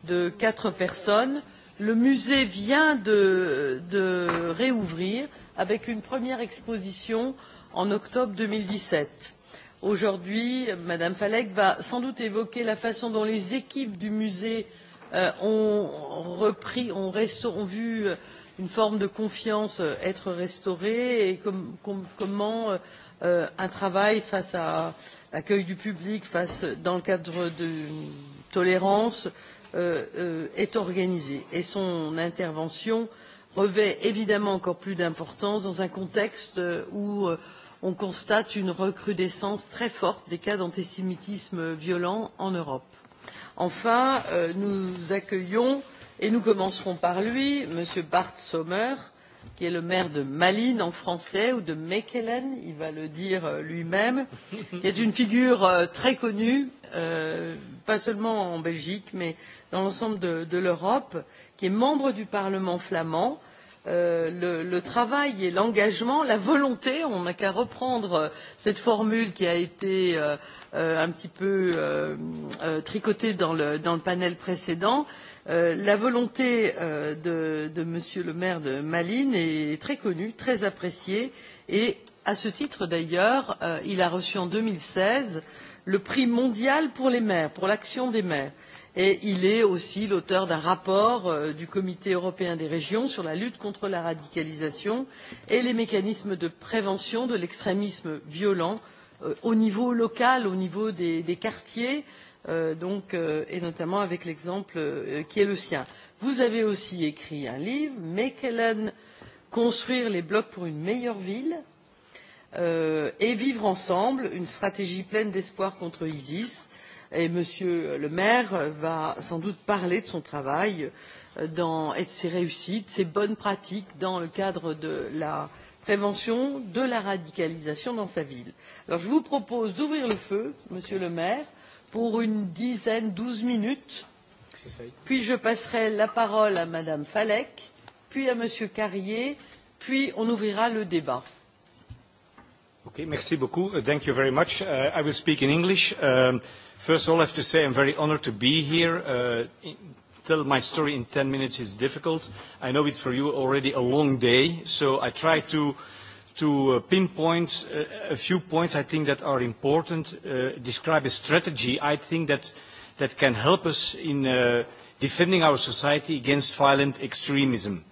Speaker 1: de quatre personnes le musée vient de, de réouvrir avec une première exposition en octobre deux mille dix sept aujourd'hui madame Falek va sans doute évoquer la façon dont les équipes du musée euh, Euh, ont, repris, ont, resta, ont vu euh, une forme de confiance euh, être restaurée et com com comment euh, un travail face à l'accueil du public face, dans le cadre de tolérance euh, euh, est organisé et son intervention revêt évidemment encore plus d'importance dans un contexte où on constate une recrudescence très forte des cas d'antisémitisme violent en Europe enfin euh, nous accueillons et nous commencerons par lui m. bart sommer qui est le maire de malines en français ou de mechelen il va le dire euh, lui même qui est une figure euh, très connue pas seulement en belgique mais dans l'ensemble de, de l'europe qui est membre du parlement flamand Euh, le, le travail et l'engagement, la volonté, on n'a qu'à reprendre euh, cette formule qui a été euh, euh un petit peu euh, tricotée dans le, dans le panel précédent. Euh, la volonté euh, de, de Monsieur le maire de Malines est très connue, très appréciée et à ce titre d'ailleurs, euh, il a reçu en 2016 le prix mondial pour les maires, pour l'action des maires. Euh, et il est aussi l'auteur d'un rapport euh, du comité européen des régions sur la lutte contre la radicalisation et les mécanismes de prévention de l'extrémisme violent euh, au niveau local au niveau des, des quartiers euh, donc, et notamment avec l'exemple qui est le sien. vous avez aussi écrit un livre mekelen construire les blocs pour une meilleure ville et vivre ensemble une stratégie pleine d'espoir contre Euh, et m. le maire va sans doute parler de son travail euh, et de ses réussites de ses bonnes pratiques dans le cadre de la prévention de la radicalisation dans sa ville. Alors, je vous propose d'ouvrir le feu monsieur le maire pour une dizaine douze minutes puis je passerai la parole à mme falec puis à m. carrier puis on ouvrira le débat.
Speaker 13: merci beaucoup. First of all, I have to say I'm very honored to be here. Uh, in, tell my story in 10 minutes is difficult. I know it's for you already a long day, so I try to, to uh, pinpoint uh, a few points I think that are important, uh, describe a strategy I think that, that can help us in uh, defending our society against violent extremism.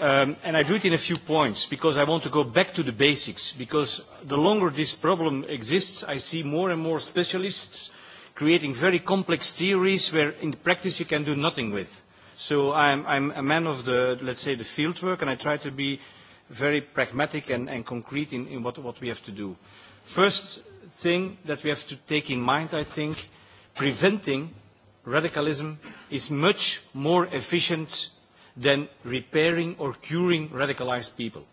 Speaker 13: Um, and I do it in a few points because I want to go back to the basics because the longer this problem exists, I see more and more specialists creating very complex theories where in the practice you can do nothing with. So I'm, I'm a man of the, let's say, the field work, and I try to be very pragmatic and, and concrete in, in what, what we have to do. First thing that we have to take in mind, I think, preventing radicalism is much more efficient than repairing or curing radicalized people.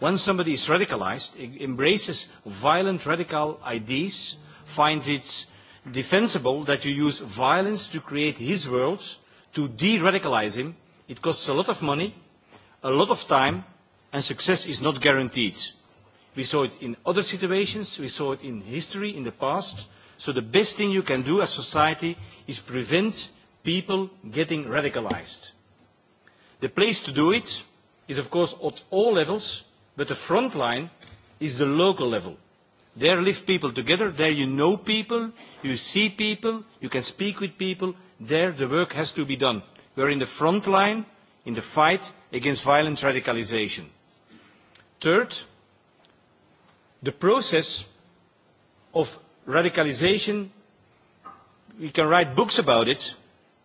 Speaker 13: Once somebody is radicalized, e-, embraces violent radical ideas, finds its defensible that you use violence to create his world, to de-radicalize him. It costs a lot of money, a lot of time, and success is not guaranteed. We saw it in other situations, we saw it in history, in the past. So the best thing you can do as society is prevent people getting radicalized. The place to do it is of course at all levels, but the front line is the local level There live people together. There you know people, you see people, you can speak with people. There the work has to be done. We are in the front line in the fight against violent radicalisation. Third, the process of radicalisation we can write books about it,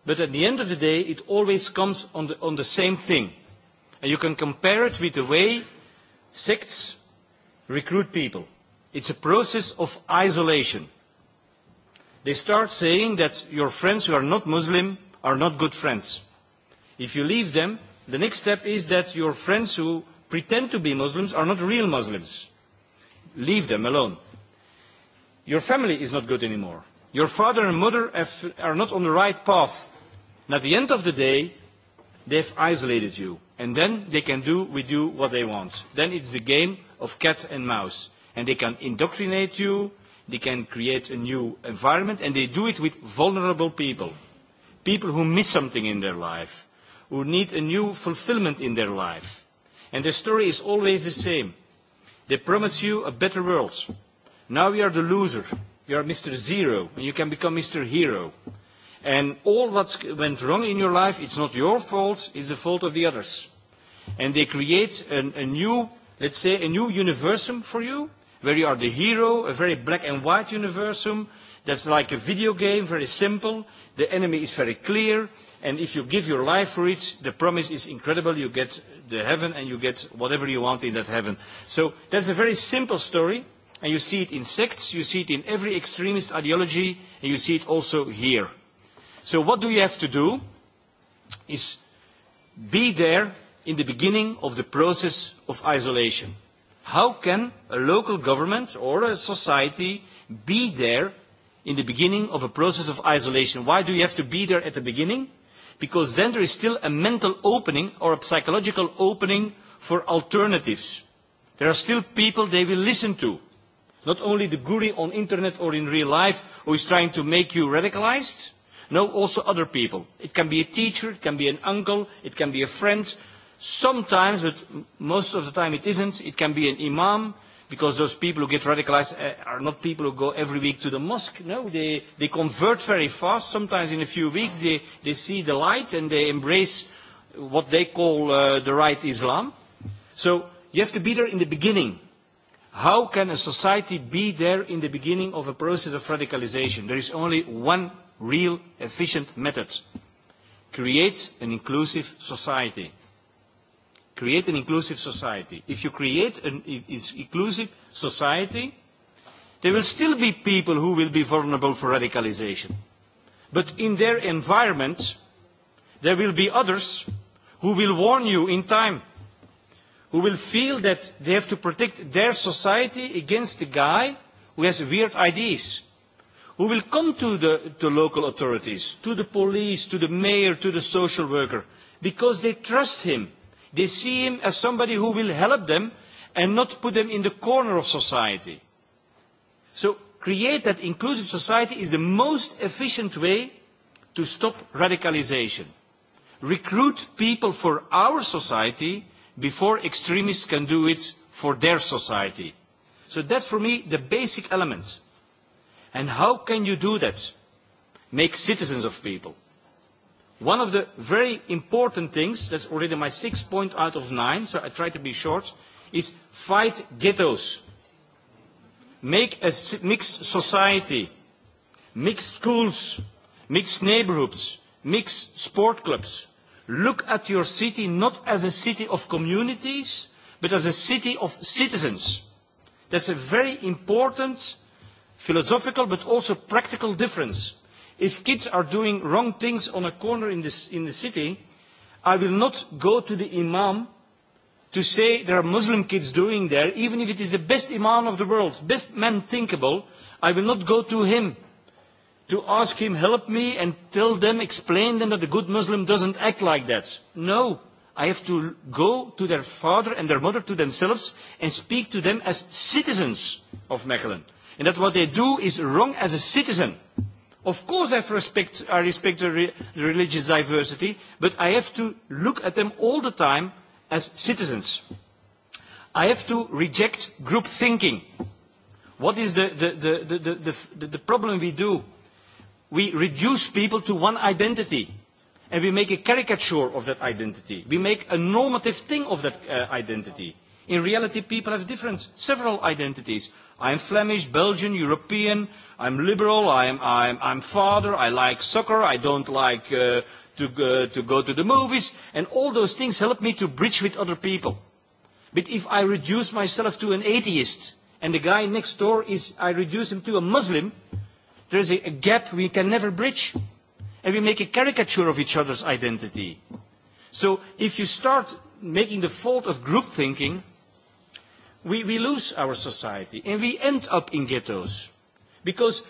Speaker 13: but at the end of the day, it always comes on the, on the same thing. And you can compare it with the way sects recruit people. It's a process of isolation. They start saying that your friends who are not Muslim are not good friends. If you leave them, the next step is that your friends who pretend to be Muslims are not real Muslims. Leave them alone. Your family is not good anymore. Your father and mother have, are not on the right path. And at the end of the day, they've isolated you. And then they can do with you what they want. Then it's the game of cat and mouse. And they can indoctrinate you, they can create a new environment, and they do it with vulnerable people. People who miss something in their life, who need a new fulfillment in their life. And the story is always the same. They promise you a better world. Now you are the loser. You are Mr. Zero, and you can become Mr. Hero. And all that went wrong in your life, it's not your fault, it's the fault of the others. And they create an, a new, let's say, a new universum for you, where you are the hero, a very black and white universum that's like a video game, very simple. The enemy is very clear, and if you give your life for it, the promise is incredible. You get the heaven and you get whatever you want in that heaven. So that's a very simple story, and you see it in sects, you see it in every extremist ideology, and you see it also here. So what do you have to do is be there in the beginning of the process of isolation. How can a local government or a society be there in the beginning of a process of isolation? Why do you have to be there at the beginning? Because then there is still a mental opening or a psychological opening for alternatives. There are still people they will listen to. Not only the guru on internet or in real life who is trying to make you radicalized, no, also other people. It can be a teacher, it can be an uncle, it can be a friend, Sometimes, but most of the time it isn't, it can be an imam, because those people who get radicalized eh, are not people who go every week to the mosque. No, they, they convert very fast. Sometimes in a few weeks they, they see the light and they embrace what they call uh, the right Islam. So you have to be there in the beginning. How can a society be there in the beginning of a process of radicalization? There is only one real efficient method. Create an inclusive society create an inclusive society. If you create an inclusive society, there will still be people who will be vulnerable for radicalisation, But in their environment, there will be others who will warn you in time, who will feel that they have to protect their society against the guy who has weird ideas, who will come to the to local authorities, to the police, to the mayor, to the social worker, because they trust him They see him as somebody who will help them and not put them in the corner of society. So create that inclusive society is the most efficient way to stop radicalisation. Recruit people for our society before extremists can do it for their society. So that's for me the basic element. And how can you do that? Make citizens of people. One of the very important things, that's already my sixth point out of nine, so I try to be short, is fight ghettos. Make a mixed society, mixed schools, mixed neighborhoods, mixed sport clubs. Look at your city not as a city of communities, but as a city of citizens. That's a very important philosophical but also practical difference If kids are doing wrong things on a corner in, this, in the city, I will not go to the imam to say there are Muslim kids doing there, even if it is the best imam of the world, best man thinkable, I will not go to him to ask him, help me and tell them, explain them that a good Muslim doesn't act like that. No, I have to go to their father and their mother, to themselves, and speak to them as citizens of Mechelen. And that what they do is wrong as a citizen. Of course I respect, I respect the, re, the religious diversity, but I have to look at them all the time as citizens. I have to reject group thinking. What is the, the, the, the, the, the, the problem we do? We reduce people to one identity and we make a caricature of that identity. We make a normative thing of that uh, identity. In reality, people have different, several identities. I'm Flemish, Belgian, European, I'm liberal, I'm, I'm, I'm father, I like soccer, I don't like uh, to, uh, to go to the movies, and all those things help me to bridge with other people. But if I reduce myself to an atheist, and the guy next door is, I reduce him to a Muslim, there is a, a gap we can never bridge. And we make a caricature of each other's identity. So if you start making the fault of group thinking, we, we lose our society and we end up in ghettos because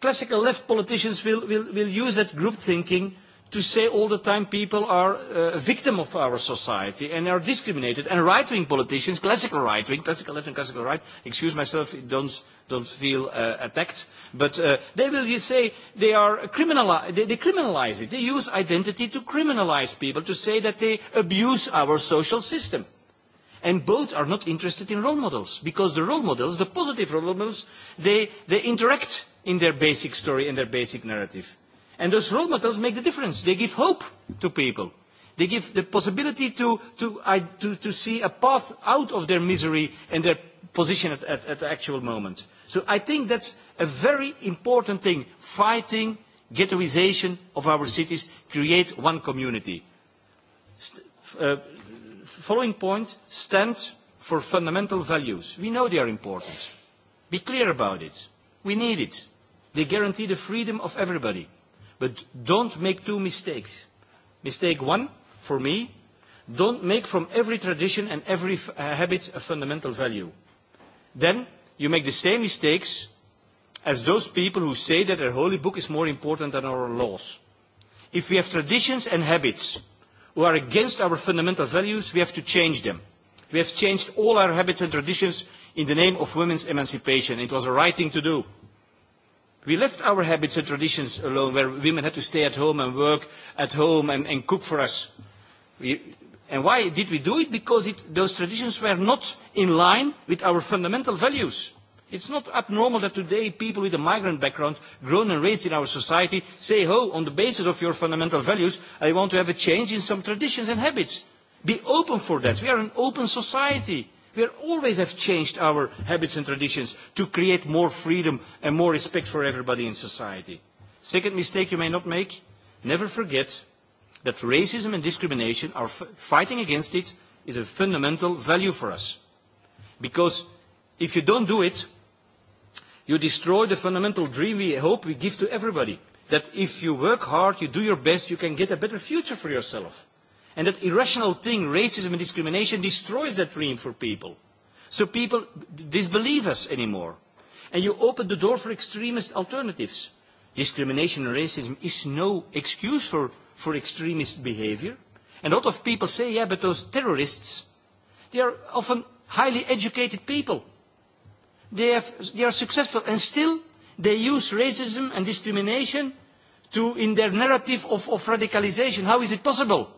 Speaker 13: classical left politicians will, will, will use that group thinking to say all the time people are uh, a victim of our society and are discriminated. And right-wing politicians, classical right-wing, classical left and classical right, excuse myself, don't, don't feel uh, attacked, but uh, they will say they, are criminali- they, they criminalize it. They use identity to criminalize people, to say that they abuse our social system and both are not interested in role models because the role models, the positive role models, they, they interact in their basic story and their basic narrative. And those role models make the difference. They give hope to people. They give the possibility to, to, to, to see a path out of their misery and their position at, at, at the actual moment. So I think that's a very important thing, fighting ghettoization of our cities, create one community. St uh, following point stands for fundamental values. We know they are important. Be clear about it. We need it. They guarantee the freedom of everybody. But don't make two mistakes. Mistake one, for me, don't make from every tradition and every uh, habit a fundamental value. Then you make the same mistakes as those people who say that their holy book is more important than our laws. If we have traditions and habits who are against our fundamental values, we have to change them. We have changed all our habits and traditions in the name of women's emancipation. It was the right thing to do. We left our habits and traditions alone, where women had to stay at home and work at home and, and cook for us. We, and why did we do it? Because it, those traditions were not in line with our fundamental values. It's not abnormal that today people with a migrant background, grown and raised in our society, say, oh, on the basis of your fundamental values, I want to have a change in some traditions and habits. Be open for that. We are an open society. We always have changed our habits and traditions to create more freedom and more respect for everybody in society. Second mistake you may not make, never forget that racism and discrimination, our fighting against it, is a fundamental value for us. Because if you don't do it, You destroy the fundamental dream we hope we give to everybody, that if you work hard, you do your best, you can get a better future for yourself. And that irrational thing, racism and discrimination, destroys that dream for people. So people disbelieve us anymore. And you open the door for extremist alternatives. Discrimination and racism is no excuse for, for extremist behavior. And a lot of people say, yeah, but those terrorists, they are often highly educated people they, have, they are successful and still they use racism and discrimination to, in their narrative of, of radicalization. How is it possible?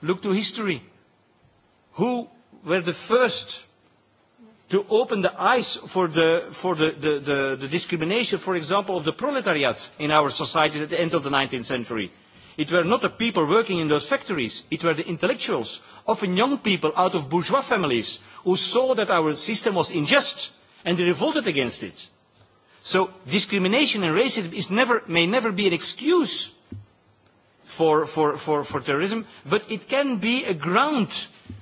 Speaker 13: Look to history. Who were the first to open the eyes for the, for the, the, the, the discrimination, for example, of the proletariat in our societies at the end of the 19th century? It were not the people working in those factories, it were the intellectuals, often young people out of bourgeois families, who saw that our system was unjust and they revolted against it. So discrimination and racism is never, may never be an excuse for, for, for, for terrorism, but it can be a ground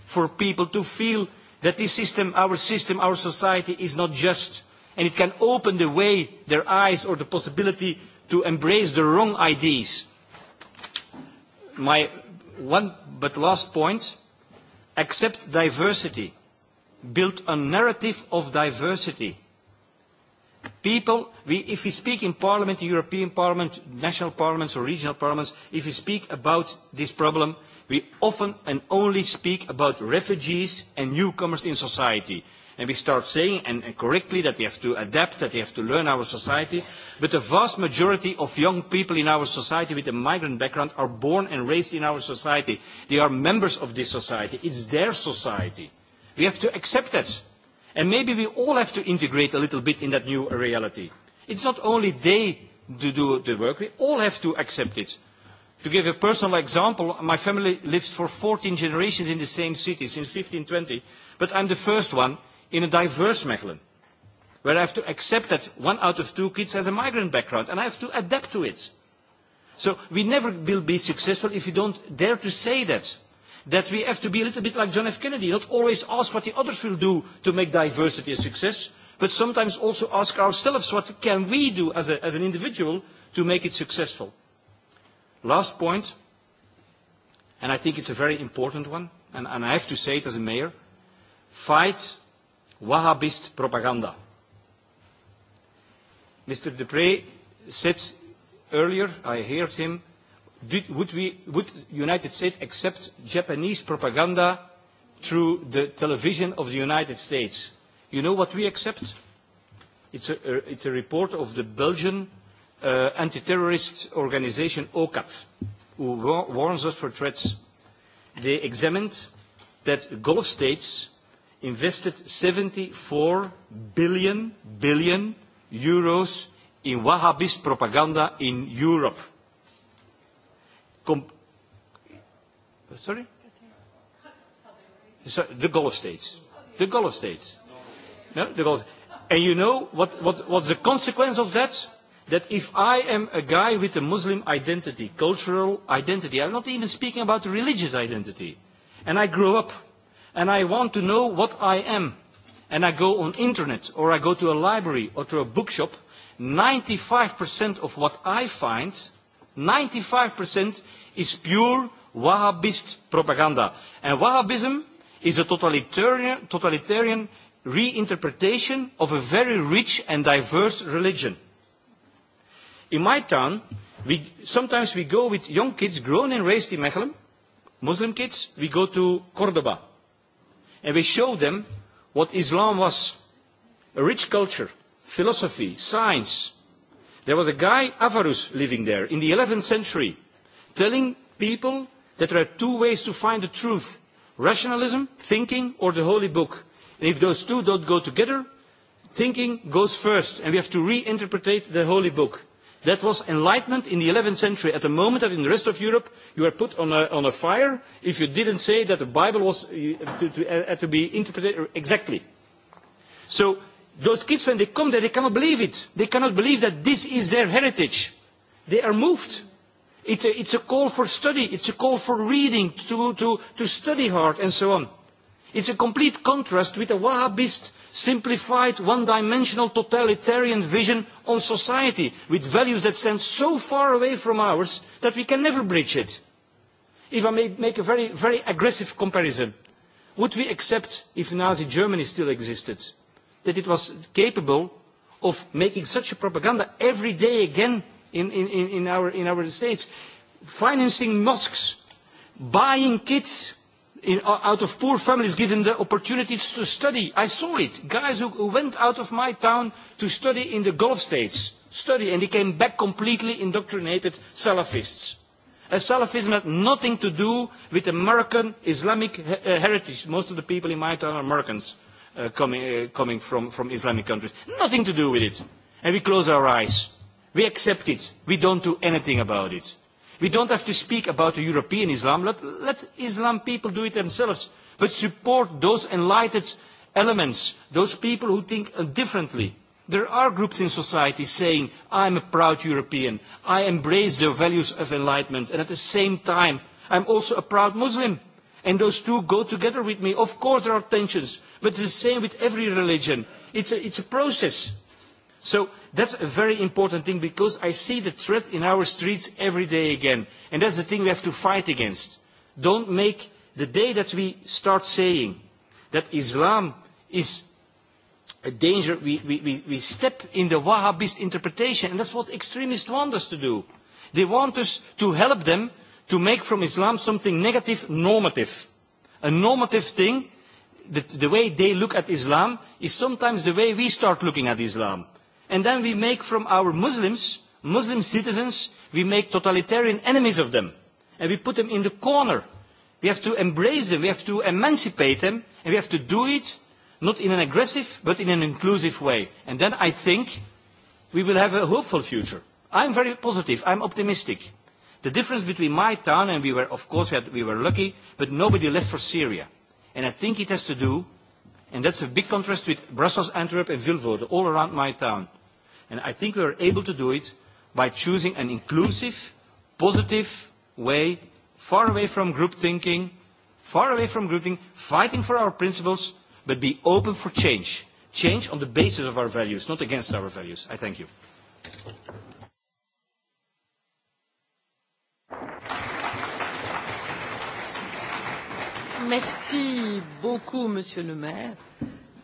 Speaker 13: for people to feel that this system, our system, our society is not just, and it can open the way, their eyes, or the possibility to embrace the wrong ideas. My one but last point, accept diversity build a narrative of diversity. People, we, if we speak in Parliament, European Parliament, national parliaments or regional parliaments, if we speak about this problem, we often and only speak about refugees and newcomers in society. And we start saying, and, and correctly, that we have to adapt, that we have to learn our society. But the vast majority of young people in our society with a migrant background are born and raised in our society. They are members of this society. It's their society. We have to accept that. And maybe we all have to integrate a little bit in that new reality. It's not only they to do the work, we all have to accept it. To give a personal example, my family lives for 14 generations in the same city since 1520, but I'm the first one in a diverse Mechelen, where I have to accept that one out of two kids has a migrant background, and I have to adapt to it. So we never will be successful if you don't dare to say that that we have to be a little bit like John F. Kennedy, not always ask what the others will do to make diversity a success, but sometimes also ask ourselves what can we do as, a, as an individual to make it successful. Last point, and I think it's a very important one, and, and I have to say it as a mayor, fight Wahhabist propaganda. Mr. Deprez said earlier, I heard him, Did, would, we, would the United States accept Japanese propaganda through the television of the United States? You know what we accept? It's a, a, it's a report of the Belgian uh, anti-terrorist organization OCAT, who war warns us for threats. They examined that Gulf states invested 74 billion, billion euros in Wahhabist propaganda in Europe Com Sorry? So, the Gulf states. The Gulf states. No, the Gulf. And you know what, what, what's the consequence of that? That if I am a guy with a Muslim identity, cultural identity, I'm not even speaking about religious identity, and I grow up, and I want to know what I am, and I go on internet, or I go to a library, or to a bookshop, 95% of what I find, 95% is pure Wahhabist propaganda. And Wahhabism is a totalitarian, totalitarian reinterpretation of a very rich and diverse religion. In my town, we, sometimes we go with young kids grown and raised in Mechelen, Muslim kids, we go to Cordoba. And we show them what Islam was. A rich culture, philosophy, science. There was a guy, Avarus, living there in the eleventh century telling people that there are two ways to find the truth rationalism, thinking, or the holy book. And if those two don't go together, thinking goes first, and we have to reinterpret the holy book. That was enlightenment in the eleventh century. At the moment that in the rest of Europe you were put on a, on a fire if you didn't say that the Bible was uh, to, to, uh, had to be interpreted exactly. So those kids, when they come there, they cannot believe it. They cannot believe that this is their heritage. They are moved It's a, it's a call for study. It's a call for reading, to, to, to study hard, and so on. It's a complete contrast with a Wahhabist, simplified, one-dimensional, totalitarian vision on society, with values that stand so far away from ours that we can never bridge it. If I may make a very, very aggressive comparison, would we accept, if Nazi Germany still existed, that it was capable of making such a propaganda every day again in, in, in, our, in our states, financing mosques, buying kids in, out of poor families, giving the opportunities to study. I saw it. Guys who, who went out of my town to study in the Gulf states, study, and they came back completely indoctrinated Salafists. A Salafism had nothing to do with American Islamic uh, heritage. Most of the people in my town are Americans uh, coming, uh, coming from, from Islamic countries. Nothing to do with it. And we close our eyes. We accept it. We don't do anything about it. We don't have to speak about the European Islam. Let, let Islam people do it themselves. But support those enlightened elements, those people who think differently. There are groups in society saying, I am a proud European. I embrace the values of enlightenment. And at the same time, I am also a proud Muslim. And those two go together with me. Of course there are tensions. But it is the same with every religion. It is a process. So that's a very important thing because I see the threat in our streets every day again. And that's the thing we have to fight against. Don't make the day that we start saying that Islam is a danger, we, we, we step in the Wahhabist interpretation. And that's what extremists want us to do. They want us to help them to make from Islam something negative, normative. A normative thing, the, the way they look at Islam, is sometimes the way we start looking at Islam and then we make from our Muslims, Muslim citizens, we make totalitarian enemies of them, and we put them in the corner. We have to embrace them, we have to emancipate them, and we have to do it not in an aggressive, but in an inclusive way. And then I think we will have a hopeful future. I'm very positive, I'm optimistic. The difference between my town, and we were, of course, we, had, we were lucky, but nobody left for Syria. And I think it has to do, and that's a big contrast with Brussels, Antwerp, and Vilvoorde, all around my town And I think we are able to do it by choosing an inclusive, positive way, far away from group thinking, far away from group thinking, fighting for our principles, but be open for change. Change on the basis of our values, not against our values. I thank you.
Speaker 1: Merci beaucoup, Monsieur le Maire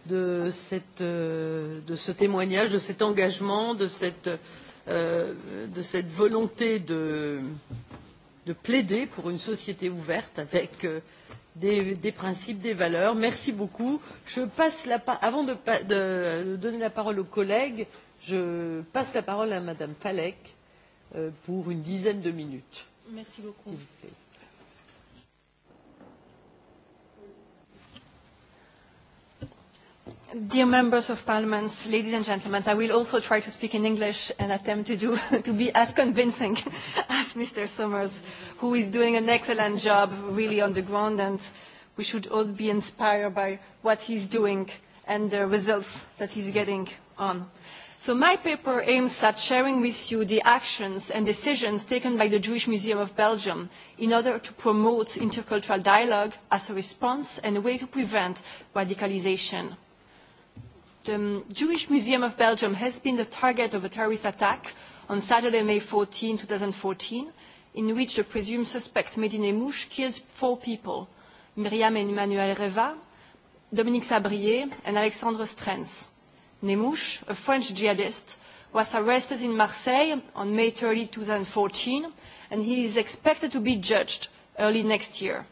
Speaker 1: de, cette, euh, de ce témoignage, de cet engagement, de cette, euh, de cette volonté de, de plaider pour une société ouverte avec euh, des, des principes, des valeurs. Merci beaucoup. Je passe la, avant de, de, de donner la parole aux collègues, je passe la parole à Madame Falek euh, pour une dizaine
Speaker 14: de minutes. Merci beaucoup. Dear members of parliament, ladies and gentlemen, I will also try to speak in English and attempt to, do, to be as convincing as Mr. Summers, who is doing an excellent job really on the ground, and we should all be inspired by what he's doing and the results that he's getting on. So my paper aims at sharing with you the actions and decisions taken by the Jewish Museum of Belgium in order to promote intercultural dialogue as a response and a way to prevent radicalisation the um, Jewish Museum of Belgium has been the target of a terrorist attack on Saturday, May 14, 2014, in which the presumed suspect, Medine Mouche, killed four people, Myriam Emmanuel Reva, Dominique Sabrier, and Alexandre Strenz. Nemouche, a French jihadist, was arrested in Marseille on May 30, 2014, and he is expected to be judged early next year.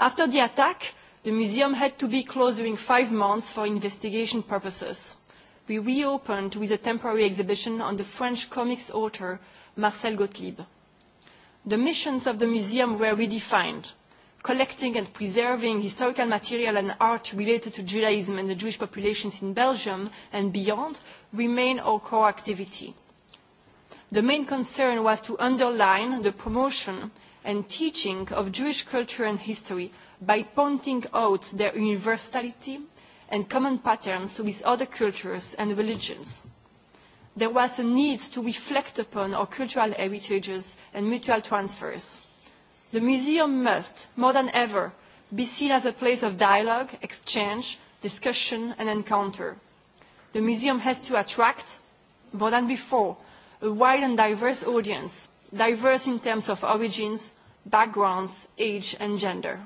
Speaker 14: After the attack, the museum had to be closed during five months for investigation purposes. We reopened with a temporary exhibition on the French comics author Marcel Gottlieb. The missions of the museum were redefined, collecting and preserving historical material and art related to Judaism and the Jewish populations in Belgium and beyond remain our core activity. The main concern was to underline the promotion and teaching of Jewish culture and history by pointing out their universality and common patterns with other cultures and religions. There was a need to reflect upon our cultural heritages and mutual transfers. The museum must, more than ever, be seen as a place of dialogue, exchange, discussion and encounter. The museum has to attract, more than before, a wide and diverse audience, diverse in terms of origins, backgrounds, age and gender.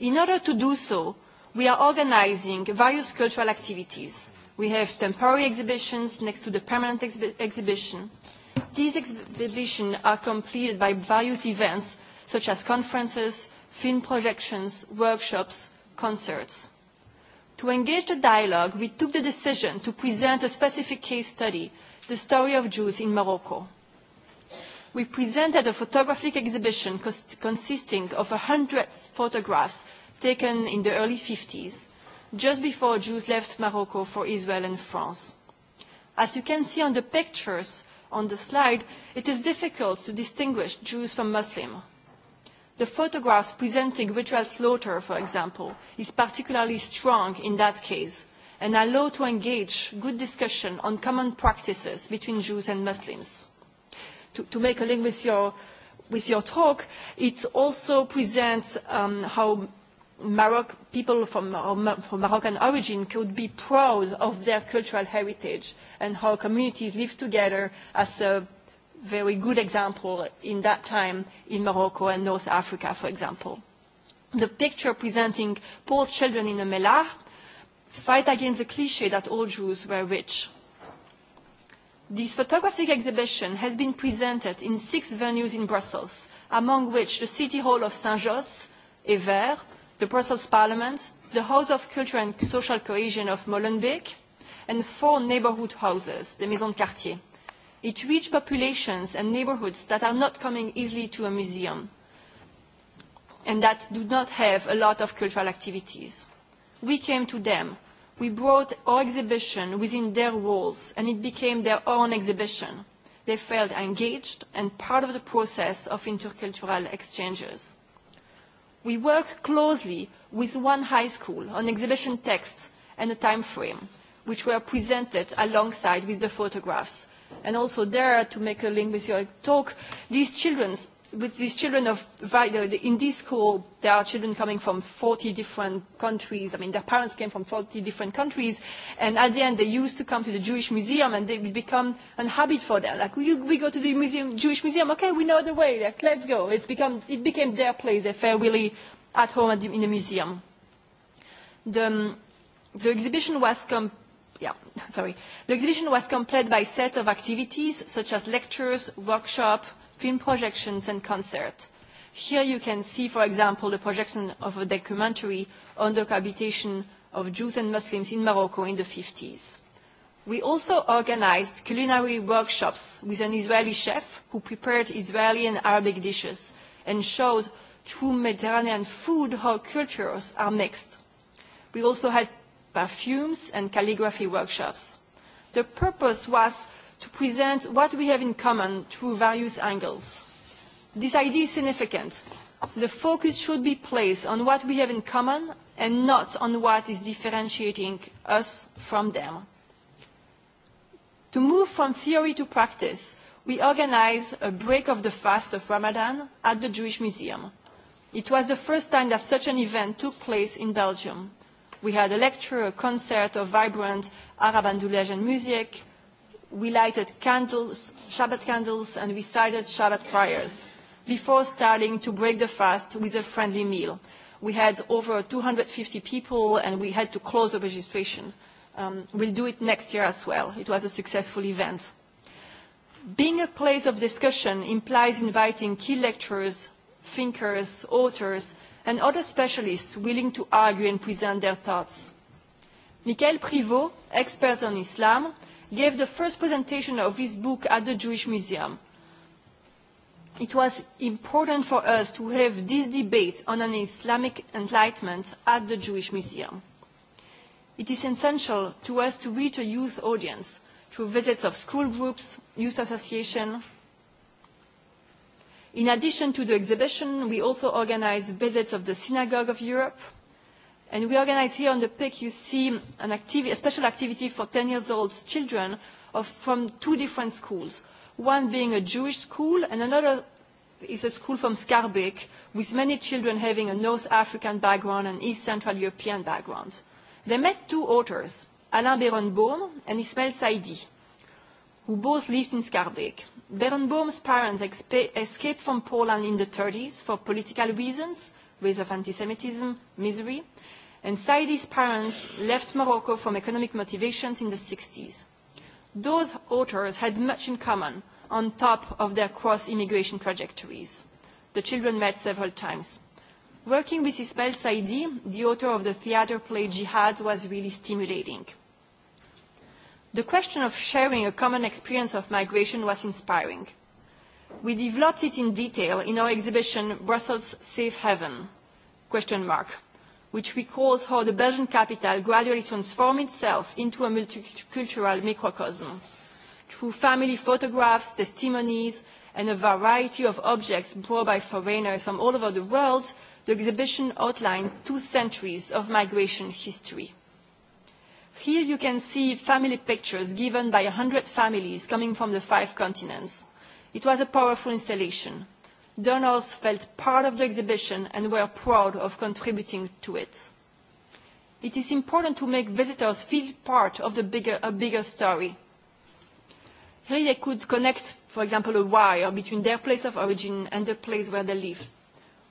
Speaker 14: In order to do so, we are organizing various cultural activities. We have temporary exhibitions next to the permanent exhi exhibition. These exhibitions are completed by various events such as conferences, film projections, workshops, concerts. To engage the dialogue, we took the decision to present a specific case study, the story of Jews in Morocco we presented a photographic exhibition consisting of a hundred photographs taken in the early 50s, just before Jews left Morocco for Israel and France. As you can see on the pictures on the slide, it is difficult to distinguish Jews from Muslims. The photographs presenting ritual slaughter, for example, is particularly strong in that case and allow to engage good discussion on common practices between Jews and Muslims to, to make a link with your, with your talk, it also presents um, how Maroc, people from, from Moroccan origin could be proud of their cultural heritage and how communities live together as a very good example in that time in Morocco and North Africa, for example. The picture presenting poor children in a melah fight against the cliche that all Jews were rich This photographic exhibition has been presented in six venues in Brussels, among which the City Hall of Saint-Jos, Evert, the Brussels Parliament, the House of Culture and Social Cohesion of Molenbeek, and four neighbourhood houses, the Maison de Quartier. It reached populations and neighbourhoods that are not coming easily to a museum and that do not have a lot of cultural activities. We came to them we brought our exhibition within their walls and it became their own exhibition. They felt engaged and part of the process of intercultural exchanges. We work closely with one high school on exhibition texts and a time frame, which were presented alongside with the photographs. And also there, to make a link with your talk, these children with these children of in this school there are children coming from 40 different countries i mean their parents came from 40 different countries and at the end they used to come to the jewish museum and they would become a habit for them like we, we go to the museum jewish museum okay we know the way like let's go it's become it became their place they felt really at home at the, in the museum the um, the exhibition was com yeah, sorry. The exhibition was complete by a set of activities such as lectures, workshops, film projections and concerts. Here you can see, for example, the projection of a documentary on the cohabitation of Jews and Muslims in Morocco in the 50s. We also organized culinary workshops with an Israeli chef who prepared Israeli and Arabic dishes and showed through Mediterranean food how cultures are mixed. We also had perfumes and calligraphy workshops. The purpose was to present what we have in common through various angles. This idea is significant. The focus should be placed on what we have in common and not on what is differentiating us from them. To move from theory to practice, we organized a break of the fast of Ramadan at the Jewish Museum. It was the first time that such an event took place in Belgium. We had a lecture, a concert of vibrant Arab and Andalusian music, we lighted candles, Shabbat candles, and we started Shabbat prayers before starting to break the fast with a friendly meal. We had over 250 people, and we had to close the registration. Um, we'll do it next year as well. It was a successful event. Being a place of discussion implies inviting key lecturers, thinkers, authors, and other specialists willing to argue and present their thoughts. Michael Privot, expert on Islam, gave the first presentation of his book at the Jewish Museum. It was important for us to have this debate on an Islamic enlightenment at the Jewish Museum. It is essential to us to reach a youth audience through visits of school groups, youth associations, In addition to the exhibition, we also organise visits of the Synagogue of Europe, And we organize here on the PIC, e you see an a special activity for 10 years old children of, from two different schools. One being a Jewish school and another is a school from Skarbek with many children having a North African background and East Central European background. They met two authors, Alain Berenbaum and Ismail Saidi, who both lived in Skarbek. Berenbaum's parents escaped from Poland in the 30s for political reasons, ways of anti-Semitism, misery, and Saidi's parents left Morocco from economic motivations in the 60s. Those authors had much in common on top of their cross-immigration trajectories. The children met several times. Working with Ismail Saidi, the author of the theatre play Jihad, was really stimulating. The question of sharing a common experience of migration was inspiring. We developed it in detail in our exhibition Brussels Safe Haven, question mark, which recalls how the Belgian capital gradually transformed itself into a multicultural microcosm through family photographs, testimonies, and a variety of objects brought by foreigners from all over the world, the exhibition outlined two centuries of migration history. Here you can see family pictures given by 100 families coming from the five continents. It was a powerful installation donors felt part of the exhibition and were proud of contributing to it. It is important to make visitors feel part of the bigger, a bigger story. Here they could connect, for example, a wire between their place of origin and the place where they live.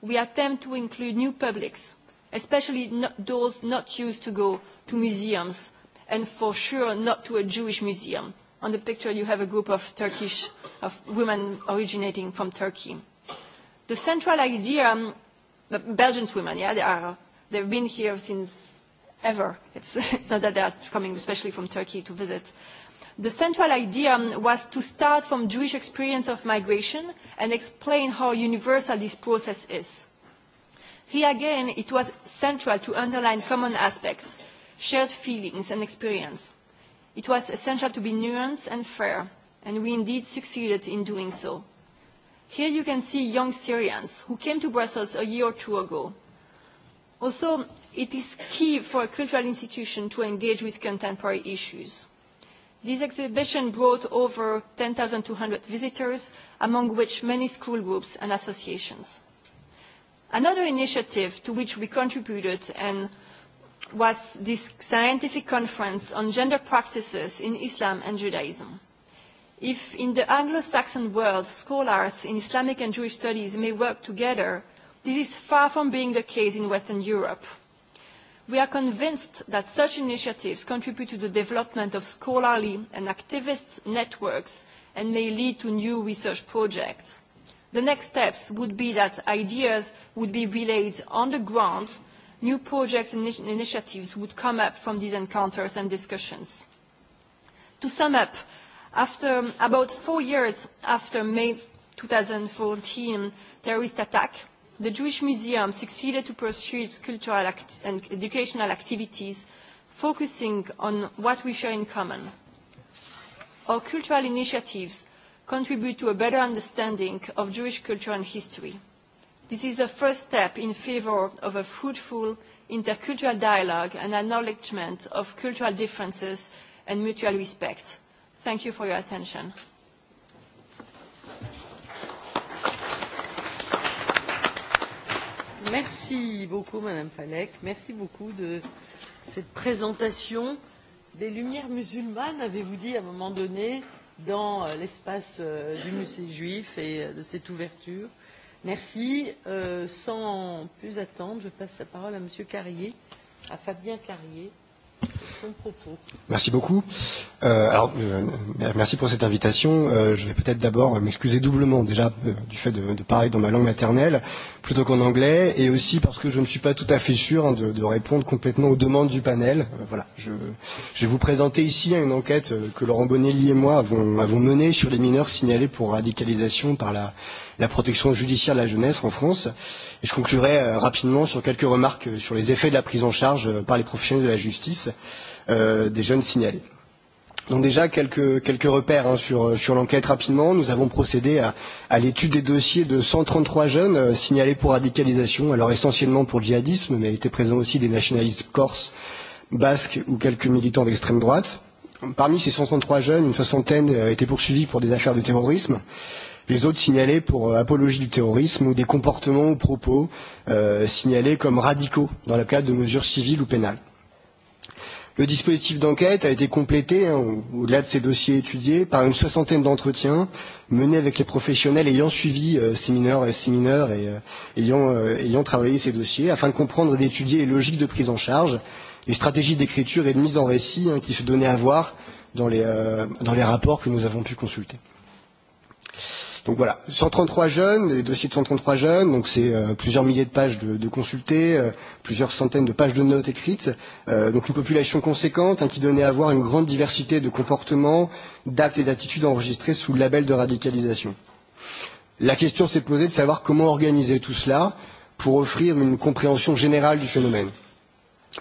Speaker 14: We attempt to include new publics, especially not those not used to go to museums, and for sure not to a Jewish museum. On the picture you have a group of Turkish, of women originating from Turkey the central idea, um, Belgian women, yeah, they are, they've been here since ever. It's, it's not that they are coming especially from Turkey to visit. The central idea um, was to start from Jewish experience of migration and explain how universal this process is. Here again, it was central to underline common aspects, shared feelings and experience. It was essential to be nuanced and fair, and we indeed succeeded in doing so. Here you can see young Syrians who came to Brussels a year or two ago. Also, it is key for a cultural institution to engage with contemporary issues. This exhibition brought over 10,200 visitors, among which many school groups and associations. Another initiative to which we contributed and was this scientific conference on gender practices in Islam and Judaism. If in the Anglo-Saxon world, scholars in Islamic and Jewish studies may work together, this is far from being the case in Western Europe. We are convinced that such initiatives contribute to the development of scholarly and activist networks and may lead to new research projects. The next steps would be that ideas would be relayed on the ground, new projects and initiatives would come up from these encounters and discussions. To sum up, After, about four years after May fourteen terrorist attack, the Jewish Museum succeeded to pursue its cultural act and educational activities, focusing on what we share in common. Our cultural initiatives contribute to a better understanding of Jewish culture and history. This is a first step in favour of a fruitful intercultural dialogue and acknowledgement of cultural differences and mutual respect Thank you for your attention.
Speaker 1: Merci beaucoup, Madame Falek. Merci beaucoup de cette présentation des Lumières musulmanes, avez-vous dit à un moment donné, dans euh, l'espace euh, du musée juif et euh, de cette ouverture. Merci. Euh, sans plus attendre, je passe la parole à Monsieur Carrier, à Fabien Carrier.
Speaker 15: Merci beaucoup. Euh, alors, euh, merci pour cette invitation. Euh, je vais peut-être d'abord m'excuser doublement déjà euh, du fait de, de parler dans ma langue maternelle plutôt qu'en anglais et aussi parce que je ne suis pas tout à fait sûr hein, de, de répondre complètement aux demandes du panel. Euh, voilà, je, je vais vous présenter ici une enquête euh, que Laurent Bonnelli et moi avons, avons menée sur les mineurs signalés pour radicalisation par la, la protection judiciaire de la jeunesse en France. Et je conclurai euh, rapidement sur quelques remarques euh, sur les effets de la prise en charge euh, par les professionnels de la justice euh, des jeunes signalés. Donc déjà quelques, quelques repères hein, sur, euh, sur l'enquête rapidement. Nous avons procédé à, à l'étude des dossiers de 133 jeunes euh, signalés pour radicalisation, alors essentiellement pour djihadisme, mais étaient présents aussi des nationalistes corses, basques ou quelques militants d'extrême droite. Parmi ces 133 jeunes, une soixantaine euh, étaient poursuivis pour des affaires de terrorisme. Euh, les autres signalés pour euh, apologie du terrorisme ou des comportements ou propos euh, signalés comme radicaux dans le cadre de mesures civiles ou pénales. Le dispositif d'enquête a été complété, hein, au-delà de ces dossiers étudiés, par une soixantaine d'entretiens menés avec les professionnels ayant suivi euh, ces mineurs et ces mineurs et euh, ayant, euh, ayant travaillé ces dossiers, afin de comprendre et d'étudier les logiques de prise en charge, les stratégies d'écriture et de mise en récit hein, qui se donnaient à voir dans les, euh, dans les rapports que nous avons pu consulter. Euh, Donc voilà, 133 jeunes, des dossiers de 133 jeunes, donc c'est euh, plusieurs milliers de pages de, de consultés, euh, plusieurs centaines de pages de notes écrites, euh, donc une population conséquente hein, qui donnait à voir une grande diversité de comportements, d'actes et d'attitudes enregistrés sous le label de radicalisation. La question s'est posée de savoir comment organiser tout cela pour offrir une compréhension générale du phénomène.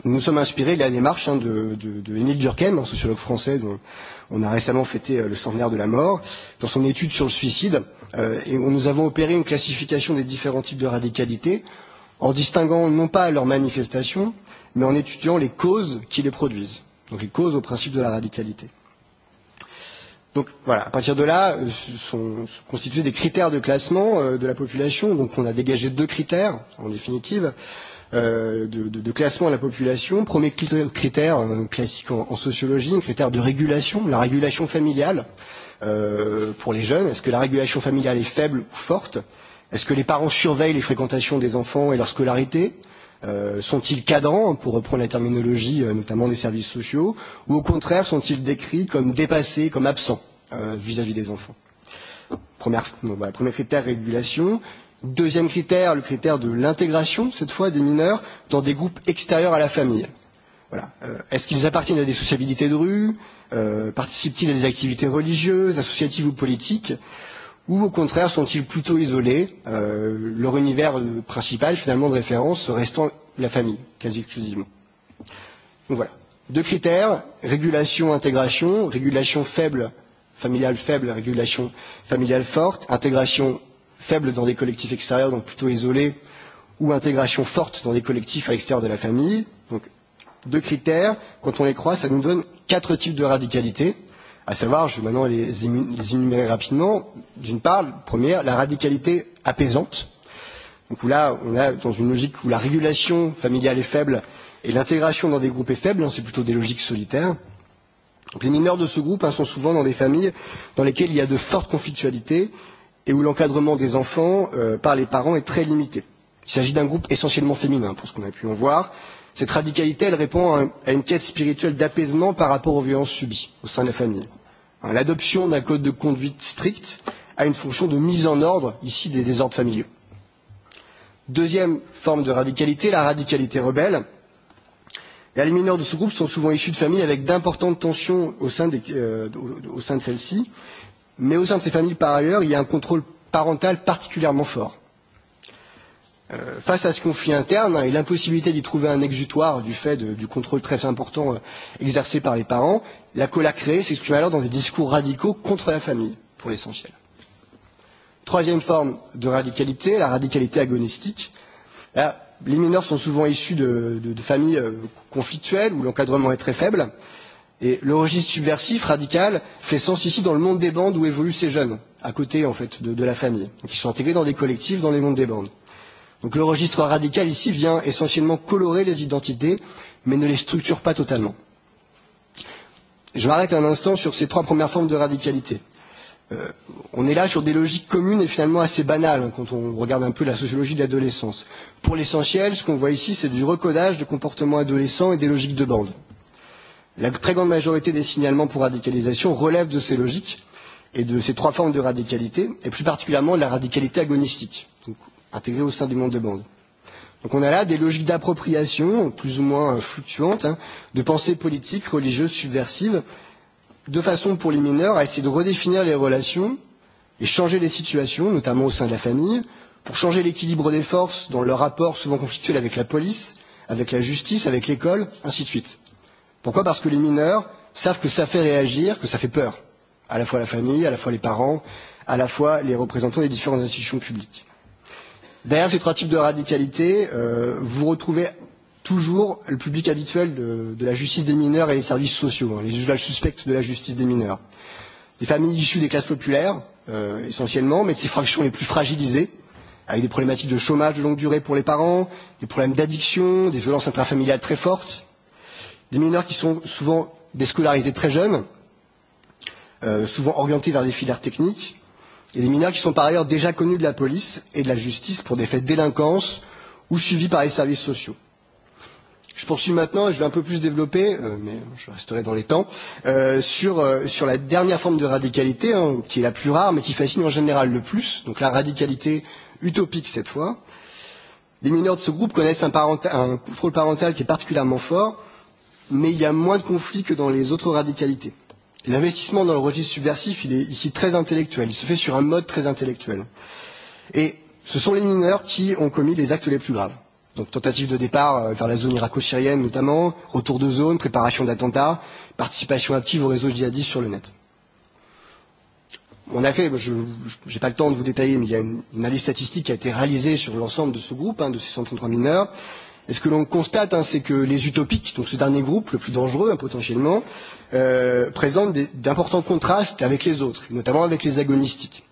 Speaker 15: Nous nous sommes inspirés de la démarche hein, de, de, de Émile Durkheim, un sociologue français dont, on a récemment fêté euh, le centenaire de la mort. Dans son étude sur le suicide, euh, et où nous avons opéré une classification des différents types de radicalité en distinguant non pas leurs manifestations, mais en étudiant les causes qui les produisent, donc les causes au principe de la radicalité. Donc voilà, à partir de là, euh, sont, sont constitués des critères de classement euh, de la population. Donc on a dégagé deux critères, en définitive euh, de, de, de classement de la population. Premier critère euh, classique en, en sociologie, un critère de régulation, la régulation familiale euh, pour les jeunes. Est-ce que la régulation familiale est faible ou forte Est-ce que les parents surveillent les fréquentations des enfants et leur scolarité euh, sont-ils cadrants, pour reprendre la terminologie euh, notamment des services sociaux, ou au contraire sont-ils décrits comme dépassés, comme absents euh, vis-à-vis euh, -vis des enfants Première, bon, voilà, premier critère, régulation. Deuxième critère, le critère de l'intégration, cette fois, des mineurs dans des groupes extérieurs à la famille. Voilà. Euh, Est-ce qu'ils appartiennent à des sociabilités de rue euh, Participent-ils à des activités religieuses, associatives ou politiques Ou au contraire, sont-ils plutôt isolés euh, Leur univers euh, principal, finalement, de référence restant la famille, quasi exclusivement. Donc voilà. Deux critères, régulation, intégration, régulation faible, familiale faible, régulation familiale forte, intégration faible dans des collectifs extérieurs, donc plutôt isolés, ou intégration forte dans des collectifs à l'extérieur de la famille. Donc, deux critères, quand on les croit, ça nous donne quatre types de radicalité, à savoir, je vais maintenant les, énumérer rapidement. D'une part, première, la radicalité apaisante, donc là, on a dans une logique où la régulation familiale est faible et l'intégration dans des groupes est faible, c'est plutôt des logiques solitaires. Donc les mineurs de ce groupe hein, sont souvent dans des familles dans lesquelles il y a de fortes conflictualités, et où l'encadrement des enfants euh, par les parents est très limité. Il s'agit d'un groupe essentiellement féminin, pour ce qu'on a pu en voir. Cette radicalité, elle répond à, un, à une quête spirituelle d'apaisement par rapport aux violences subies au sein de la famille. L'adoption d'un code de conduite strict a une fonction de mise en ordre, ici, des désordres familiaux. Deuxième forme de radicalité, la radicalité rebelle. Et les mineurs de ce groupe sont souvent issus de familles avec d'importantes tensions au sein, des, euh, au sein de celles-ci, Mais au sein de ces familles, par ailleurs, il y a un contrôle parental particulièrement fort. Euh, face à ce conflit interne et l'impossibilité d'y trouver un exutoire du fait de, du contrôle très important euh, exercé par les parents, la cola créée s'exprime alors dans des discours radicaux contre la famille, pour l'essentiel. Troisième forme de radicalité, la radicalité agonistique. Là, les mineurs sont souvent issus de, de, de familles euh, conflictuelles où l'encadrement est très faible Et le registre subversif, radical, fait sens ici dans le monde des bandes où évoluent ces jeunes, à côté en fait de, de la famille, qui sont intégrés dans des collectifs dans les mondes des bandes. Donc le registre radical ici vient essentiellement colorer les identités, mais ne les structure pas totalement. Je m'arrête un instant sur ces trois premières formes de radicalité. Euh, on est là sur des logiques communes et finalement assez banales hein, quand on regarde un peu la sociologie de l'adolescence. Pour l'essentiel, ce qu'on voit ici, c'est du recodage de comportements adolescents et des logiques de bande. La très grande majorité des signalements pour radicalisation relèvent de ces logiques et de ces trois formes de radicalité, et plus particulièrement de la radicalité agonistique, donc intégrée au sein du monde des bandes. Donc on a là des logiques d'appropriation plus ou moins euh, fluctuantes hein, de pensées politiques, religieuses, subversives, de façon pour les mineurs à essayer de redéfinir les relations et changer les situations, notamment au sein de la famille, pour changer l'équilibre des forces dans leur rapport souvent conflictuel avec la police, avec la justice, avec l'école, ainsi de suite. Pourquoi Parce que les mineurs savent que ça fait réagir, que ça fait peur, à la fois la famille, à la fois les parents, à la fois les représentants des différentes institutions publiques. Derrière ces trois types de radicalité, euh, vous retrouvez toujours le public habituel de, de la justice des mineurs et les services sociaux, hein, les usages suspects de la justice des mineurs. Des familles issues des classes populaires, euh, essentiellement, mais de ces fractions les plus fragilisées, avec des problématiques de chômage de longue durée pour les parents, des problèmes d'addiction, des violences intrafamiliales très fortes, des mineurs qui sont souvent déscolarisés très jeunes, euh, souvent orientés vers des filières techniques, et des mineurs qui sont par ailleurs déjà connus de la police et de la justice pour des faits de délinquance ou suivis par les services sociaux. Je poursuis maintenant et je vais un peu plus développer, euh, mais je resterai dans les temps, euh, sur, euh, sur la dernière forme de radicalité, hein, qui est la plus rare, mais qui fascine en général le plus, donc la radicalité utopique cette fois. Les mineurs de ce groupe connaissent un, parenta- un contrôle parental qui est particulièrement fort, mais il y a moins de conflits que dans les autres radicalités. L'investissement dans le registre subversif, il est ici très intellectuel, il se fait sur un mode très intellectuel. Et ce sont les mineurs qui ont commis les actes les plus graves. Donc tentative de départ euh, vers la zone irako-syrienne notamment, retour de zone, préparation d'attentats, participation active au réseau djihadiste sur le net. On a fait, je n'ai pas le temps de vous détailler, mais il y a une, une analyse statistique qui a été réalisée sur l'ensemble de ce groupe, hein, de ces 133 mineurs. Et ce que l'on constate, hein, c'est que les utopiques, donc ce dernier groupe, le plus dangereux hein, potentiellement, euh, présentent d'importants contrastes avec les autres, notamment avec les agonistiques.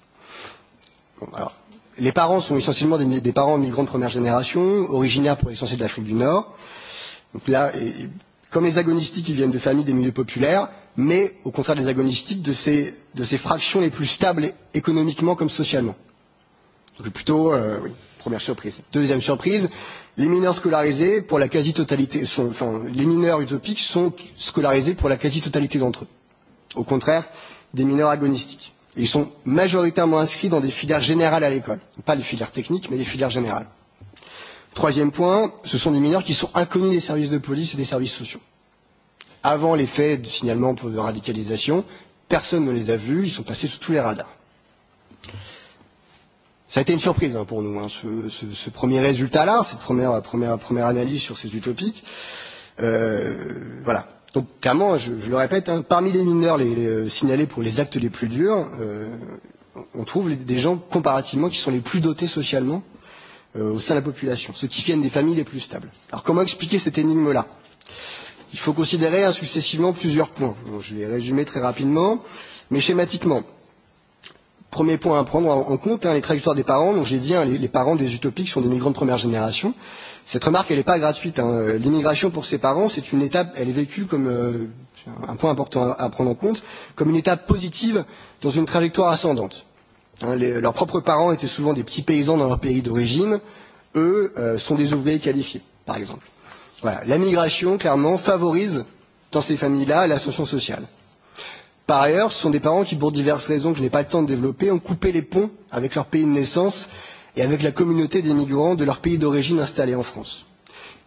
Speaker 15: Bon, alors, les parents sont essentiellement des, des parents migrants de première génération, originaires pour l'essentiel de l'Afrique du Nord. Donc là, et, comme les agonistiques, ils viennent de familles des milieux populaires, mais au contraire des agonistiques, de ces, de ces fractions les plus stables économiquement comme socialement. Donc plutôt, euh, oui, première surprise. Deuxième surprise, Les mineurs scolarisés, pour la quasi-totalité, sont, enfin, les mineurs utopiques sont scolarisés pour la quasi-totalité d'entre eux. Au contraire, des mineurs agonistiques. Ils sont majoritairement inscrits dans des filières générales à l'école. Pas des filières techniques, mais des filières générales. Troisième point, ce sont des mineurs qui sont inconnus des services de police et des services sociaux. Avant les faits de signalement pour de radicalisation, personne ne les a vus, ils sont passés sous tous les radars. Ça a été une surprise hein, pour nous, hein, ce, ce, ce premier résultat-là, cette première, première, première analyse sur ces utopiques. Euh, voilà. Donc clairement, je, je le répète, hein, parmi les mineurs les, les, euh, signalés pour les actes les plus durs, euh, on trouve les, des gens comparativement qui sont les plus dotés socialement euh, au sein de la population, ceux qui viennent des familles les plus stables. Alors comment expliquer cette énigme-là Il faut considérer hein, successivement plusieurs points. Bon, je vais résumer très rapidement, mais schématiquement. Premier point à prendre en, compte, hein, les trajectoires des parents. Donc j'ai dit, hein, les, les parents des utopiques sont des migrants de première génération. Cette remarque, elle n'est pas gratuite. Hein. Euh, l'immigration pour ses parents, c'est une étape, elle est vécue comme euh, un point important à, à prendre en compte, comme une étape positive dans une trajectoire ascendante. Hein, les, leurs propres parents étaient souvent des petits paysans dans leur pays d'origine. Eux euh, sont des ouvriers qualifiés, par exemple. Voilà. La migration, clairement, favorise dans ces familles-là l'ascension sociale. Par ailleurs, ce sont des parents qui, pour diverses raisons que je n'ai pas le temps de développer, ont coupé les ponts avec leur pays de naissance et avec la communauté des migrants de leur pays d'origine installé en France.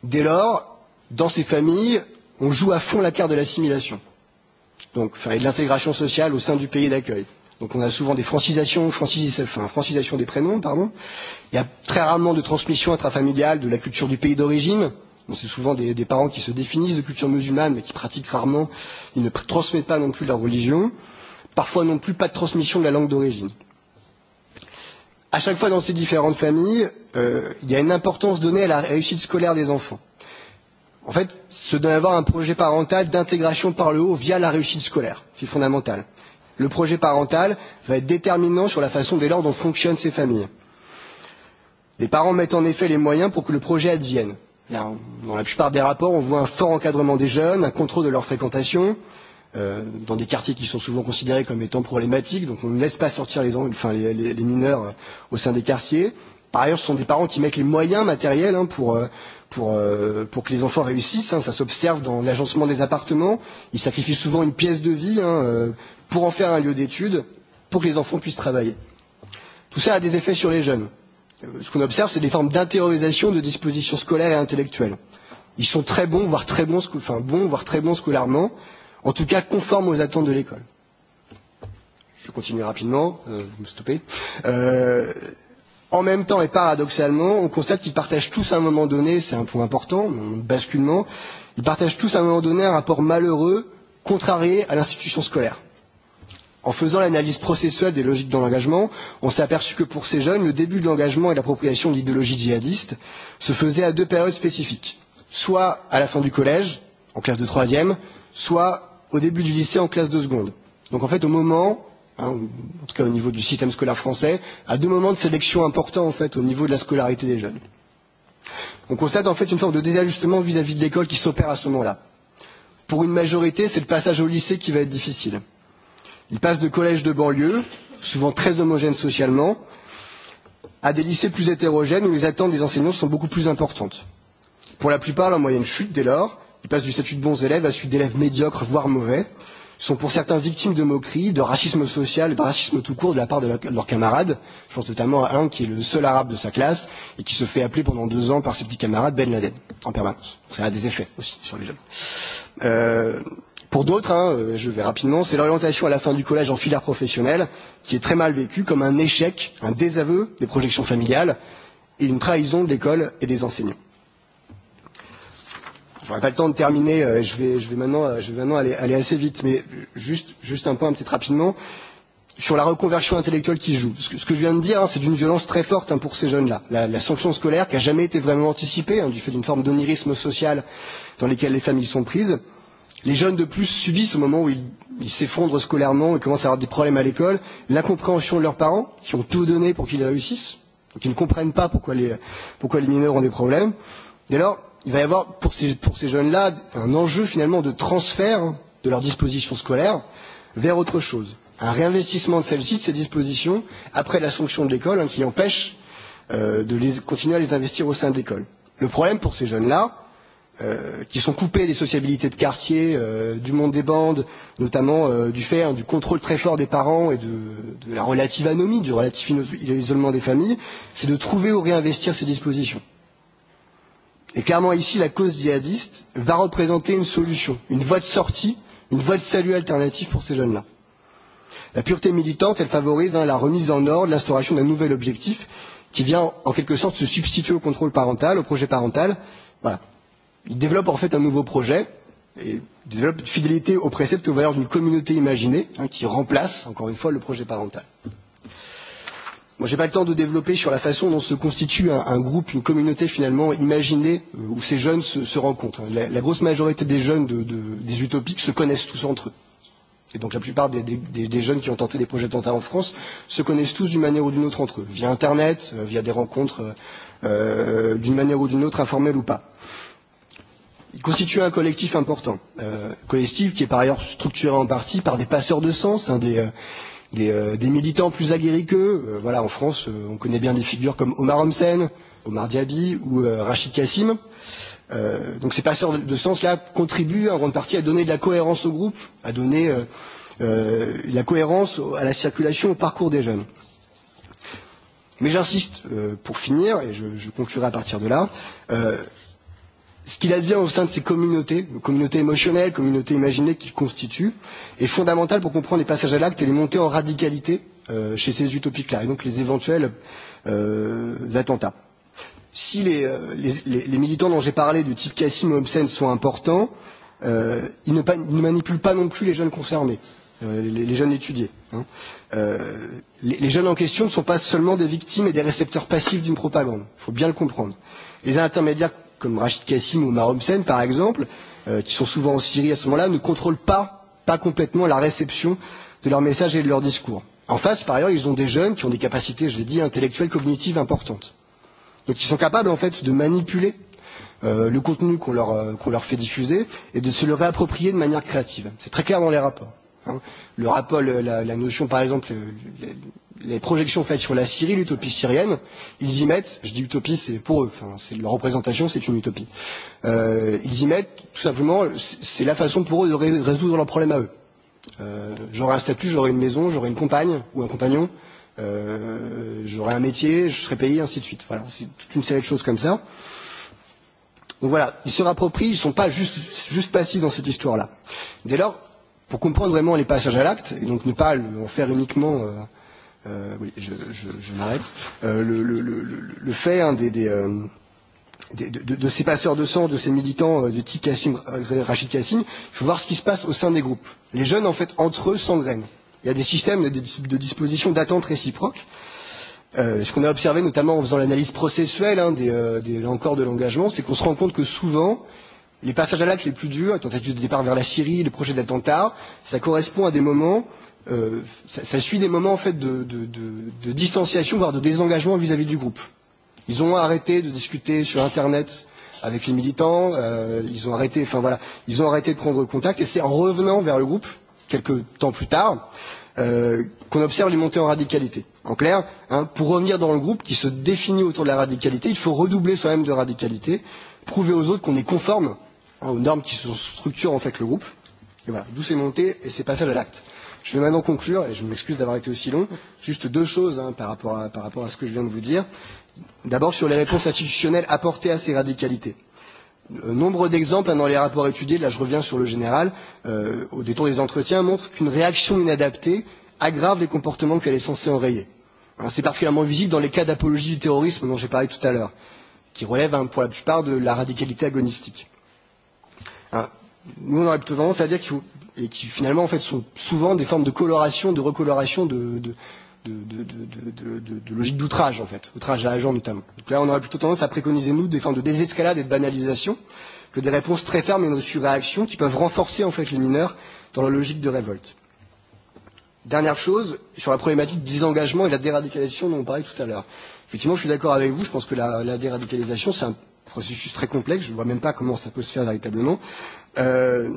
Speaker 15: Dès lors, dans ces familles, on joue à fond la carte de l'assimilation. Donc, faire de l'intégration sociale au sein du pays d'accueil. Donc, on a souvent des francisations, francis, enfin, francisation des prénoms, pardon. Il y a très rarement de transmission intrafamiliale de la culture du pays d'origine c'est souvent des, des parents qui se définissent de culture musulmane mais qui pratiquent rarement, ils ne transmettent pas non plus leur religion, parfois non plus pas de transmission de la langue d'origine. À chaque fois dans ces différentes familles, euh, il y a une importance donnée à la réussite scolaire des enfants. En fait, ce doit avoir un projet parental d'intégration par le haut via la réussite scolaire, qui est fondamental. Le projet parental va être déterminant sur la façon dès lors dont fonctionnent ces familles. Les parents mettent en effet les moyens pour que le projet advienne dans la plupart des rapports, on voit un fort encadrement des jeunes, un contrôle de leur fréquentation, euh, dans des quartiers qui sont souvent considérés comme étant problématiques, donc on ne laisse pas sortir les, enfin, les, les, les mineurs euh, au sein des quartiers. Par ailleurs, ce sont des parents qui mettent les moyens matériels hein, pour, euh, pour, euh, pour que les enfants réussissent. Hein, ça s'observe dans l'agencement des appartements. Ils sacrifient souvent une pièce de vie hein, euh, pour en faire un lieu d'étude, pour que les enfants puissent travailler. Tout ça a des effets sur les jeunes ce qu'on observe, c'est des formes d'intériorisation de dispositions scolaires et intellectuelles. Ils sont très bons, voire très bons, enfin bons, voire très bons scolairement, en tout cas conformes aux attentes de l'école. Je continue rapidement, euh, vous me stoppez. Euh, en même temps et paradoxalement, on constate qu'ils partagent tous à un moment donné, c'est un point important, un basculement, ils partagent tous à un moment donné un rapport malheureux, contrarié à l'institution scolaire. En faisant l'analyse processuelle des logiques dans l'engagement, on s'est aperçu que pour ces jeunes, le début de l'engagement et l'appropriation de l'idéologie djihadiste se faisait à deux périodes spécifiques, soit à la fin du collège, en classe de troisième, soit au début du lycée, en classe de seconde. Donc en fait, au moment, hein, en tout cas au niveau du système scolaire français, à deux moments de sélection importants en fait au niveau de la scolarité des jeunes. On constate en fait une forme de désajustement vis-à-vis -vis de l'école qui s'opère à ce moment-là. Pour une majorité, c'est le passage au lycée qui va être difficile. Ils passent de collèges de banlieue, souvent très homogènes socialement, à des lycées plus hétérogènes où les attentes des enseignants sont beaucoup plus importantes. Pour la plupart, leur moyenne chute dès lors. Ils passent du statut de bons élèves à celui d'élèves médiocres, voire mauvais. Ils sont pour certains victimes de moqueries, de racisme social, de racisme tout court de la part de, leur, de leurs camarades. Je pense notamment à un qui est le seul arabe de sa classe et qui se fait appeler pendant deux ans par ses petits camarades Ben Laden, en permanence. Ça a des effets aussi sur les jeunes. Euh, Pour d'autres, hein, euh, je vais rapidement, c'est l'orientation à la fin du collège en filière professionnelle qui est très mal vécue comme un échec, un désaveu des projections familiales et une trahison de l'école et des enseignants. Je n'aurai pas le temps de terminer, euh, je vais, je vais maintenant, euh, je vais maintenant aller, aller assez vite, mais juste, juste un point, peut-être rapidement, sur la reconversion intellectuelle qui se joue. Ce que, ce que je viens de dire, hein, c'est d'une violence très forte hein, pour ces jeunes-là. La, la sanction scolaire qui n'a jamais été vraiment anticipée, hein, du fait d'une forme d'onirisme social dans lequel les familles sont prises les jeunes de plus subissent au moment où ils ils s'effondrent scolairement et commencent à avoir des problèmes à l'école, l'incompréhension de leurs parents, qui ont tout donné pour qu'ils réussissent, donc ils ne comprennent pas pourquoi les, pourquoi les mineurs ont des problèmes. Dès lors, il va y avoir pour ces, pour ces jeunes-là un enjeu finalement de transfert de leur disposition scolaire vers autre chose. Un réinvestissement de celles-ci, de ces dispositions, après la sanction de l'école, hein, qui empêche euh, de les, continuer à les investir au sein de l'école. Le problème pour ces jeunes-là, euh, qui sont coupés des sociabilités de quartier, euh, du monde des bandes, notamment euh, du fait hein, du contrôle très fort des parents et de, de la relative anomie, du relatif isolement des familles, c'est de trouver ou réinvestir ces dispositions. Et clairement ici, la cause djihadiste va représenter une solution, une voie de sortie, une voie de salut alternative pour ces jeunes-là. La pureté militante, elle favorise hein, la remise en ordre, l'instauration d'un nouvel objectif qui vient en quelque sorte se substituer au contrôle parental, au projet parental. Voilà il développe en fait un nouveau projet et développe une fidélité aux préceptes et aux valeurs d'une communauté imaginée hein, qui remplace, encore une fois, le projet parental. Moi, je n'ai pas le temps de développer sur la façon dont se constitue un, un groupe, une communauté finalement imaginée euh, où ces jeunes se, se rencontrent. La, la grosse majorité des jeunes de, de, des utopiques se connaissent tous entre eux. Et donc la plupart des, des, des, des jeunes qui ont tenté des projets d'Anta en France se connaissent tous d'une manière ou d'une autre entre eux, via Internet, euh, via des rencontres euh, euh d'une manière ou d'une autre, informelles ou pas constitue un collectif important, euh, collectif qui est par ailleurs structuré en partie par des passeurs de sens, hein, des, euh, des, euh, des militants plus aguerris qu'eux. Euh, voilà, en France, euh, on connaît bien des figures comme Omar Homsen, Omar Diaby ou euh, Rachid Kassim. Euh, donc ces passeurs de, de sens-là contribuent en grande partie à donner de la cohérence au groupe, à donner euh, euh, la cohérence à la circulation, au parcours des jeunes. Mais j'insiste, euh, pour finir, et je, je conclurai à partir de là, euh, ce qu'il advient au sein de ces communautés, communautés émotionnelles, communautés imaginées qu'il constitue, est fondamental pour comprendre les passages à l'acte et les montées en radicalité euh, chez ces utopiques-là, et donc les éventuels euh, attentats. Si les, euh, les, les, les militants dont j'ai parlé, du type Cassim ou Hobson, sont importants, euh, ils ne, ne manipulent pas non plus les jeunes concernés, euh, les, les jeunes étudiés. Hein. Euh, les, les jeunes en question ne sont pas seulement des victimes et des récepteurs passifs d'une propagande, il faut bien le comprendre. Les intermédiaires comme Rachid Kassim ou Mahom Sen, par exemple, euh, qui sont souvent en Syrie à ce moment-là, ne contrôlent pas, pas complètement la réception de leurs messages et de leurs discours. En face, par ailleurs, ils ont des jeunes qui ont des capacités, je l'ai dit, intellectuelles, cognitives importantes. Donc ils sont capables en fait de manipuler euh, le contenu qu'on leur, euh, qu leur fait diffuser et de se le réapproprier de manière créative. C'est très clair dans les rapports. Hein. Le rapport, la, la notion par exemple, le, le, les projections faites sur la Syrie, l'utopie syrienne, ils y mettent, je dis utopie, c'est pour eux, enfin, c'est leur représentation, c'est une utopie. Euh, ils y mettent, tout simplement, c'est la façon pour eux de résoudre leurs problèmes à eux. Euh, j'aurai un statut, j'aurai une maison, j'aurai une compagne ou un compagnon, euh, j'aurai un métier, je serai payé, ainsi de suite. Voilà, c'est toute une série de choses comme ça. Donc voilà, ils se rapproprient, ils ne sont pas juste, juste passifs dans cette histoire-là. Dès lors, pour comprendre vraiment les passages à l'acte, et donc ne pas en faire uniquement... Euh, euh, oui, je, je, je m'arrête. Euh, le, le, le, le fait hein, des, des, euh, des, de, de, de ces passeurs de sang, de ces militants euh, de Tik Kassim, euh, Rachid Kassim, il faut voir ce qui se passe au sein des groupes. Les jeunes, en fait, entre eux, s'engrènent. Il y a des systèmes de, de disposition d'attente réciproque. Euh, ce qu'on a observé notamment en faisant l'analyse processuelle hein, des, euh, des, là encore de l'engagement, c'est qu'on se rend compte que souvent, les passages à l'acte les plus durs, les tentatives de départ vers la Syrie, le projet d'attentat, ça correspond à des moments euh, ça, ça suit des moments en fait de, de, de, de distanciation, voire de désengagement vis-à-vis -vis du groupe. Ils ont arrêté de discuter sur Internet avec les militants, euh, ils ont arrêté, enfin voilà, ils ont arrêté de prendre contact, et c'est en revenant vers le groupe, quelques temps plus tard, euh, qu'on observe les montées en radicalité. En clair, hein, pour revenir dans le groupe qui se définit autour de la radicalité, il faut redoubler soi-même de radicalité, prouver aux autres qu'on est conforme hein, aux normes qui se structurent en fait le groupe. Et voilà, d'où ces montées et ces passages à l'acte. Je vais maintenant conclure, et je m'excuse d'avoir été aussi long. Juste deux choses hein, par, rapport à, par rapport à ce que je viens de vous dire. D'abord sur les réponses institutionnelles apportées à ces radicalités. Euh, nombre d'exemples dans les rapports étudiés, là je reviens sur le général, euh, au détour des entretiens, montrent qu'une réaction inadaptée aggrave les comportements qu'elle est censée enrayer. C'est particulièrement visible dans les cas d'apologie du terrorisme dont j'ai parlé tout à l'heure, qui relèvent hein, pour la plupart de la radicalité agonistique. Hein, nous on aurait plutôt tendance à dire qu'il faut et qui finalement en fait sont souvent des formes de coloration, de recoloration de, de, de, de, de, de, de, de logique d'outrage en fait, outrage à agent notamment. Donc là on aurait plutôt tendance à préconiser nous des formes de désescalade et de banalisation que des réponses très fermes et de surréaction qui peuvent renforcer en fait les mineurs dans la logique de révolte. Dernière chose, sur la problématique du désengagement et la déradicalisation dont on parlait tout à l'heure. Effectivement, je suis d'accord avec vous, je pense que la, la déradicalisation, c'est un processus très complexe. Je ne vois même pas comment ça peut se faire véritablement. Euh,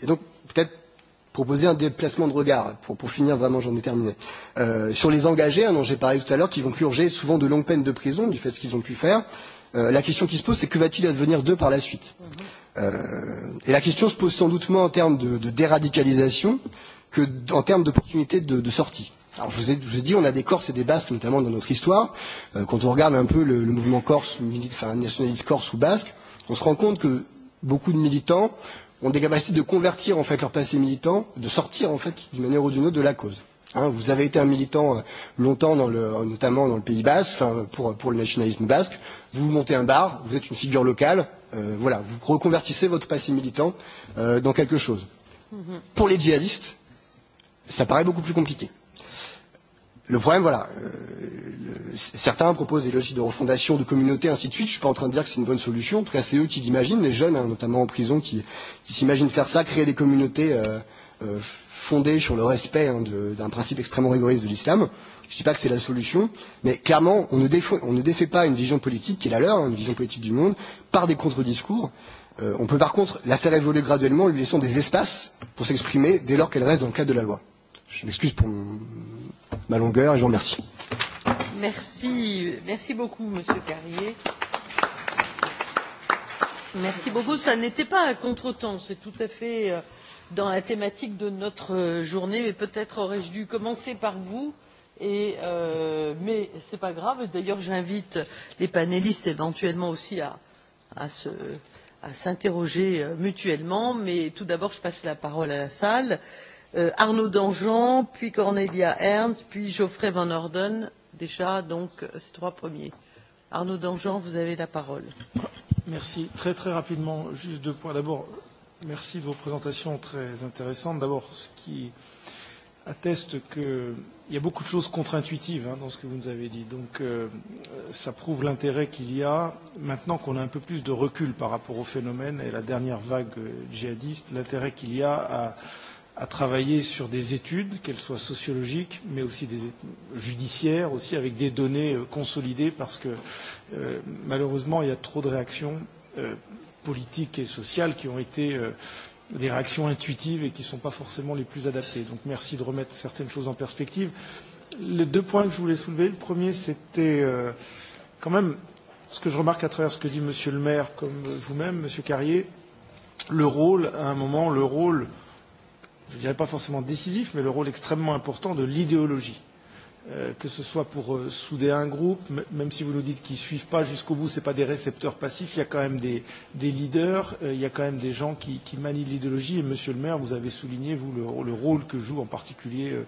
Speaker 15: et donc, peut-être proposer un déplacement de regard, pour, pour finir vraiment, j'en ai terminé. Euh, sur les engagés, hein, dont j'ai parlé tout à l'heure, qui vont purger souvent de longues peines de prison du fait de ce qu'ils ont pu faire, euh, la question qui se pose, c'est que va-t-il advenir d'eux par la suite euh, Et la question se pose sans doute moins en termes de, de déradicalisation qu'en termes d'opportunités de, de sortie. Euh, Alors je vous ai, je vous ai dit, on a des Corses et des Basques, notamment dans notre histoire. Euh, quand on regarde un peu le, le mouvement corse, enfin nationaliste corse ou basque, on se rend compte que beaucoup de militants ont des capacités de convertir en fait leur passé militant, de sortir en fait d'une manière ou d'une autre de la cause. Hein, vous avez été un militant euh, longtemps, dans le, notamment dans le Pays Basque, pour, pour le nationalisme basque. Vous montez un bar, vous êtes une figure locale. Euh, voilà, vous reconvertissez votre passé militant euh, dans quelque chose. Mm -hmm. Pour les djihadistes, ça paraît beaucoup plus compliqué. Le problème, voilà, euh, certains proposent des logiques de refondation de communautés, ainsi de suite. Je suis pas en train de dire que c'est une bonne solution. En tout cas, c'est eux qui l'imaginent, les jeunes, hein, notamment en prison, qui, qui s'imaginent faire ça, créer des communautés euh, euh, fondées sur le respect hein, d'un principe extrêmement rigoriste de l'islam. Je ne dis pas que c'est la solution, mais clairement, on ne, défait, on ne défait pas une vision politique qui est la leur, hein, une vision politique du monde, par des contre-discours. Euh, on peut par contre la faire évoluer graduellement en lui laissant des espaces pour s'exprimer dès lors qu'elle reste dans le cadre de la loi je m'excuse pour ma longueur et je vous remercie.
Speaker 1: Merci, merci beaucoup, Monsieur Carrier. Merci beaucoup. Ça n'était pas un contretemps, c'est tout à fait euh, dans la thématique de notre euh, journée, mais peut-être aurais-je dû commencer par vous. Et, euh, mais ce n'est pas grave. D'ailleurs, j'invite les panélistes éventuellement aussi à, à se, à s'interroger euh, mutuellement. Mais tout d'abord, je passe la parole à la salle. Euh, Euh, Arnaud Danjean, puis Cornelia Ernst, puis Geoffrey Van Orden, déjà donc euh, ces trois premiers. Arnaud Danjean, vous avez la parole.
Speaker 5: Merci. Très très rapidement, juste deux points. D'abord, merci de vos présentations très intéressantes. D'abord, ce qui atteste qu'il y a beaucoup de choses contre-intuitives hein, dans ce que vous nous avez dit. Donc, euh, ça prouve l'intérêt qu'il y a, maintenant qu'on a un peu plus de recul par rapport au phénomène et la dernière vague djihadiste, l'intérêt qu'il y a à à travailler sur des études, qu'elles soient sociologiques, mais aussi des judiciaires, aussi avec des données euh, consolidées, parce que euh, malheureusement, il y a trop de réactions euh, politiques et sociales qui ont été euh, des réactions intuitives et qui ne sont pas forcément les plus adaptées. Donc merci de remettre certaines choses en perspective. Les deux points que je voulais soulever, le premier, c'était euh, quand même ce que je remarque à travers ce que dit Monsieur le maire, comme euh, vous-même, Monsieur Carrier, le rôle, à un moment, le rôle euh, je ne dirais pas forcément décisif, mais le rôle extrêmement important de l'idéologie. Euh, que ce soit pour euh, souder un groupe, même si vous nous dites qu'ils ne suivent pas jusqu'au bout, ce pas des récepteurs passifs, il y a quand même des, des leaders, euh, il y a quand même des gens qui, qui manient l'idéologie. Et monsieur le maire, vous avez souligné, vous, le, le rôle que joue en particulier euh,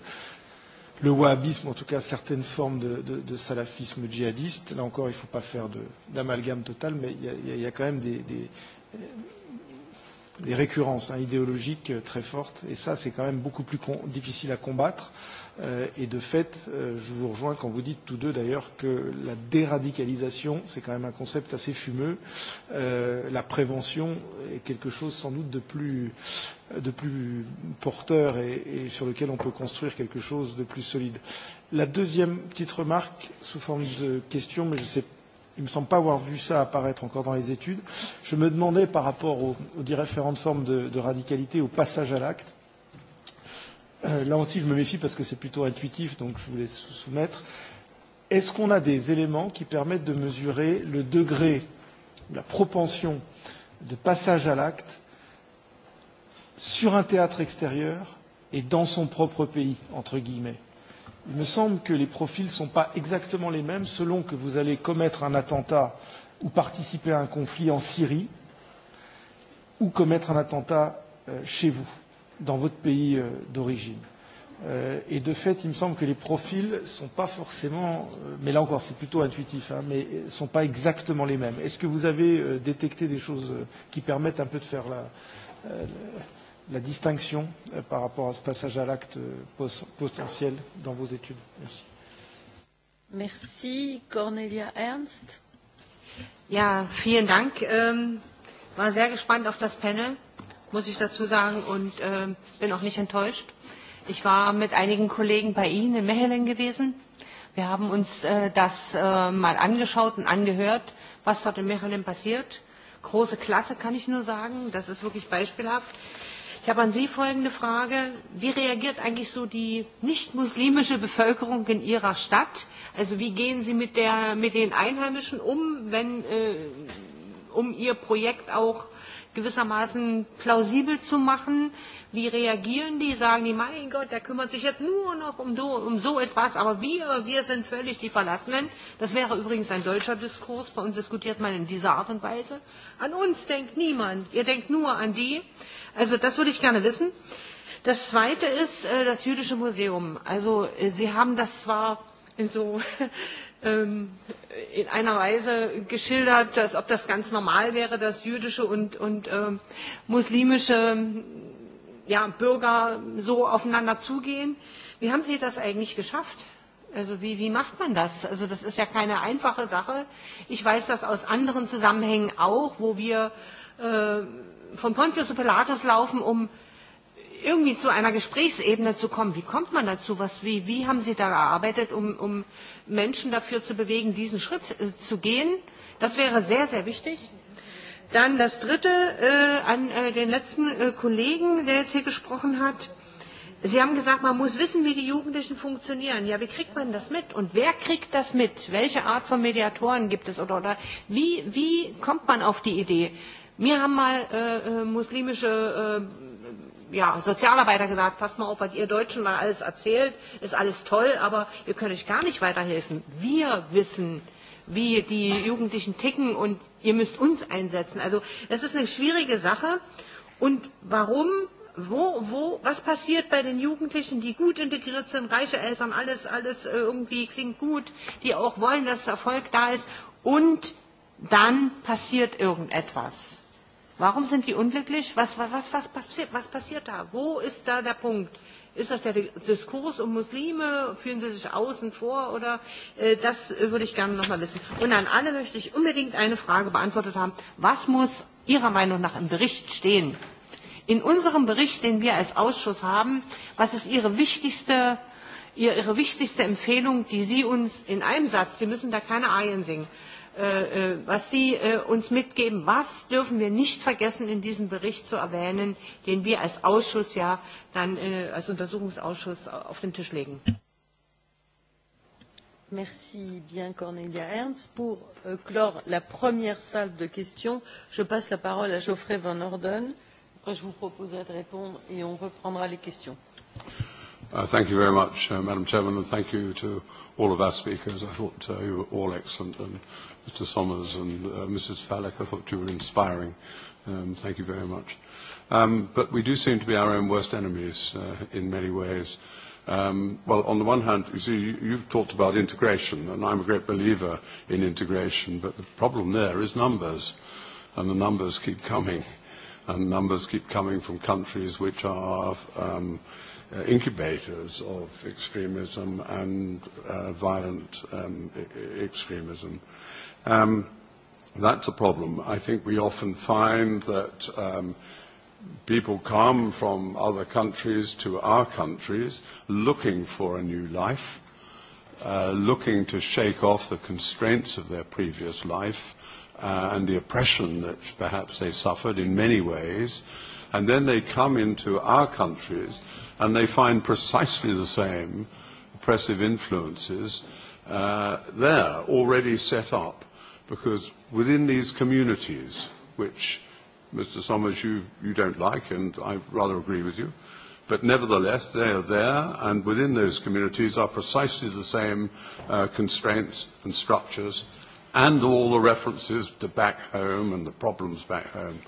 Speaker 5: le wahhabisme, en tout cas certaines formes de, de, de salafisme djihadiste. Là encore, il ne faut pas faire d'amalgame total, mais il y, a, il y a quand même des, des, des récurrences hein, idéologiques euh, très fortes. Et ça, c'est quand même beaucoup plus difficile à combattre. Euh, et de fait, euh, je vous rejoins quand vous dites tous deux d'ailleurs que la déradicalisation, c'est quand même un concept assez fumeux. Euh, la prévention est quelque chose sans doute de plus, de plus porteur et, et sur lequel on peut construire quelque chose de plus solide. La deuxième petite remarque sous forme de question, mais je ne sais pas il me semble pas avoir vu ça apparaître encore dans les études. Je me demandais par rapport aux, aux différentes formes de, de radicalité, au passage à l'acte. Euh, là aussi, je me méfie parce que c'est plutôt intuitif, donc je voulais sou soumettre. Est-ce qu'on a des éléments qui permettent de mesurer le degré, la propension de passage à l'acte sur un théâtre extérieur et dans son propre pays, entre guillemets il me semble que les profils ne sont pas exactement les mêmes selon que vous allez commettre un attentat ou participer à un conflit en Syrie ou commettre un attentat euh, chez vous, dans votre pays euh, d'origine. Euh, et de fait, il me semble que les profils ne sont pas forcément, mais là encore c'est plutôt intuitif, hein, mais ne sont pas exactement les mêmes. Est-ce que vous avez détecté des choses qui permettent un peu de faire la, la distinction euh, par rapport à ce passage à l'acte euh, potentiel dans vos études Merci.
Speaker 16: Merci. Cornelia Ernst. Ja, vielen Dank. Ähm, war sehr gespannt auf das Panel, muss ich dazu sagen, und ähm, bin auch nicht enttäuscht. Ich war mit einigen Kollegen bei Ihnen in Mechelen gewesen. Wir haben uns äh, das äh, mal angeschaut und angehört, was dort in Mechelen passiert. Große Klasse kann ich nur sagen, das ist wirklich beispielhaft. Ich habe an Sie folgende Frage. Wie reagiert eigentlich so die nicht-muslimische Bevölkerung in Ihrer Stadt? Also wie gehen Sie mit, der, mit den Einheimischen um, wenn, äh, um Ihr Projekt auch gewissermaßen plausibel zu machen? Wie reagieren die? Sagen die, mein Gott, der kümmert sich jetzt nur noch um, um so ist was, aber wir, wir sind völlig die Verlassenen. Das wäre übrigens ein deutscher Diskurs. Bei uns diskutiert man in dieser Art und Weise. An uns denkt niemand. Ihr denkt nur an die, Also das würde ich gerne wissen. Das Zweite ist äh, das Jüdische Museum. Also äh, Sie haben das zwar in so ähm, in einer Weise geschildert, als ob das ganz normal wäre, dass jüdische und, und äh, muslimische ja, Bürger so aufeinander zugehen. Wie haben Sie das eigentlich geschafft? Also wie, wie macht man das? Also das ist ja keine einfache Sache. Ich weiß das aus anderen Zusammenhängen auch, wo wir äh, von Pontius zu Pilatus laufen, um irgendwie zu einer Gesprächsebene zu kommen. Wie kommt man dazu? Was, wie, wie haben Sie da gearbeitet, um, um Menschen dafür zu bewegen, diesen Schritt äh, zu gehen? Das wäre sehr, sehr wichtig. Dann das Dritte äh, an äh, den letzten äh, Kollegen, der jetzt hier gesprochen hat. Sie haben gesagt, man muss wissen, wie die Jugendlichen funktionieren. Ja, wie kriegt man das mit? Und wer kriegt das mit? Welche Art von Mediatoren gibt es? Oder, oder wie, wie kommt man auf die Idee? Mir haben mal äh, äh, muslimische äh, ja, Sozialarbeiter gesagt, passt mal auf, was ihr Deutschen da alles erzählt, ist alles toll, aber ihr könnt euch gar nicht weiterhelfen. Wir wissen, wie die Jugendlichen ticken und ihr müsst uns einsetzen. Also das ist eine schwierige Sache. Und warum, wo, wo, was passiert bei den Jugendlichen, die gut integriert sind, reiche Eltern, alles, alles äh, irgendwie klingt gut, die auch wollen, dass Erfolg da ist und dann passiert irgendetwas. Warum sind die unglücklich? Was, was, was, passi was passiert da? Wo ist da der Punkt? Ist das der Diskurs um Muslime? Fühlen Sie sich außen vor? Oder äh, das würde ich gerne noch mal wissen. Und an alle möchte ich unbedingt eine Frage beantwortet haben. Was muss Ihrer Meinung nach im Bericht stehen? In unserem Bericht, den wir als Ausschuss haben, was ist Ihre wichtigste, Ihre wichtigste Empfehlung, die Sie uns in einem Satz, Sie müssen da keine Arien singen, Äh, äh, was Sie äh, uns mitgeben. Was dürfen wir nicht vergessen, in diesem Bericht zu erwähnen, den wir als Ausschuss ja dann als Untersuchungsausschuss auf den Tisch legen?
Speaker 1: Merci bien Cornelia Ernst. Pour euh, clore la première salle de questions, je passe la parole à Geoffrey Van Orden. Après, je vous proposerai de répondre et on reprendra les questions.
Speaker 11: Uh, thank you very much, uh, Madam Chairman, and thank you to all of our speakers. I thought uh, you were all excellent and Mr. Sommers and uh, Mrs. Fallick. I thought you were inspiring. Um, thank you very much. Um, but we do seem to be our own worst enemies uh, in many ways. Um, well, on the one hand, you see, you, you've talked about integration, and I'm a great believer in integration, but the problem there is numbers, and the numbers keep coming, and numbers keep coming from countries which are um, uh, incubators of extremism and uh, violent um, i e, e, extremism. Uh, Um, that's a problem. I think we often find that um, people come from other countries to our countries looking for a new life, uh, looking to shake off the constraints of their previous life uh, and the oppression that perhaps they suffered in many ways. And then they come into our countries and they find precisely the same oppressive influences uh, there, already set up because within these communities, which, Mr. Somers, you, you don't like, and I rather agree with you, but nevertheless, they are there, and within those communities are precisely the same uh, constraints and structures and all the references to back home and the problems back home.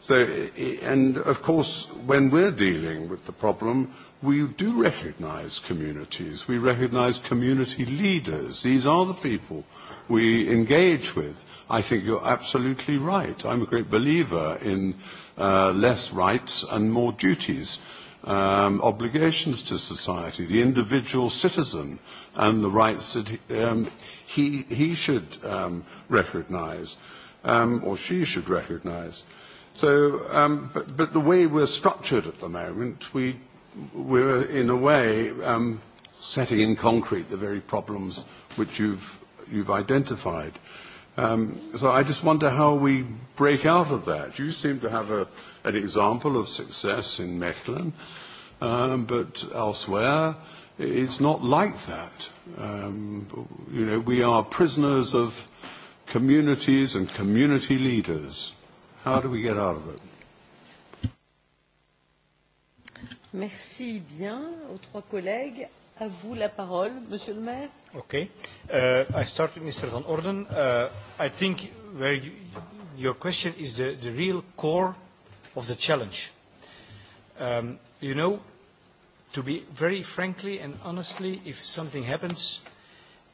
Speaker 11: So, and of course, when we're dealing with the problem, we do recognize communities. We recognize community leaders. These are the people we engage with. I think you're absolutely right. I'm a great believer in uh, less rights and more duties, um, obligations to society, the individual citizen, and the rights that he, um, he, he should um, recognize um, or she should recognize. So, um, but, but the way we're structured at the moment, we we're in a way um, setting in concrete the very problems which you've, you've identified. Um, so I just wonder how we break out of that. You seem to have a, an example of success in Mechelen, um, but elsewhere it's not like that. Um, you know, we are prisoners of communities and community leaders. How do we get out of it?
Speaker 1: Merci bien aux trois collègues. À vous la parole, Monsieur le Maire.
Speaker 11: Okay. Uh,
Speaker 13: I start with Mr. Van Orden. Uh, I think where you, your question is the, the real core of the challenge. Um, you know, to be very frankly and honestly, if something happens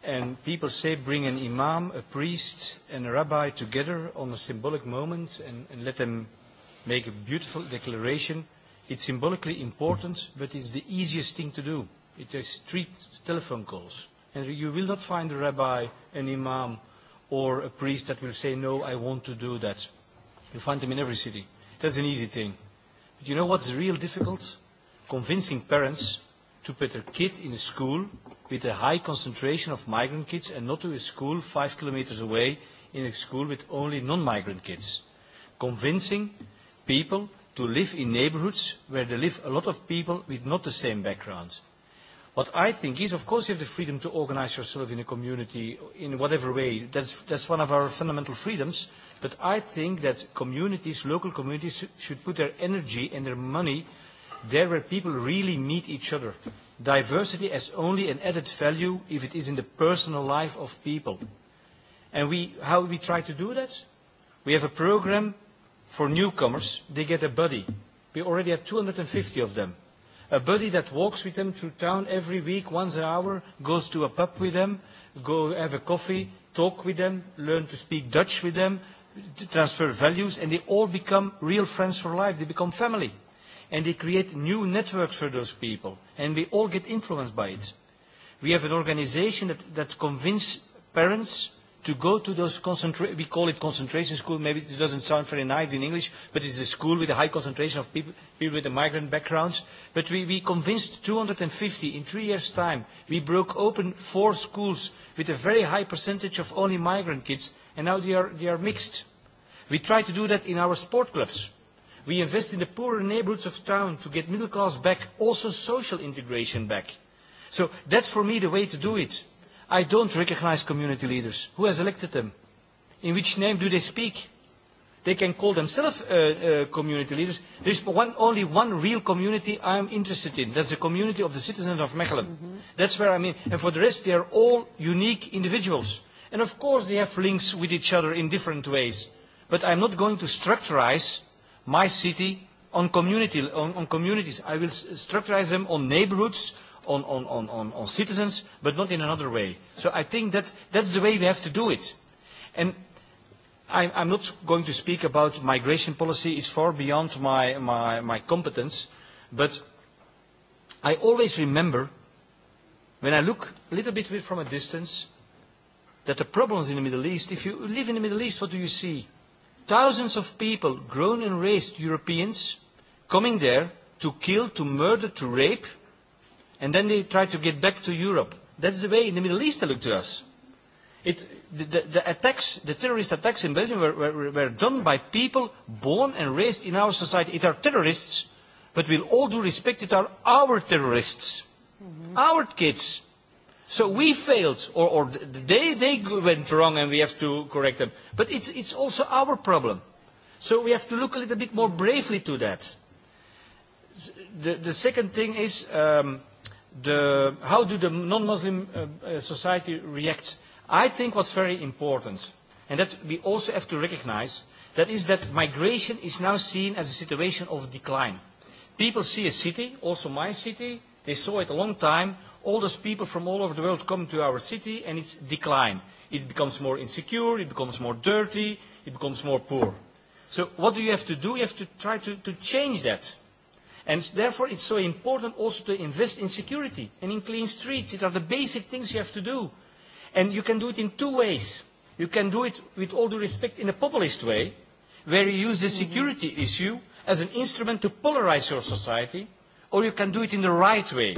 Speaker 13: and people say bring an imam, a priest and a rabbi together on a symbolic moment and, and let them make a beautiful declaration – It's symbolically important, but it's the easiest thing to do. It is three telephone calls. And you will not find a rabbi, an imam, or a priest that will say, no, I want to do that. You find them in every city. That's an easy thing. But you know what's real difficult? Convincing parents to put their kid in a school with a high concentration of migrant kids and not to a school five kilometers away in a school with only non-migrant kids. Convincing people to live in neighborhoods where there live a lot of people with not the same backgrounds. What I think is, of course, you have the freedom to organize yourself in a community in whatever way. That's, that's one of our fundamental freedoms. But I think that communities, local communities, should put their energy and their money there where people really meet each other. Diversity has only an added value if it is in the personal life of people. And we, how we try to do that? We have a program for newcomers, they get a buddy. We already have 250 of them. A buddy that walks with them through town every week, once an hour, goes to a pub with them, go have a coffee, talk with them, learn to speak Dutch with them, transfer values, and they all become real friends for life. They become family. And they create new networks for those people. And we all get influenced by it. We have an organization that, that convinces parents to go to those concentration, we call it concentration school, maybe it doesn't sound very nice in English, but it's a school with a high concentration of people, people with a migrant backgrounds. But we, we convinced 250 in three years' time. We broke open four schools with a very high percentage of only migrant kids, and now they are, they are mixed. We try to do that in our sport clubs. We invest in the poorer neighborhoods of town to get middle class back, also social integration back. So that's for me the way to do it i don't recognize community leaders. Who has elected them? In which name do they speak? They can call themselves uh, uh, community leaders. There is one, only one real community I'm interested in. That's the community of the citizens of Mechelen. Mm-hmm. That's where I mean. And for the rest, they are all unique individuals. And of course, they have links with each other in different ways. But I'm not going to structurize my city on, community, on, on communities. I will structurize them on neighborhoods, on, on, on, on, on citizens, but not in another way. So I think that's, that's the way we have to do it. And I, I'm not going to speak about migration policy. It's far beyond my, my, my competence. But I always remember, when I look a little bit from a distance, that the problems in the Middle East, if you live in the Middle East, what do you see? Thousands of people, grown and raised Europeans, coming there to kill, to murder, to rape – and then they try to get back to Europe. That's the way in the Middle East they look to us. It, the, the, the attacks, the terrorist attacks in Belgium were, were, were done by people born and raised in our society. It are terrorists, but we'll all do respect, it are our terrorists, mm-hmm. our kids. So we failed, or, or they, they went wrong and we have to correct them. But it's, it's also our problem. So we have to look a little bit more bravely to that. The, the second thing is... Um, the, how do the non-Muslim uh, uh society react? I think what's very important, and that we also have to recognize, that is that migration is now seen as a situation of decline. People see a city, also my city, they saw it a long time, all those people from all over the world come to our city and it's decline. It becomes more insecure, it becomes more dirty, it becomes more poor. So what do you have to do? You have to try to, to change that. And therefore, it's so important also to invest in security and in clean streets. It are the basic things you have to do. And you can do it in two ways. You can do it, with all due respect, in a populist way, where you use the mm-hmm. security issue as an instrument to polarize your society, or you can do it in the right way,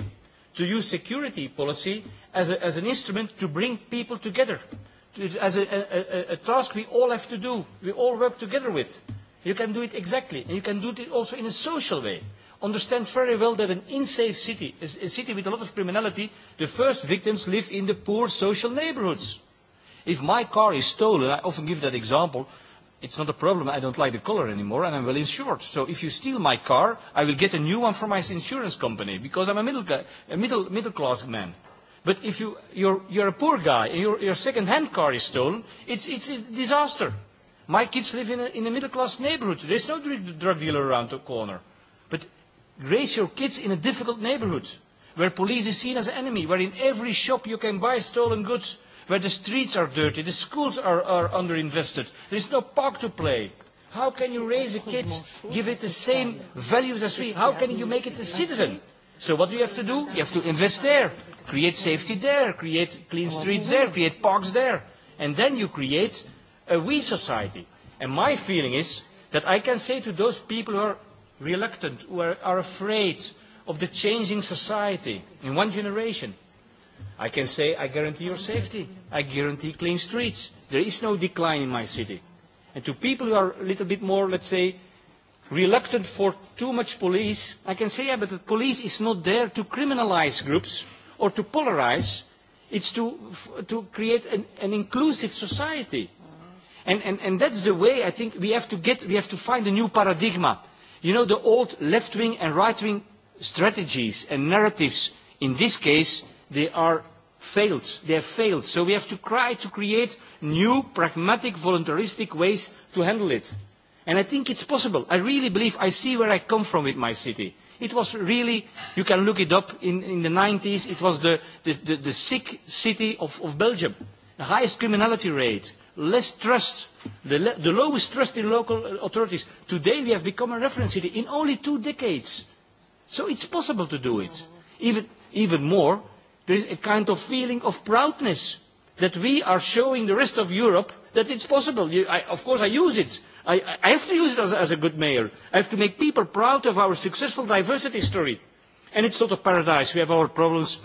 Speaker 13: to use security policy as, a, as an instrument to bring people together, to, as a, a, a, a task we all have to do, we all work together with. You can do it exactly, and you can do it also in a social way understand very well that an unsafe city, a, a city with a lot of criminality, the first victims live in the poor social neighborhoods. If my car is stolen, I often give that example, it's not a problem, I don't like the color anymore, and I'm well insured. So if you steal my car, I will get a new one from my insurance company, because I'm a middle, a middle, middle class man. But if you, you're, you're a poor guy, and your, your second-hand car is stolen, it's, it's a disaster. My kids live in a, in a middle-class neighborhood. There's no drug dealer around the corner raise your kids in a difficult neighborhood where police is seen as an enemy, where in every shop you can buy stolen goods, where the streets are dirty, the schools are, are underinvested, there is no park to play. How can you raise a kid, give it the same values as we? How can you make it a citizen? So what do you have to do? You have to invest there, create safety there, create clean streets there, create parks there. And then you create a we society. And my feeling is that I can say to those people who are reluctant, who are, are afraid of the changing society in one generation. I can say, I guarantee your safety. I guarantee clean streets. There is no decline in my city. And to people who are a little bit more, let's say, reluctant for too much police, I can say, yeah, but the police is not there to criminalize groups or to polarize. It's to, f to create an, an inclusive society. And, and, and that's the way I think we have to get, we have to find a new paradigma. You know, the old left-wing and right-wing strategies and narratives, in this case, they are failed. They have failed. So we have to try to create new, pragmatic, voluntaristic ways to handle it. And I think it's possible. I really believe I see where I come from with my city. It was really, you can look it up, in, in the 90s, it was the, the, the, the sick city of, of Belgium. The highest criminality rate less trust, the, le the lowest trust in local authorities. Today we have become a reference city in only two decades. So it's possible to do it. Even, even more, there is a kind of feeling of proudness that we are showing the rest of Europe that it's possible. You, I, of course, I use it. I, I have to use it as, as a good mayor. I have to make people proud of our successful diversity story. And it's not a paradise. We have our problems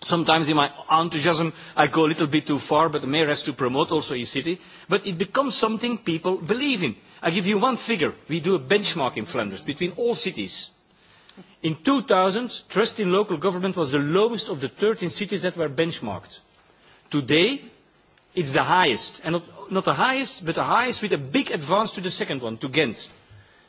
Speaker 13: Sometimes in my enthusiasm, I go a little bit too far, but the mayor has to promote also his city. But it becomes something people believe in. I give you one figure. We do a benchmark in Flanders between all cities. In two thousand, trust in local government was the lowest of the thirteen cities that were benchmarked. Today, it is the highest. And not, not the highest, but the highest with a big advance to the second one, to Ghent.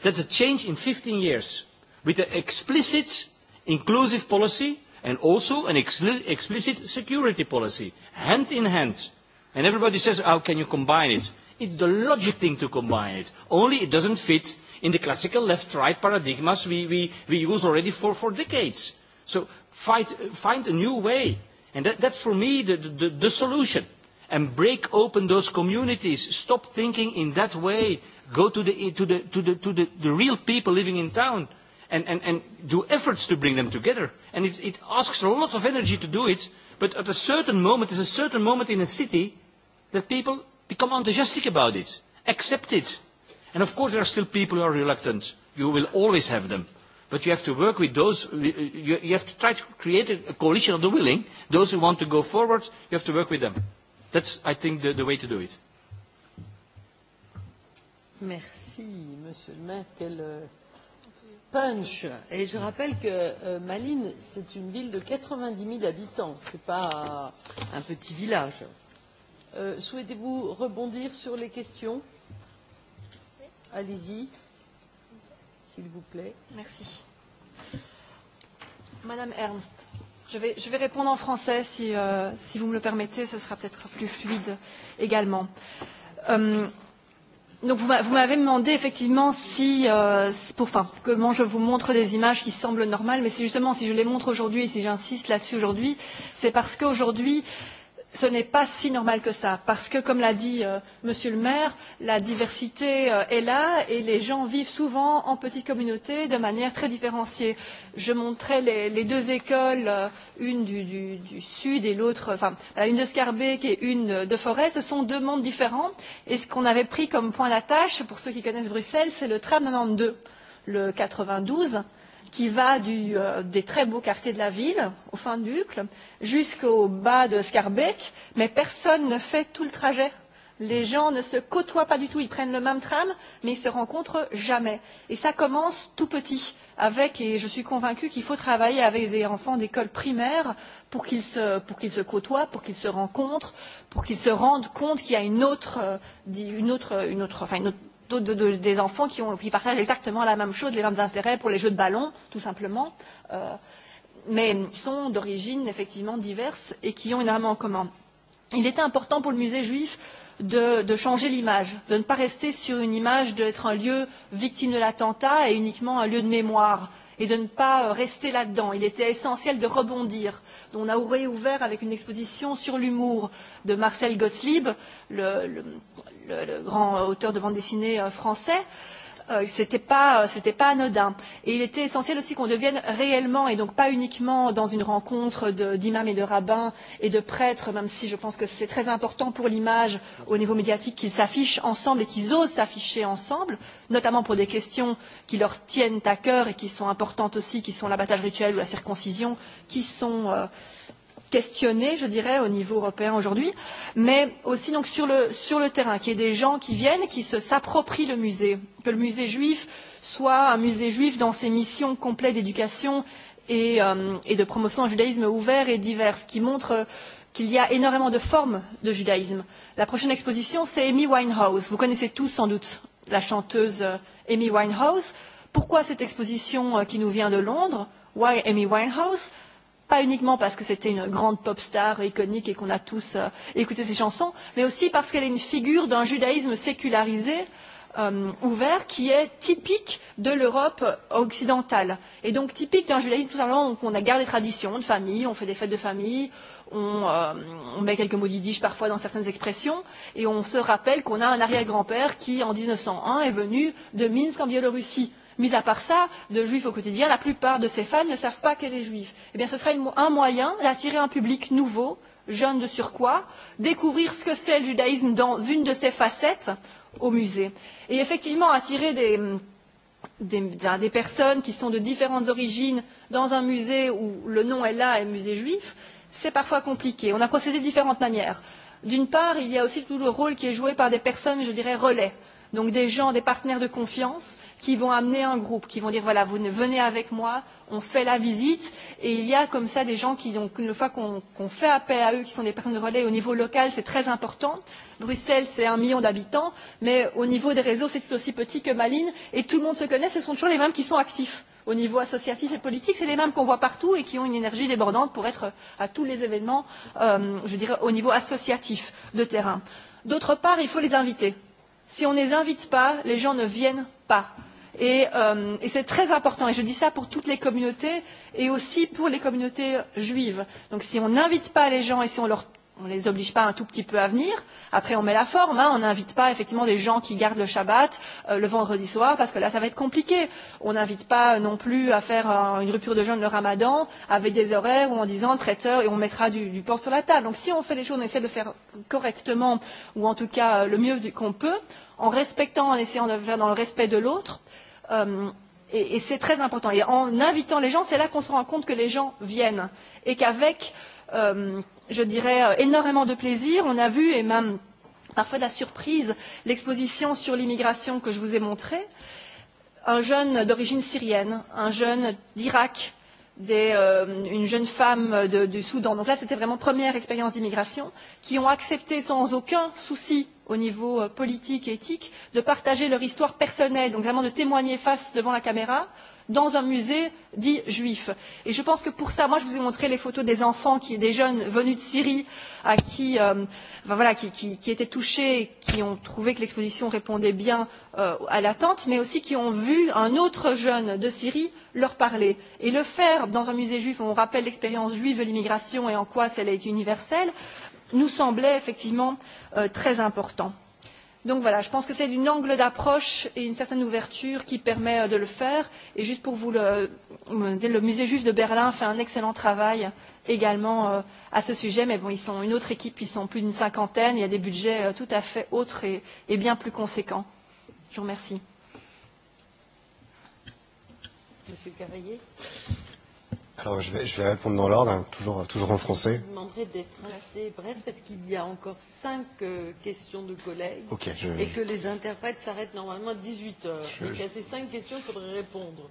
Speaker 13: That is a change in fifteen years with an explicit inclusive policy and also an explicit security policy, hand in hand. And everybody says, how can you combine it? It's the logic thing to combine it, only it doesn't fit in the classical left-right paradigmas we, we, we use already for, for decades. So fight, find a new way. And that, that's for me the, the, the solution. And break open those communities. Stop thinking in that way. Go to the, to the, to the, to the, the real people living in town and, and, and do efforts to bring them together. And it, it asks a lot of energy to do it, but at a certain moment, there's a certain moment in a city that people become enthusiastic about it, accept it. And of course, there are still people who are reluctant. You will always have them. But you have to work with those, you, you have to try to create a coalition of the willing. Those who want to go forward, you have to work with them. That's, I think, the, the way to do it.
Speaker 1: Merci, Monsieur le Maire. Euh, punch. Et je rappelle que euh, Malines, c'est une ville de 90 000 habitants. Ce n'est pas un petit village. Euh, Souhaitez-vous rebondir sur les questions Allez-y,
Speaker 14: s'il vous plaît. Merci. Madame Ernst, je vais, je vais répondre en français si, euh, si vous me le permettez, ce sera peut-être plus fluide également. Euh, Donc vous m'avez demandé effectivement si, euh, pour, enfin, comment je vous montre des images qui semblent normales, mais c'est justement si je les montre aujourd'hui et si j'insiste là-dessus aujourd'hui, c'est parce qu'aujourd'hui, euh, ce n'est pas si normal que ça parce que comme l'a dit euh, monsieur le maire la diversité euh, est là et les gens vivent souvent en petites communautés de manière très différenciée. je montrais les, les deux écoles euh, une du, du, du sud et l'autre enfin euh, une de scarbeck et une de Forest, ce sont deux mondes différents et ce qu'on avait pris comme point d'attache pour ceux qui connaissent bruxelles c'est le tram quatre le quatre vingt douze qui va du, euh, des très beaux quartiers de la ville, au fin d'Ucle, jusqu'au bas de Scarbeck, mais personne ne fait tout le trajet. Les gens ne se côtoient pas du tout, ils prennent le même tram, mais ils ne se rencontrent jamais. Et ça commence tout petit, avec, et je suis convaincue qu'il faut travailler avec des enfants d'école primaire pour qu'ils se, qu se côtoient, pour qu'ils se rencontrent, pour qu'ils se rendent compte qu'il y a une autre, euh, une autre, une autre, enfin une autre de, de, des enfants qui, ont, qui partagent exactement la même chose, les mêmes intérêts pour les jeux de ballon, tout simplement, euh, mais sont d'origine effectivement diverses et qui ont énormément en commun. Il était important pour le musée juif de, de changer l'image, de ne pas rester sur une image d'être un lieu victime de l'attentat et uniquement un lieu de mémoire et de ne pas euh, rester là-dedans. Il était essentiel de rebondir. On a réouvert avec une exposition sur l'humour de Marcel Gottlieb, le, le, le, le grand auteur de bande dessinée euh, français. Euh, euh, ce n'était pas, euh, pas anodin. Et il était essentiel aussi qu'on devienne réellement, et donc pas uniquement dans une rencontre d'imams et de rabbins et de prêtres, même si je pense que c'est très important pour l'image au niveau médiatique qu'ils s'affichent ensemble et qu'ils osent s'afficher ensemble, notamment pour des questions qui leur tiennent à cœur et qui sont importantes aussi, qui sont l'abattage rituel ou la circoncision, qui sont. Euh, questionnée, je dirais, au niveau européen aujourd'hui, mais aussi donc sur le, sur le terrain, qu'il y ait des gens qui viennent, qui s'approprient le musée, que le musée juif soit un musée juif dans ses missions complètes d'éducation et, euh, et de promotion d'un judaïsme ouvert et divers, qui montre euh, qu'il y a énormément de formes de judaïsme. La prochaine exposition, c'est Amy Winehouse. Vous connaissez tous sans doute la chanteuse euh, Amy Winehouse. Pourquoi cette exposition euh, qui nous vient de Londres Why Amy Winehouse pas uniquement parce que c'était une grande pop star iconique et qu'on a tous euh, écouté ses chansons, mais aussi parce qu'elle est une figure d'un judaïsme sécularisé euh, ouvert qui est typique de l'Europe occidentale et donc typique d'un judaïsme tout simplement où on a gardé des traditions de famille, on fait des fêtes de famille, on, euh, on met quelques mots d'idiche parfois dans certaines expressions et on se rappelle qu'on a un arrière-grand-père qui en 1901 est venu de Minsk en Biélorussie Mis à part ça, de juifs au quotidien, la plupart de ses fans ne savent pas qu'elle est juive. Eh bien, ce serait un moyen d'attirer un public nouveau, jeune de surcroît, découvrir ce que c'est le judaïsme dans une de ses facettes au musée. Et effectivement, attirer des, des, des personnes qui sont de différentes origines dans un musée où le nom est là, est musée juif, c'est parfois compliqué. On a procédé de différentes manières. D'une part, il y a aussi tout le rôle qui est joué par des personnes, je dirais, relais donc des gens, des partenaires de confiance qui vont amener un groupe, qui vont dire voilà, vous venez avec moi, on fait la visite, et il y a comme ça des gens qui, donc, une fois qu'on qu fait appel à eux, qui sont des personnes de relais au niveau local, c'est très important. Bruxelles, c'est un million d'habitants, mais au niveau des réseaux, c'est tout aussi petit que Malines, et tout le monde se connaît, ce sont toujours les mêmes qui sont actifs. Au niveau associatif et politique, c'est les mêmes qu'on voit partout et qui ont une énergie débordante pour être à tous les événements, euh, je dirais, au niveau associatif de terrain. D'autre part, il faut les inviter si on ne les invite pas, les gens ne viennent pas. Et, euh, et c'est très important, et je dis ça pour toutes les communautés et aussi pour les communautés juives. Donc si on n'invite pas les gens et si on leur on ne les oblige pas un tout petit peu à venir. Après, on met la forme. Hein. On n'invite pas effectivement des gens qui gardent le Shabbat euh, le vendredi soir parce que là, ça va être compliqué. On n'invite pas euh, non plus à faire un, euh, une rupture de jeûne le Ramadan avec des horaires ou en disant traiteur et on mettra du, du porc sur la table. Donc, si on fait les choses, on essaie de faire correctement ou en tout cas le mieux qu'on peut, en respectant, en essayant de faire dans le respect de l'autre. Euh, et, et c'est très important. Et en invitant les gens, c'est là qu'on se rend compte que les gens viennent et qu'avec euh, je dirais, euh, énormément de plaisir. On a vu, et même parfois de la surprise, l'exposition sur l'immigration que je vous ai montrée. Un jeune d'origine syrienne, un jeune d'Irak, euh, une jeune femme de, du Soudan. Donc là, c'était vraiment première expérience d'immigration, qui ont accepté sans aucun souci au niveau euh, politique et éthique de partager leur histoire personnelle, donc vraiment de témoigner face devant la caméra dans un musée dit juif. Et je pense que pour ça, moi je vous ai montré les photos des enfants, qui, des jeunes venus de Syrie, à qui, euh, ben voilà, qui, qui, qui étaient touchés, qui ont trouvé que l'exposition répondait bien euh, à l'attente, mais aussi qui ont vu un autre jeune de Syrie leur parler. Et le faire dans un musée juif où on rappelle l'expérience juive de l'immigration et en quoi celle est universelle, nous semblait effectivement euh, très important donc voilà je pense que c'est un angle d'approche et une certaine ouverture qui permet euh, de le faire et juste pour vous le le musée juif de berlin fait un excellent travail également euh, à ce sujet mais bon ils sont une autre équipe ils sont plus d'une cinquantaine il y a des budgets euh, tout à fait autres et, et bien plus conséquents je vous remercie
Speaker 1: Monsieur Carrier.
Speaker 15: Alors, je vais, je vais répondre dans l'ordre, hein, toujours, toujours en français. Je vous
Speaker 1: demanderai d'être assez bref parce qu'il y a encore cinq euh, questions de collègues okay, je... et que les interprètes s'arrêtent normalement à 18 heures. Je... Donc, à ces cinq questions, il faudrait répondre.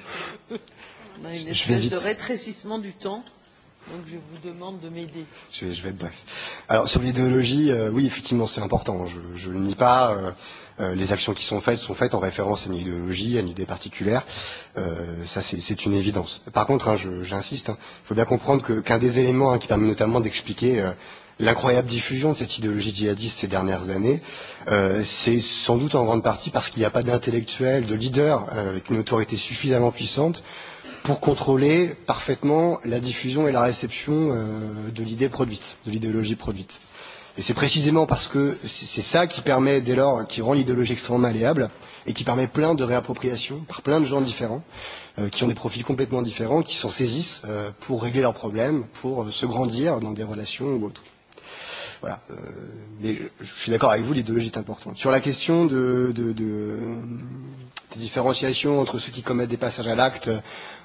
Speaker 1: On a une espèce je vais vite. de rétrécissement du temps. Donc je vous demande de m'aider.
Speaker 15: Je je vais être bref. Alors sur l'idéologie, euh, oui, effectivement, c'est important. Je, ne le nie pas. Euh, Euh, les actions qui sont faites sont faites en référence à une idéologie, à une idée particulière. Euh, ça, c'est une évidence. Par contre, hein, j'insiste, il hein, faut bien comprendre qu'un qu des éléments hein, qui permet notamment d'expliquer euh, l'incroyable diffusion de cette idéologie djihadiste ces dernières années, euh, c'est sans doute en grande partie parce qu'il n'y a pas d'intellectuel, de leader euh, avec une autorité suffisamment puissante pour contrôler parfaitement la diffusion et la réception euh, de l'idée produite, de l'idéologie produite. Et c'est précisément parce que c'est ça qui permet dès lors, qui rend l'idéologie extrêmement malléable et qui permet plein de réappropriations par plein de gens différents, euh, qui ont des profils complètement différents, qui s'en saisissent euh, pour régler leurs problèmes, pour euh, se grandir dans des relations ou autres. Voilà. Euh, mais je suis d'accord avec vous, l'idéologie est importante. Sur la question de, de, de, des différenciations entre ceux qui commettent des passages à l'acte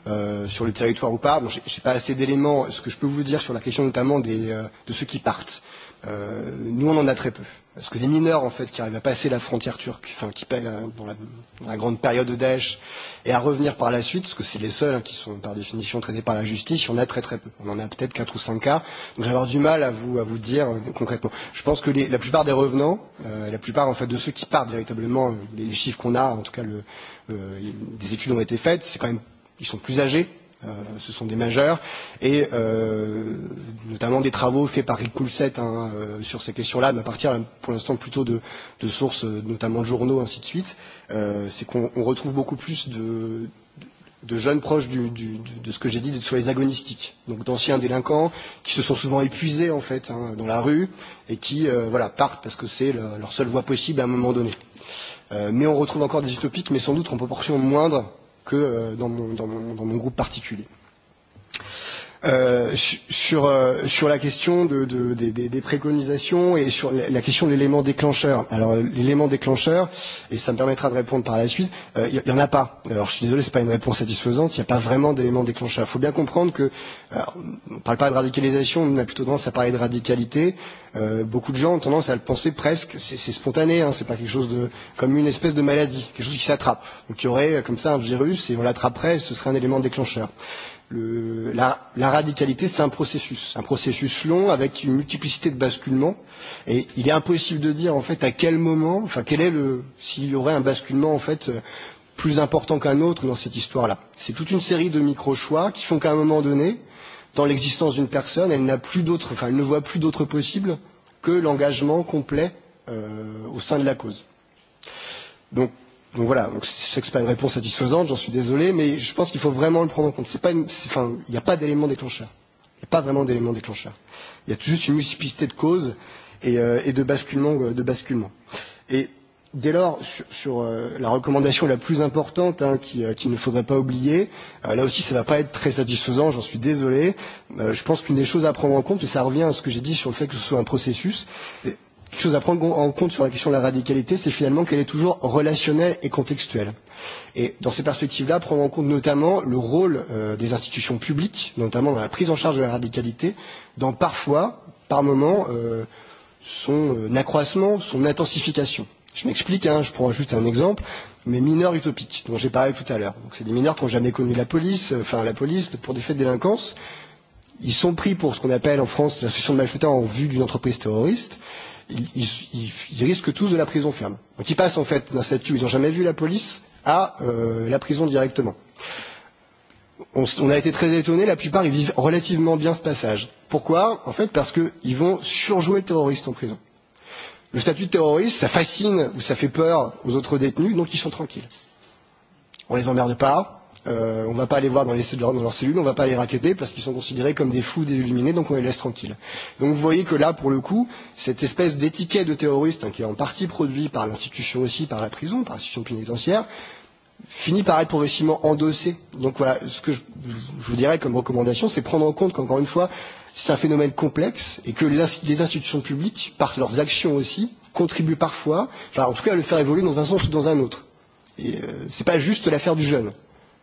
Speaker 15: euh, sur le territoire ou pas, bon, je n'ai pas assez d'éléments. Ce que je peux vous dire sur la question notamment des, euh, de ceux qui partent, Euh, nous, on en a très peu. Parce que des mineurs, en fait, qui arrivent à passer la frontière turque, enfin, qui paient euh, dans la, dans la grande période de Daesh, et à revenir par la suite, parce que c'est les seuls hein, qui sont, par définition, traités par la justice, il y en a très très peu. On en a peut-être 4 ou 5 cas. Donc, j'ai avoir du mal à vous, à vous dire euh, concrètement. Je pense que les, la plupart des revenants, euh, la plupart, en fait, de ceux qui partent véritablement, euh, les, les chiffres qu'on a, en tout cas, le, euh, des études ont été faites, c'est quand même, ils sont plus âgés, Euh, ce sont des majeurs, et euh, notamment des travaux faits par Rick Coulset hein, euh, sur ces questions-là, mais à partir pour l'instant plutôt de, de sources, euh, notamment de journaux, ainsi de suite, euh, c'est qu'on retrouve beaucoup plus de, de jeunes proches du, du, de ce que j'ai dit de, sur les agonistiques, donc d'anciens délinquants qui se sont souvent épuisés en fait hein, dans la rue et qui euh, voilà, partent parce que c'est leur, leur seule voie possible à un moment donné. Euh, mais on retrouve encore des utopiques, mais sans doute en proportion moindre que euh, dans, mon, dans, mon, dans mon groupe particulier. Euh, sur, euh, sur la question de, de, de, de, des préconisations et sur la, la question de l'élément déclencheur. Alors l'élément déclencheur, et ça me permettra de répondre par la suite, il euh, n'y en a pas. Alors je suis désolé, ce n'est pas une réponse satisfaisante, il n'y a pas vraiment d'élément déclencheur. Il faut bien comprendre que, alors, on ne parle pas de radicalisation, on a plutôt tendance à parler de radicalité. Euh, beaucoup de gens ont tendance à le penser presque, c'est spontané, hein, c'est pas quelque chose de comme une espèce de maladie, quelque chose qui s'attrape. Donc il y aurait euh, comme ça un virus et on l'attraperait, ce serait un élément déclencheur le, la, la radicalité, c'est un processus, un processus long avec une multiplicité de basculements. Et il est impossible de dire en fait à quel moment, enfin quel est le, s'il y aurait un basculement en fait euh, plus important qu'un autre dans cette histoire-là. C'est toute une série de micro choix qui font qu'à un moment donné, dans l'existence d'une personne, elle n'a plus d'autre, enfin elle ne voit plus d'autre possible que l'engagement complet euh, au sein de la cause. Donc Donc voilà, donc je sais que pas une réponse satisfaisante, j'en suis désolé, mais je pense qu'il faut vraiment le prendre en compte. C'est pas une, enfin, il n'y a pas d'élément déclencheur. Il n'y a pas vraiment d'élément déclencheur. Il y a juste une multiplicité de causes et, euh, et de basculements. Euh, de basculement. Et dès lors, sur, sur euh, la recommandation la plus importante hein, euh, qu'il euh, qui ne faudrait pas oublier, euh, là aussi ça ne va pas être très satisfaisant, j'en suis désolé. Euh, je pense qu'une des choses à prendre en compte, et ça revient à ce que j'ai dit sur le fait que ce soit un processus, et Quelque chose à prendre en compte sur la question de la radicalité, c'est finalement qu'elle est toujours relationnelle et contextuelle. Et dans ces perspectives-là, prendre en compte notamment le rôle euh, des institutions publiques, notamment dans la prise en charge de la radicalité, dans parfois, par moment, euh, son euh, accroissement, son intensification. Je m'explique, hein, je prends juste un exemple, mais mineurs utopiques, dont j'ai parlé tout à l'heure. Donc c'est des mineurs qui n'ont jamais connu la police, euh, enfin la police pour des faits de délinquance. Ils sont pris pour ce qu'on appelle en France l'association de malfaiteurs en vue d'une entreprise terroriste ils, ils, ils risquent tous de la prison ferme. Donc ils passent en fait d'un statut où ils n'ont jamais vu la police à euh, la prison directement. On, on a été très étonnés, la plupart ils vivent relativement bien ce passage. Pourquoi En fait parce qu'ils vont surjouer le terroriste en prison. Le statut de terroriste, ça fascine ou ça fait peur aux autres détenus, donc ils sont tranquilles. On les emmerde pas, Euh, on ne va pas aller voir dans, les, dans leurs cellules, on ne va pas les raqueter parce qu'ils sont considérés comme des fous, des illuminés, donc on les laisse tranquilles. Donc vous voyez que là, pour le coup, cette espèce d'étiquette de terroriste hein, qui est en partie produite par l'institution aussi, par la prison, par l'institution pénitentiaire, finit par être progressivement endossée. Donc voilà, ce que je, je vous dirais comme recommandation, c'est prendre en compte qu'encore une fois, c'est un phénomène complexe et que les, les institutions publiques, par leurs actions aussi, contribuent parfois, enfin en tout cas à le faire évoluer dans un sens ou dans un autre. Et euh, ce n'est pas juste l'affaire du jeune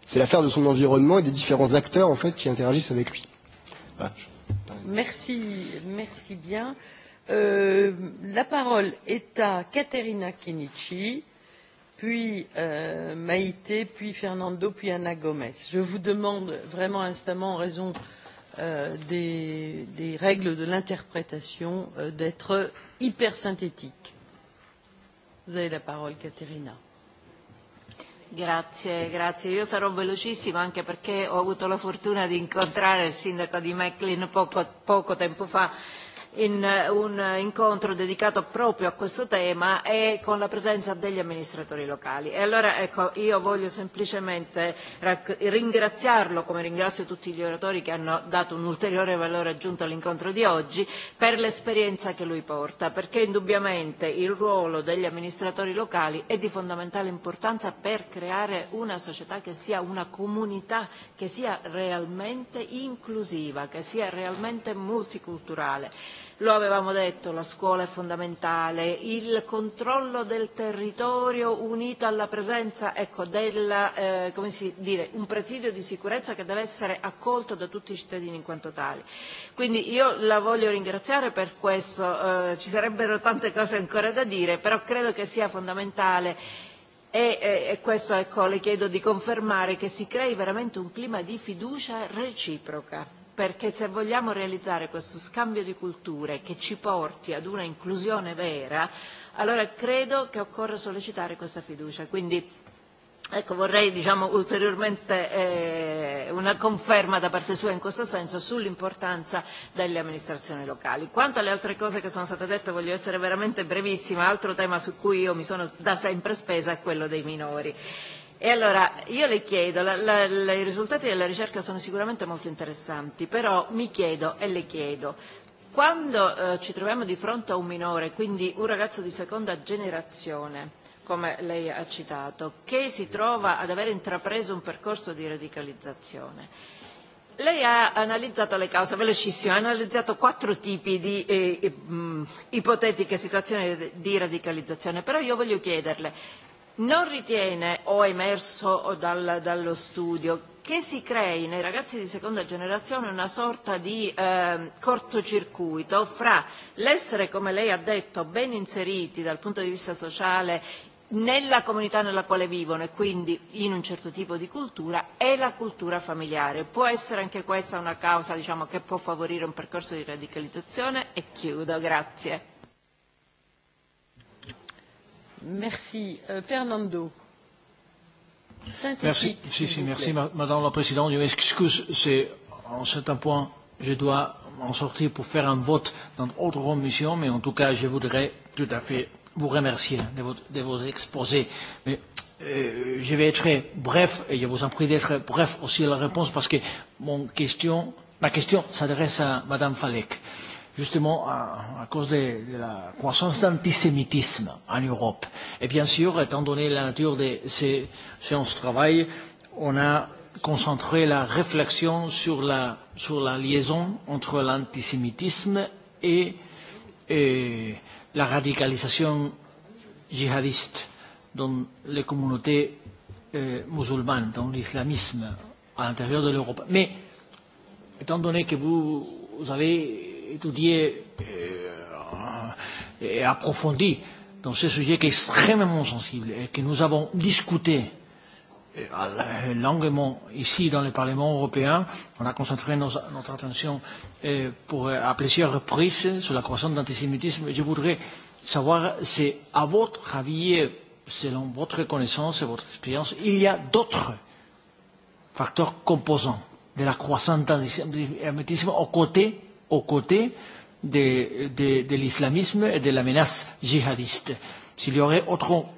Speaker 15: c'est l'affaire de son environnement et des différents acteurs en fait qui interagissent avec lui. Voilà.
Speaker 1: Merci, merci bien. Euh, la parole est à Caterina Kinichi, puis euh, Maïté, puis Fernando, puis Anna Gomez. Je vous demande vraiment instamment, en raison euh, des, des règles de l'interprétation, euh, d'être hyper synthétique. Vous avez la parole, Caterina.
Speaker 17: Grazie, grazie. Io sarò velocissima anche perché ho avuto la fortuna di incontrare il sindaco di Mecklin poco, poco tempo fa in eh, un incontro dedicato proprio a questo tema e con la presenza degli amministratori locali. E allora ecco, io voglio semplicemente ringraziarlo, come ringrazio tutti gli oratori che hanno dato un ulteriore valore aggiunto all'incontro di oggi, per l'esperienza che lui porta, perché indubbiamente il ruolo degli amministratori locali è di fondamentale importanza per creare una società che sia una comunità, che sia realmente inclusiva, che sia realmente multiculturale lo avevamo detto, la scuola è fondamentale, il controllo del territorio unito alla presenza ecco, del, eh, come si dire, un presidio di sicurezza che deve essere accolto da tutti i cittadini in quanto tali. Quindi io la voglio ringraziare per questo, eh, ci sarebbero tante cose ancora da dire, però credo che sia fondamentale e, e, e questo ecco, le chiedo di confermare che si crei veramente un clima di fiducia reciproca perché se vogliamo realizzare questo scambio di culture che ci porti ad una inclusione vera, allora credo che occorra sollecitare questa fiducia. Quindi ecco, vorrei diciamo, ulteriormente eh, una conferma da parte sua in questo senso sull'importanza delle amministrazioni locali. Quanto alle altre cose che sono state dette voglio essere veramente brevissima, altro tema su cui io mi sono da sempre spesa è quello dei minori. E allora io le chiedo, la, la, la, i risultati della ricerca sono sicuramente molto interessanti, però mi chiedo e le chiedo, quando eh, ci troviamo di fronte a un minore, quindi un ragazzo di seconda generazione, come lei ha citato, che si trova ad aver intrapreso un percorso di radicalizzazione, Lei ha analizzato le cause, velocissimo, ha analizzato quattro tipi di eh, mm, ipotetiche situazioni di radicalizzazione, però io voglio chiederle non ritiene, o è emerso dal, dallo studio, che si crei nei ragazzi di seconda generazione una sorta di eh, cortocircuito fra l'essere, come lei ha detto, ben inseriti dal punto di vista sociale nella comunità nella quale vivono e quindi in un certo tipo di cultura e la cultura familiare. Può essere anche questa una causa diciamo, che può favorire un percorso di radicalizzazione? E chiudo, grazie.
Speaker 1: Merci. Euh, Fernando. Merci, si, si, merci,
Speaker 18: Madame la Présidente. Je m'excuse, c'est en certain point, je dois en sortir pour faire un vote dans d'autres commissions, mais en tout cas, je voudrais tout à fait vous remercier de, de vos exposés. Mais euh, je vais être bref et je vous en prie d'être bref aussi à la réponse parce que mon question, ma question s'adresse à Madame Falek. Euh, justement à, à cause de, de la croissance d'antisémitisme en Europe. Et bien sûr, étant donné la nature de ces séances de travail, on a concentré la réflexion sur la, sur la liaison entre l'antisémitisme et, et la radicalisation djihadiste dans les communautés euh, musulmanes, dans l'islamisme à l'intérieur de l'Europe. Mais étant donné que vous, vous avez étudié euh, et, et approfondie dans ce sujet qui est extrêmement sensible et que nous avons discuté euh, longuement ici dans le Parlement européen. On a concentré nos, notre attention euh, pour, à plusieurs reprises sur la croissance de l'antisémitisme. Je voudrais savoir si, à votre avis, selon votre connaissance et votre expérience, il y a d'autres facteurs composants de la croissance d'antisémitisme aux côtés aux côtés de, de, de l'islamisme et de la menace djihadiste. S'il y aurait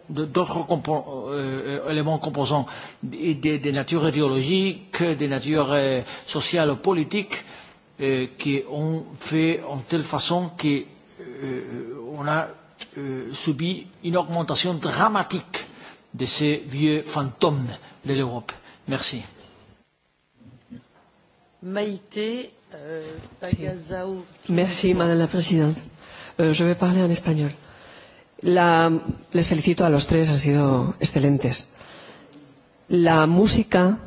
Speaker 18: d'autres compo euh, éléments composants de, de, de nature idéologique, de nature euh, sociale ou politique, euh, qui ont fait en telle façon qu'on euh, a euh, subi une augmentation dramatique de ces vieux fantômes de l'Europe. Merci.
Speaker 1: Maïté Pagazaou. Euh,
Speaker 7: Merci, Madame la Présidente. Euh, je vais parler en espagnol. La, les felicito a los tres, han sido excelentes. La música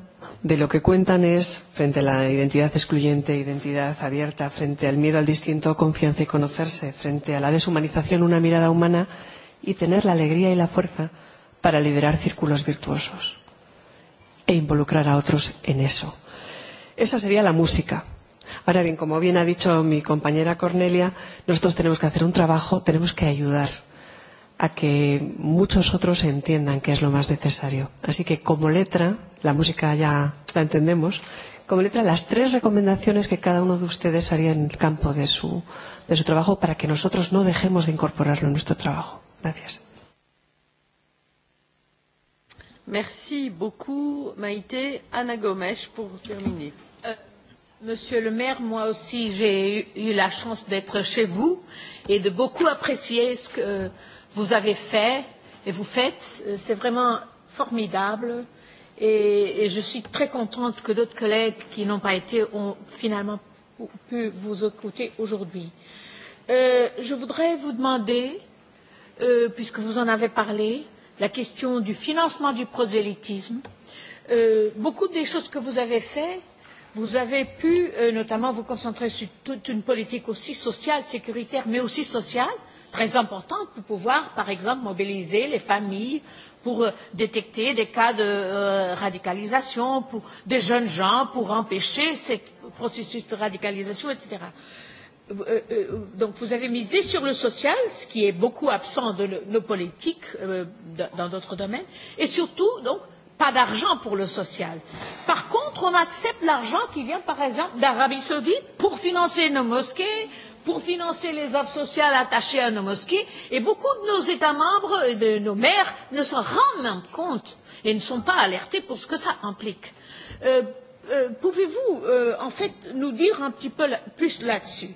Speaker 7: de lo que cuentan es, frente a la identidad excluyente, identidad abierta, frente al miedo al distinto, confianza y conocerse, frente a la deshumanización, una mirada humana y tener la alegría y la fuerza para liderar círculos virtuosos e involucrar a otros en eso. Esa sería la música. Ahora bien, como bien ha dicho mi compañera Cornelia, nosotros tenemos que hacer un trabajo, tenemos que ayudar a que muchos otros entiendan que es lo más necesario. Así que como letra, la música ya la entendemos, como letra las tres recomendaciones que cada uno de ustedes haría en el campo de su, de su trabajo para que nosotros no dejemos de incorporarlo en nuestro trabajo. Gracias.
Speaker 1: Merci beaucoup, Maite. Ana Gomes, pour terminer. Monsieur le
Speaker 6: maire, moi aussi, j'ai eu la chance d'être chez vous et de beaucoup apprécier ce que vous avez fait et vous faites. C'est vraiment formidable et, et je suis très contente que d'autres collègues qui n'ont pas été ont finalement pu vous écouter aujourd'hui. Euh, je voudrais vous demander, euh, puisque vous en avez parlé, la question du financement du prosélytisme. Euh, beaucoup des choses que vous avez faites vous avez pu euh, notamment vous concentrer sur toute une politique aussi sociale, sécuritaire, mais aussi sociale, très importante pour pouvoir, par exemple, mobiliser les familles pour euh, détecter des cas de euh, radicalisation pour des jeunes gens, pour empêcher ce processus de radicalisation, etc. Euh, donc vous avez misé sur le social, ce qui est beaucoup absent de nos politiques dans d'autres domaines, et surtout donc pas d'argent pour le social. Par contre, on accepte l'argent qui vient, par exemple, d'Arabie saoudite pour financer nos mosquées, pour financer les offres sociales attachées à nos mosquées, et beaucoup de nos États membres et de nos maires ne s'en rendent même compte et ne sont pas alertés pour ce que ça implique. Euh, Euh, pouvez-vous euh, en fait nous dire un petit peu plus là-dessus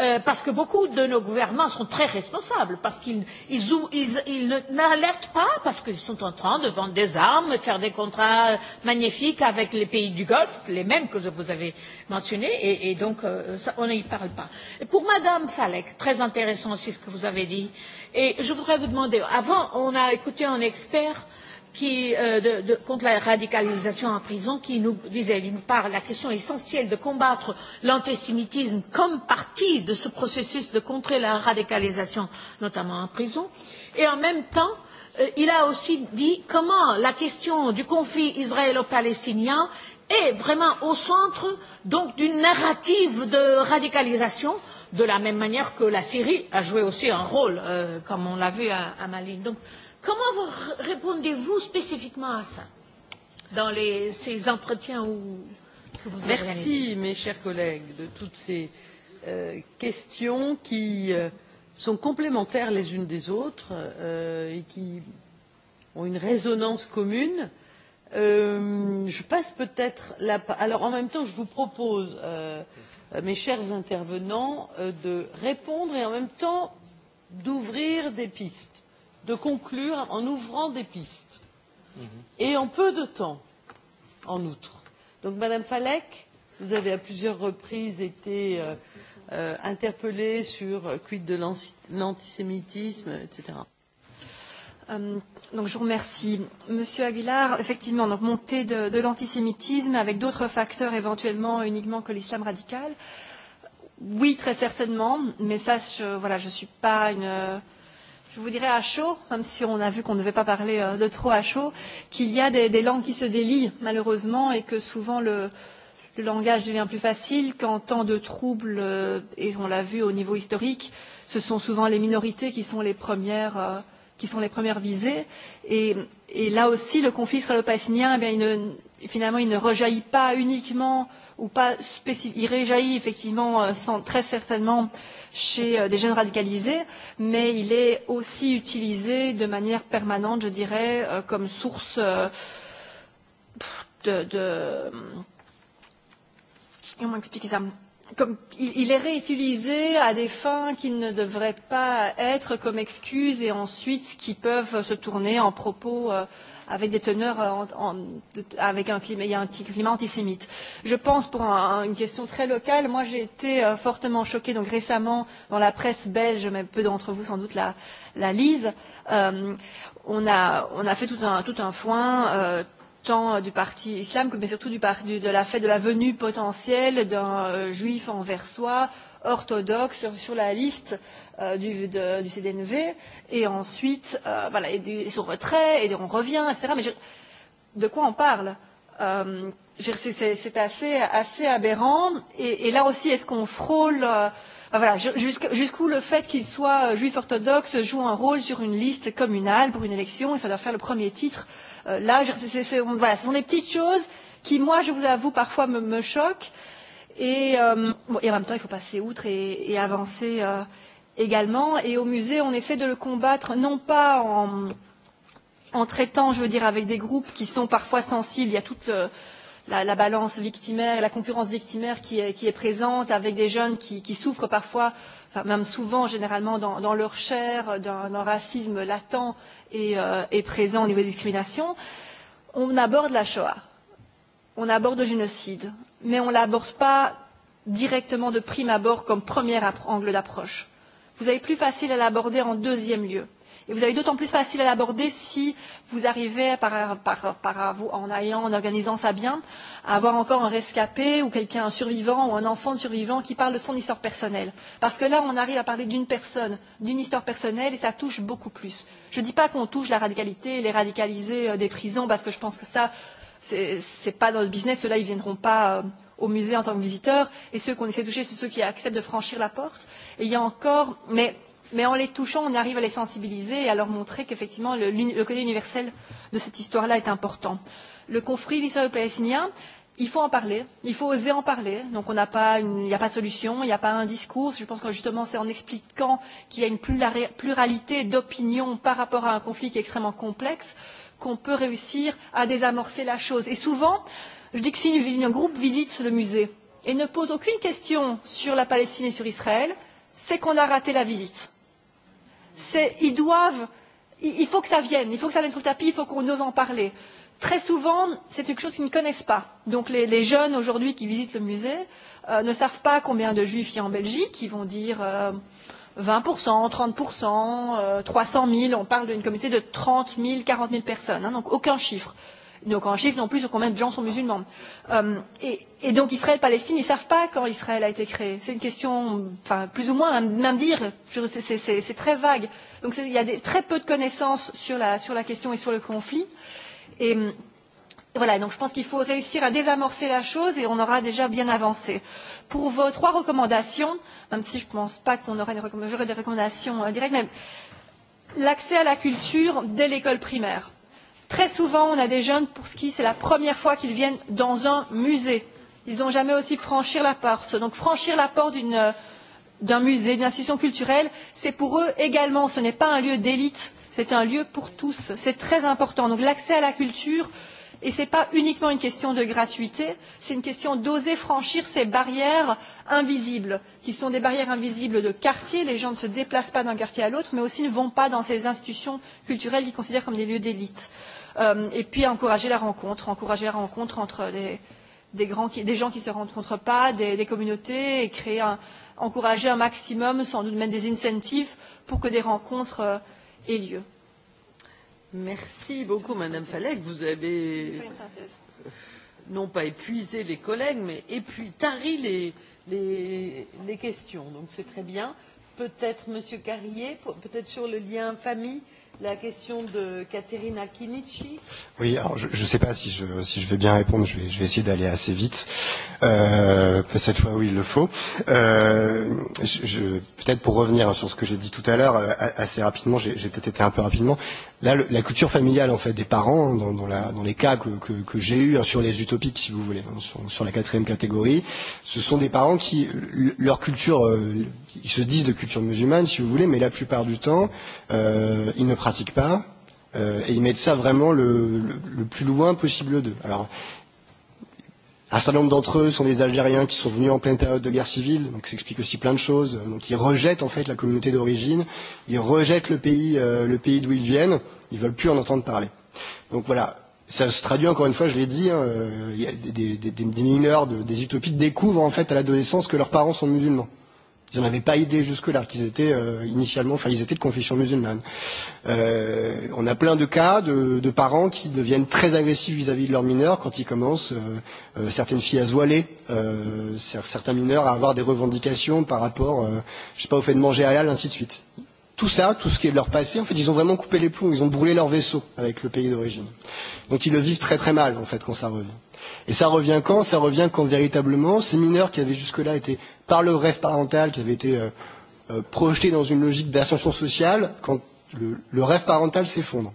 Speaker 6: euh, Parce que beaucoup de nos gouvernements sont très responsables, parce qu'ils ils, ils, ils n'alertent pas, parce qu'ils sont en train de vendre des armes, faire des contrats euh, magnifiques avec les pays du Golfe, les mêmes que vous avez mentionnés, et, et donc euh, ça, on n'y parle pas. Et pour Madame Falek, très intéressant aussi ce que vous avez dit, et je voudrais vous demander, avant on a écouté un expert, euh, qui, euh, de, de, contre la radicalisation en prison qui nous disait d'une part la question essentielle de combattre l'antisémitisme comme partie de ce processus de contrer la radicalisation notamment en prison et en même temps euh, il a aussi dit comment la question du conflit israélo palestinien est vraiment au centre d'une narrative de radicalisation de la même manière que la Syrie a joué aussi un rôle euh, comme on l'a vu à, à Donc, euh, Comment vous répondez-vous spécifiquement à ça dans les, ces entretiens où, que vous Merci, organisez
Speaker 1: mes chers collègues, de toutes ces euh, questions qui euh, sont complémentaires les unes des autres euh, et qui ont une résonance commune. Euh, je passe peut-être la alors en même temps je vous propose euh, euh, mes chers intervenants euh, de répondre et en même temps d'ouvrir des pistes de conclure en ouvrant des pistes mm-hmm. et en peu de temps en outre. donc madame Falek, vous avez à plusieurs reprises été euh, euh, interpellée sur euh, quid de l'antisémitisme, etc.
Speaker 14: Euh, donc je vous remercie. Monsieur Aguilar, effectivement, donc montée de, de l'antisémitisme avec d'autres facteurs éventuellement uniquement que l'islam radical. Oui, très certainement, mais ça, je, voilà, je ne suis pas une, je vous dirais à chaud, même si on a vu qu'on ne devait pas parler euh, de trop à chaud, qu'il y a des, des langues qui se délient malheureusement et que souvent le, le langage devient plus facile qu'en temps de troubles, euh, et on l'a vu au niveau historique, ce sont souvent les minorités qui sont les premières, euh, qui sont les premières visées. Et, et là aussi, le conflit israélo-palestinien, eh finalement, il ne rejaillit pas uniquement euh, ou pas spécifique. Il réjaillit effectivement euh, sans, très certainement chez euh, des jeunes radicalisés, mais il est aussi utilisé de manière permanente, je dirais, euh, comme source de, de comment expliquer ça comme, il, il est réutilisé à des fins qui ne devraient pas être comme excuses et ensuite qui peuvent se tourner en propos euh, avec des teneurs euh, en, en, avec un, climat, il y a un petit climat antisémite. Je pense, pour un, une question très locale, moi j'ai été euh, fortement choquée donc récemment dans la presse belge, mais peu d'entre vous sans doute la, la lisent, euh, on, a, on a fait tout un, tout un foin. Euh, tant du parti islam que mais surtout du, parti de la fête de la venue potentielle d'un euh, juif soi orthodoxe sur, sur la liste euh, Euh, du, de, du CDNV, et ensuite, euh, voilà, et, du, et son retrait, et on revient, etc. Mais je, de quoi on parle euh, C'est assez, assez aberrant. Et, et là aussi, est-ce qu'on frôle euh, voilà, jusqu'où le fait qu'il soit euh, juif orthodoxe joue un rôle sur une liste communale pour une élection, et ça doit faire le premier titre. Euh, là, je, c est, c est, c on, voilà, ce sont des petites choses qui, moi, je vous avoue, parfois me, me choquent. Et, euh, bon, et en même temps, il faut passer outre et, et avancer. Euh, également. Et au musée, on essaie de le combattre non pas en, en traitant, je veux dire, avec des groupes qui sont parfois sensibles. Il y a toute le, euh, la, la balance victimaire, et la concurrence victimaire qui est, qui est présente avec des jeunes qui, qui souffrent parfois, enfin même souvent, généralement dans, dans leur chair, d'un racisme latent et, euh, et présent au niveau des discriminations. On aborde la Shoah, on aborde le génocide, mais on ne l'aborde pas directement de prime abord comme premier angle d'approche vous avez plus facile à l'aborder en deuxième lieu. Et vous avez d'autant plus facile à l'aborder si vous arrivez, par, par, par, en, ayant, en organisant ça bien, à avoir encore un rescapé ou quelqu'un, un survivant ou un enfant de survivant qui parle de son histoire personnelle. Parce que là, on arrive à parler d'une personne, d'une histoire personnelle et ça touche beaucoup plus. Je ne dis pas qu'on touche la radicalité, les radicalisés euh, des prisons, parce que je pense que ça, ce n'est pas dans le business, ceux-là, ils ne viendront pas. Euh, au musée en tant que visiteurs et ceux qu'on essaie de toucher, c'est ceux qui acceptent de franchir la porte. Et il y a encore, mais, mais en les touchant, on arrive à les sensibiliser et à leur montrer qu'effectivement le, le côté universel de cette histoire-là est important. Le conflit israélo-palestinien, il faut en parler, il faut oser en parler. Donc il n'y a pas de solution, il n'y a pas un discours. Je pense que justement c'est en expliquant qu'il y a une pluralité d'opinions par rapport à un conflit qui est extrêmement complexe qu'on peut réussir à désamorcer la chose. Et souvent, je dis que si un groupe visite le musée et ne pose aucune question sur la Palestine et sur Israël, c'est qu'on a raté la visite. Ils doivent, il faut que ça vienne, il faut que ça vienne sur le tapis, il faut qu'on ose en parler. Très souvent, c'est quelque chose qu'ils ne connaissent pas. Donc les, les jeunes aujourd'hui qui visitent le musée euh, ne savent pas combien de juifs il y a en Belgique, ils vont dire euh, 20%, 30%, euh, 300 000, on parle d'une communauté de 30 000, 40 000 personnes, hein, donc aucun chiffre n'ont aucun chiffre non plus sur combien de gens sont musulmans. Euh, et, et donc Israël et Palestine, ils ne savent pas quand Israël a été créé. C'est une question, enfin, plus ou moins, même dire, c'est très vague. Donc il y a des, très peu de connaissances sur la, sur la question et sur le conflit. Et voilà, donc je pense qu'il faut réussir à désamorcer la chose et on aura déjà bien avancé. Pour vos trois recommandations, même si je ne pense pas qu'on aurait des recommandations euh, directes, mais l'accès à la culture dès l'école primaire Très souvent, on a des jeunes pour qui c'est la première fois qu'ils viennent dans un musée. Ils n'ont jamais aussi franchi la porte. Donc franchir la porte d'un musée, d'une institution culturelle, c'est pour eux également. Ce n'est pas un lieu d'élite, c'est un lieu pour tous. C'est très important. Donc l'accès à la culture, et ce n'est pas uniquement une question de gratuité, c'est une question d'oser franchir ces barrières invisibles, qui sont des barrières invisibles de quartier. Les gens ne se déplacent pas d'un quartier à l'autre, mais aussi ne vont pas dans ces institutions culturelles qu'ils considèrent comme des lieux d'élite euh, et puis encourager la rencontre, encourager la rencontre entre des, des, grands qui, des gens qui ne se rencontrent pas, des, des communautés, et créer un, encourager un maximum, sans doute même des incentives, pour que des rencontres euh, aient lieu.
Speaker 1: Merci beaucoup, Madame Falek. Vous avez une synthèse. non pas épuisé les collègues, mais épuis, tari les, les, les questions. Donc c'est très bien. Peut-être Monsieur Carrier, peut-être sur le lien famille la question de Caterina Kinichi.
Speaker 15: Oui, alors je ne sais pas si je, si je vais bien répondre, je vais, je vais essayer d'aller assez vite, euh, cette fois oui, il le faut. Euh, je, je, peut-être pour revenir sur ce que j'ai dit tout à l'heure, euh, assez rapidement, j'ai peut-être été un peu rapidement, là, le, la culture familiale en fait des parents, dans, dans, la, dans les cas que, que, que j'ai eus hein, sur les utopiques, si vous voulez, hein, sur, sur la quatrième catégorie, ce sont des parents qui, leur culture, euh, ils se disent de culture musulmane, si vous voulez, mais la plupart du temps, euh, ils ne pratiquent pratiquent pas euh, et ils mettent ça vraiment le, le, le plus loin possible d'eux. Alors, un certain nombre d'entre eux sont des Algériens qui sont venus en pleine période de guerre civile, donc ça explique aussi plein de choses. Donc ils rejettent en fait la communauté d'origine, ils rejettent le pays, euh, le pays d'où ils viennent, ils veulent plus en entendre parler. Donc voilà, ça se traduit encore une fois, je l'ai dit, hein, euh, y a des, des, des mineurs, de, des utopies découvrent en fait à l'adolescence que leurs parents sont musulmans. Ils n'en avaient pas idée jusque-là, qu'ils étaient euh, initialement, enfin ils étaient de confession musulmane. Euh, on a plein de cas de, de parents qui deviennent très agressifs vis-à-vis -vis de leurs mineurs quand ils commencent, euh, euh, certaines filles à se voiler, euh, certains mineurs à avoir des revendications par rapport, euh, je sais pas, au fait de manger halal, ainsi de suite. Tout ça, tout ce qui est de leur passé, en fait, ils ont vraiment coupé les plombs, ils ont brûlé leur vaisseau avec le pays d'origine. Donc ils le vivent très très mal, en fait, quand ça revient. Et ça revient quand Ça revient quand véritablement ces mineurs qui avaient jusque-là été par le rêve parental qui avait été euh, euh, projeté dans une logique d'ascension sociale quand le, le rêve parental s'effondre.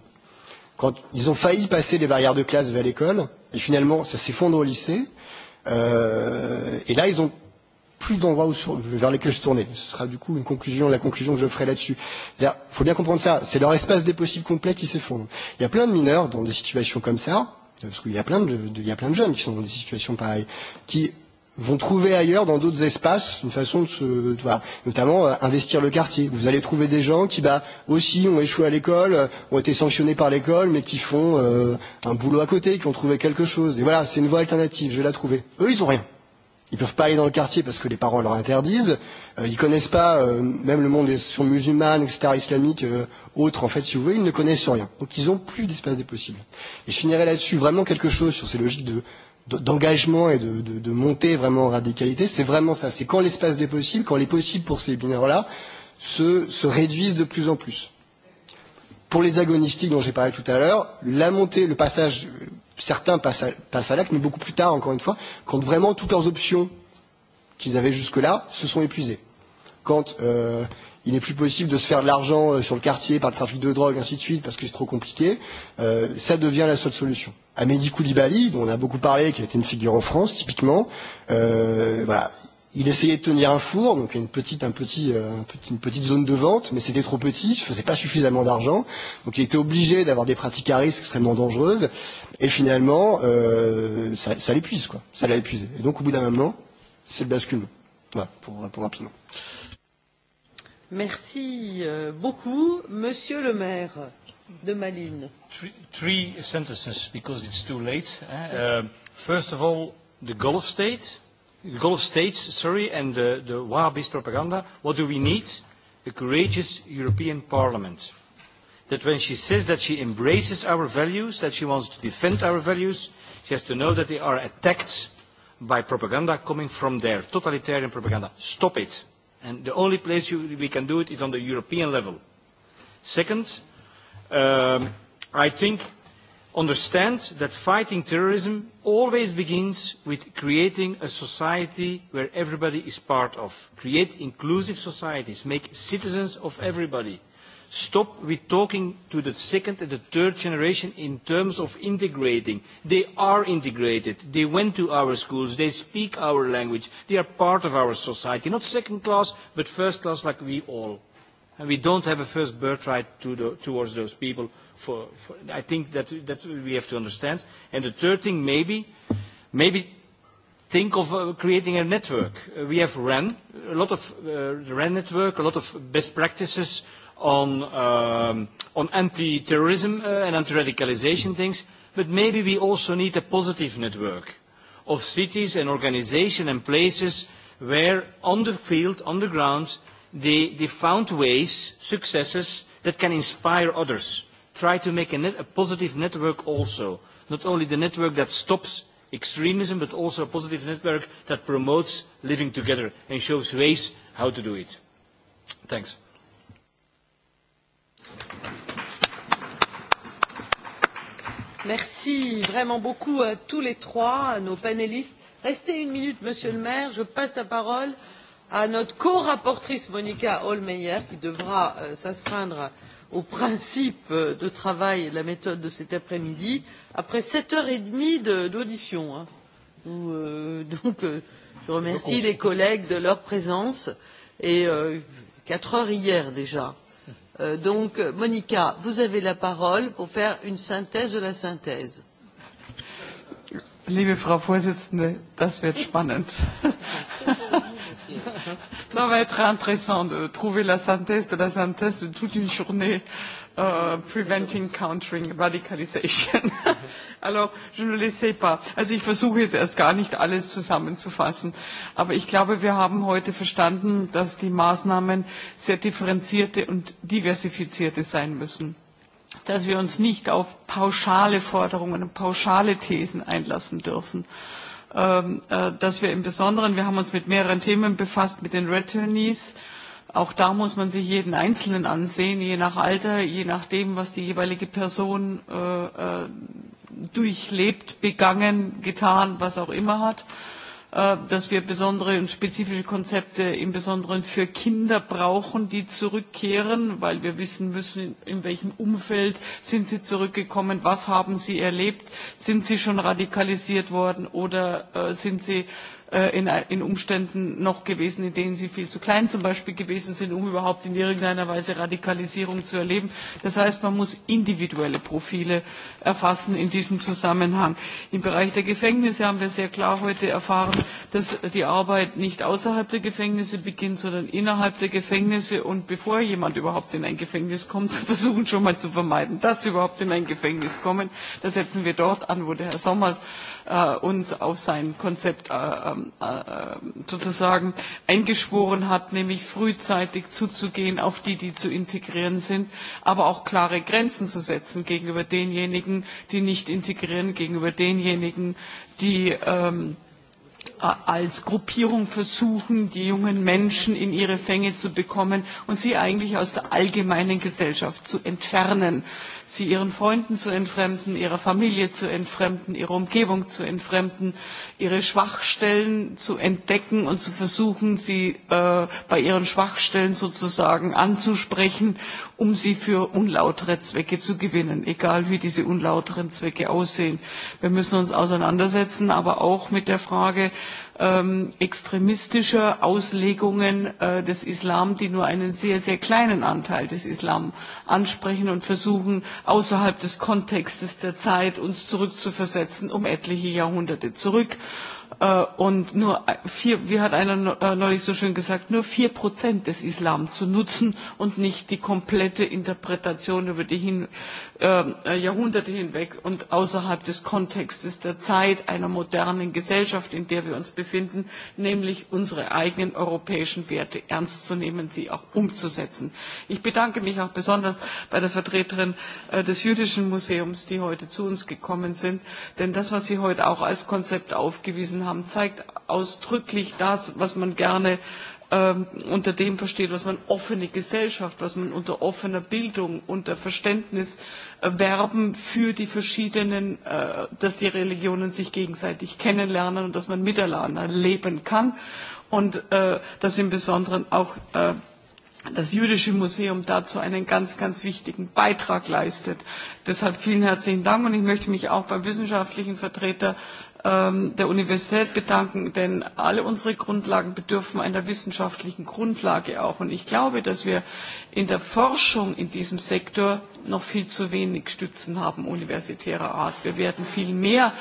Speaker 15: Quand ils ont failli passer les barrières de classe vers l'école, et finalement ça s'effondre au lycée, euh, et là ils ont plus d'endroits vers lesquels se tourner. Ce sera du coup une conclusion, la conclusion que je ferai là-dessus. Il là, faut bien comprendre ça. C'est leur espace des possibles complet qui s'effondre. Il y a plein de mineurs dans des situations comme ça, parce qu'il y de, de, y a plein de jeunes qui sont dans des situations pareilles, qui vont trouver ailleurs dans d'autres espaces une façon de se de, voilà, notamment euh, investir le quartier. Vous allez trouver des gens qui bah aussi ont échoué à l'école, euh, ont été sanctionnés par l'école, mais qui font euh, un boulot à côté, qui ont trouvé quelque chose. Et voilà, c'est une voie alternative, je vais la trouver. Eux, ils ont rien. Ils peuvent pas aller dans le quartier parce que les parents leur interdisent. Euh, ils connaissent pas euh, même le monde des sur musulmanes, etc., islamiques, euh, autres, en fait, si vous voulez, ils ne connaissent rien. Donc ils ont plus d'espace des possibles. Et je finirai là-dessus vraiment quelque chose sur ces logiques de d'engagement et de, de, de montée vraiment en radicalité, c'est vraiment ça. C'est quand l'espace des possibles, quand les possibles pour ces binaires-là se, se réduisent de plus en plus. Pour les agonistiques dont j'ai parlé tout à l'heure, la montée, le passage, euh, certains passent à, passent à l'acte, mais beaucoup plus tard, encore une fois, quand vraiment toutes leurs options qu'ils avaient jusque-là se sont épuisées. Quand euh, Il n'est plus possible de se faire de l'argent euh, sur le quartier par le trafic de drogue, ainsi de suite, parce que c'est trop compliqué. Euh, ça devient la seule solution. Amédi Koulibaly, dont on a beaucoup parlé, qui a été une figure en France, typiquement, euh, voilà, il essayait de tenir un four, donc une petite, un petit, euh, un petit, une petite zone de vente, mais c'était trop petit, il ne faisait pas suffisamment d'argent, donc il était obligé d'avoir des pratiques à risque extrêmement dangereuses, et finalement, euh, ça, ça l'épuise, quoi. Ça l'a épuisé. Et donc, au bout d'un moment, c'est le basculement.
Speaker 13: Voilà, pour répondre rapidement.
Speaker 1: Merci euh, beaucoup. Monsieur le maire de Malines. Three,
Speaker 13: three sentences because it's too late. Eh? Uh, first of all, the Gulf states, the Gulf states, sorry, and the, the Wahhabist propaganda. What do we need? A courageous European Parliament. That when she says that she embraces our values, that she wants to defend our values, she has to know that they are attacked by propaganda coming from there, totalitarian propaganda. Stop it And the only place you, we can do it is on the European level. Second, um, I think understand that fighting terrorism always begins with creating a society where everybody is part of. Create inclusive societies, make citizens of everybody Stop with talking to the second and the third generation in terms of integrating. They are integrated. They went to our schools. They speak our language. They are part of our society. Not second class, but first class like we all. And we don't have a first birthright to the, towards those people. For, for, I think that, that's what we have to understand. And the third thing, maybe, maybe think of uh, creating a network. Uh, we have RAN, a lot of uh, RAN network, a lot of best practices on, um, on anti-terrorism uh, and anti-radicalization things, but maybe we also need a positive network of cities and organizations and places where on the field, on the ground, they, they found ways, successes that can inspire others. Try to make a, net, a positive network also, not only the network that stops extremism, but also a positive network that promotes living together and shows ways how to do it. Thanks
Speaker 1: merci vraiment beaucoup à tous les trois à nos panélistes. restez une minute monsieur le maire je passe la parole à notre co-rapportrice monika hohlmeier qui devra euh, s'astreindre au principe euh, de travail et de la méthode de cet après midi après sept heures et demie d'audition. Euh, donc euh, je remercie les collègues de leur présence et euh, quatre heures hier déjà Euh, donc monika vous avez la parole pour faire une synthèse de la synthèse.
Speaker 19: liebe frau präsidentin das wird spannend. ça va être intéressant de trouver la synthèse de la synthèse de toute une journée Euh, preventing countering radicalization. Alors, je ne les sais pas. Also ich versuche jetzt erst gar nicht alles zusammenzufassen. Aber ich glaube, wir haben heute verstanden, dass die Maßnahmen sehr differenzierte und diversifizierte sein müssen dass wir uns nicht auf pauschale Forderungen und pauschale Thesen einlassen dürfen ähm, äh, dass wir im Besonderen, wir haben uns mit mehreren Themen befasst, mit den Returnees, Auch da muss man sich jeden Einzelnen ansehen, je nach Alter, je nachdem, was die jeweilige Person äh, äh, durchlebt, begangen, getan, was auch immer hat äh, dass wir besondere und spezifische Konzepte im Besonderen für Kinder brauchen, die zurückkehren, weil wir wissen müssen, in welchem Umfeld sind sie zurückgekommen, was haben sie erlebt, sind sie schon radikalisiert worden oder äh, sind sie Äh, in, Umständen noch gewesen, in denen sie viel zu klein zum Beispiel gewesen sind, um überhaupt in irgendeiner Weise Radikalisierung zu erleben. Das heißt, man muss individuelle Profile erfassen in diesem Zusammenhang. Im Bereich der Gefängnisse haben wir sehr klar heute erfahren, dass die Arbeit nicht außerhalb der Gefängnisse beginnt, sondern innerhalb der Gefängnisse und bevor jemand überhaupt in ein Gefängnis kommt, zu versuchen schon mal zu vermeiden, dass sie überhaupt in ein Gefängnis kommen. Da setzen wir dort an, wo der Herr Sommers äh, uns auf sein Konzept äh, ähm, äh, sozusagen eingeschworen hat, nämlich frühzeitig zuzugehen auf die, die zu integrieren sind, aber auch klare Grenzen zu setzen gegenüber denjenigen, die nicht integrieren, gegenüber denjenigen, die ähm, als Gruppierung versuchen, die jungen Menschen in ihre Fänge zu bekommen und sie eigentlich aus der allgemeinen Gesellschaft zu entfernen sie ihren Freunden zu entfremden, ihrer Familie zu entfremden, ihrer Umgebung zu entfremden, ihre Schwachstellen zu entdecken und zu versuchen, sie äh, bei ihren Schwachstellen sozusagen anzusprechen, um sie für unlautere Zwecke zu gewinnen, egal wie diese unlauteren Zwecke aussehen. Wir müssen uns auseinandersetzen, aber auch mit der Frage, Ähm, extremistische Auslegungen äh, des Islam, die nur einen sehr, sehr kleinen Anteil des Islam ansprechen und versuchen, außerhalb des Kontextes der Zeit uns zurückzuversetzen, um etliche Jahrhunderte zurück. Äh, und nur vier, wie hat einer äh, neulich so schön gesagt, nur vier Prozent des Islam zu nutzen und nicht die komplette Interpretation über die, hin, Ähm, Jahrhunderte hinweg und außerhalb des Kontextes der Zeit einer modernen Gesellschaft, in der wir uns befinden, nämlich unsere eigenen europäischen Werte ernst zu nehmen, sie auch umzusetzen. Ich bedanke mich auch besonders bei der Vertreterin äh, des Jüdischen Museums, die heute zu uns gekommen sind, denn das, was Sie heute auch als Konzept aufgewiesen haben, zeigt ausdrücklich das, was man gerne Ähm, unter dem versteht, was man offene Gesellschaft, was man unter offener Bildung, unter Verständnis äh, werben für die verschiedenen, äh, dass die Religionen sich gegenseitig kennenlernen und dass man miteinander leben kann und äh, dass im Besonderen auch das jüdische Museum dazu einen ganz, ganz wichtigen Beitrag leistet. Deshalb vielen herzlichen Dank und ich möchte mich auch beim wissenschaftlichen Vertreter Ähm, der Universität bedanken, denn alle unsere Grundlagen bedürfen einer wissenschaftlichen Grundlage auch. Und ich glaube, dass wir in der Forschung in diesem Sektor noch viel zu wenig Stützen haben universitärer Art. Wir werden viel mehr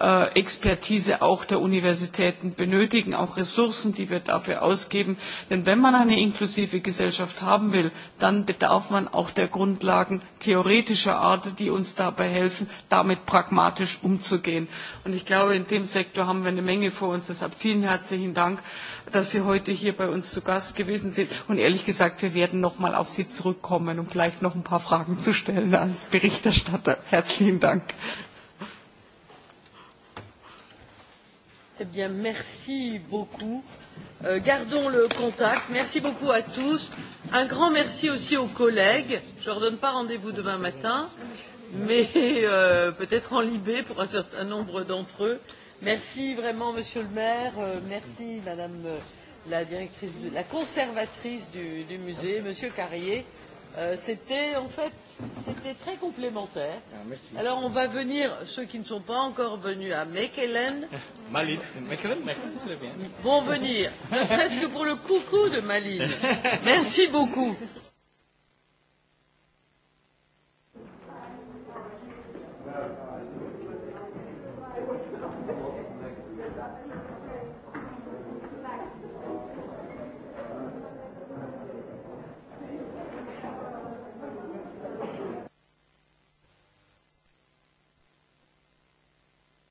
Speaker 19: Äh, Expertise auch der Universitäten benötigen, auch Ressourcen, die wir dafür ausgeben. Denn wenn man eine inklusive Gesellschaft haben will, dann bedarf man auch der Grundlagen theoretischer Art, die uns dabei helfen, damit pragmatisch umzugehen. Und ich glaube, in dem Sektor haben wir eine Menge vor uns. Deshalb vielen herzlichen Dank, dass Sie heute hier bei uns zu Gast gewesen sind. Und ehrlich gesagt, wir werden noch mal auf Sie zurückkommen, um vielleicht noch ein paar Fragen zu stellen als Berichterstatter. Herzlichen Dank.
Speaker 1: Eh bien, merci beaucoup. Euh, gardons le contact. Merci beaucoup à tous. Un grand merci aussi aux collègues. Je ne leur donne pas rendez-vous demain matin, mais euh, peut-être en Libé pour un certain nombre d'entre eux. Merci vraiment, Monsieur le maire. Euh, merci, Madame euh, la directrice, de, la conservatrice du, du musée, Monsieur Carrier Euh, c'était en fait c'était très complémentaire. Ah, merci. Alors on va venir ceux qui ne sont pas encore venus à Mechelen.
Speaker 13: Mechelen, Mechelen, c'est bien. Vont venir, ne
Speaker 1: serait-ce que pour le coucou de Maline Merci beaucoup.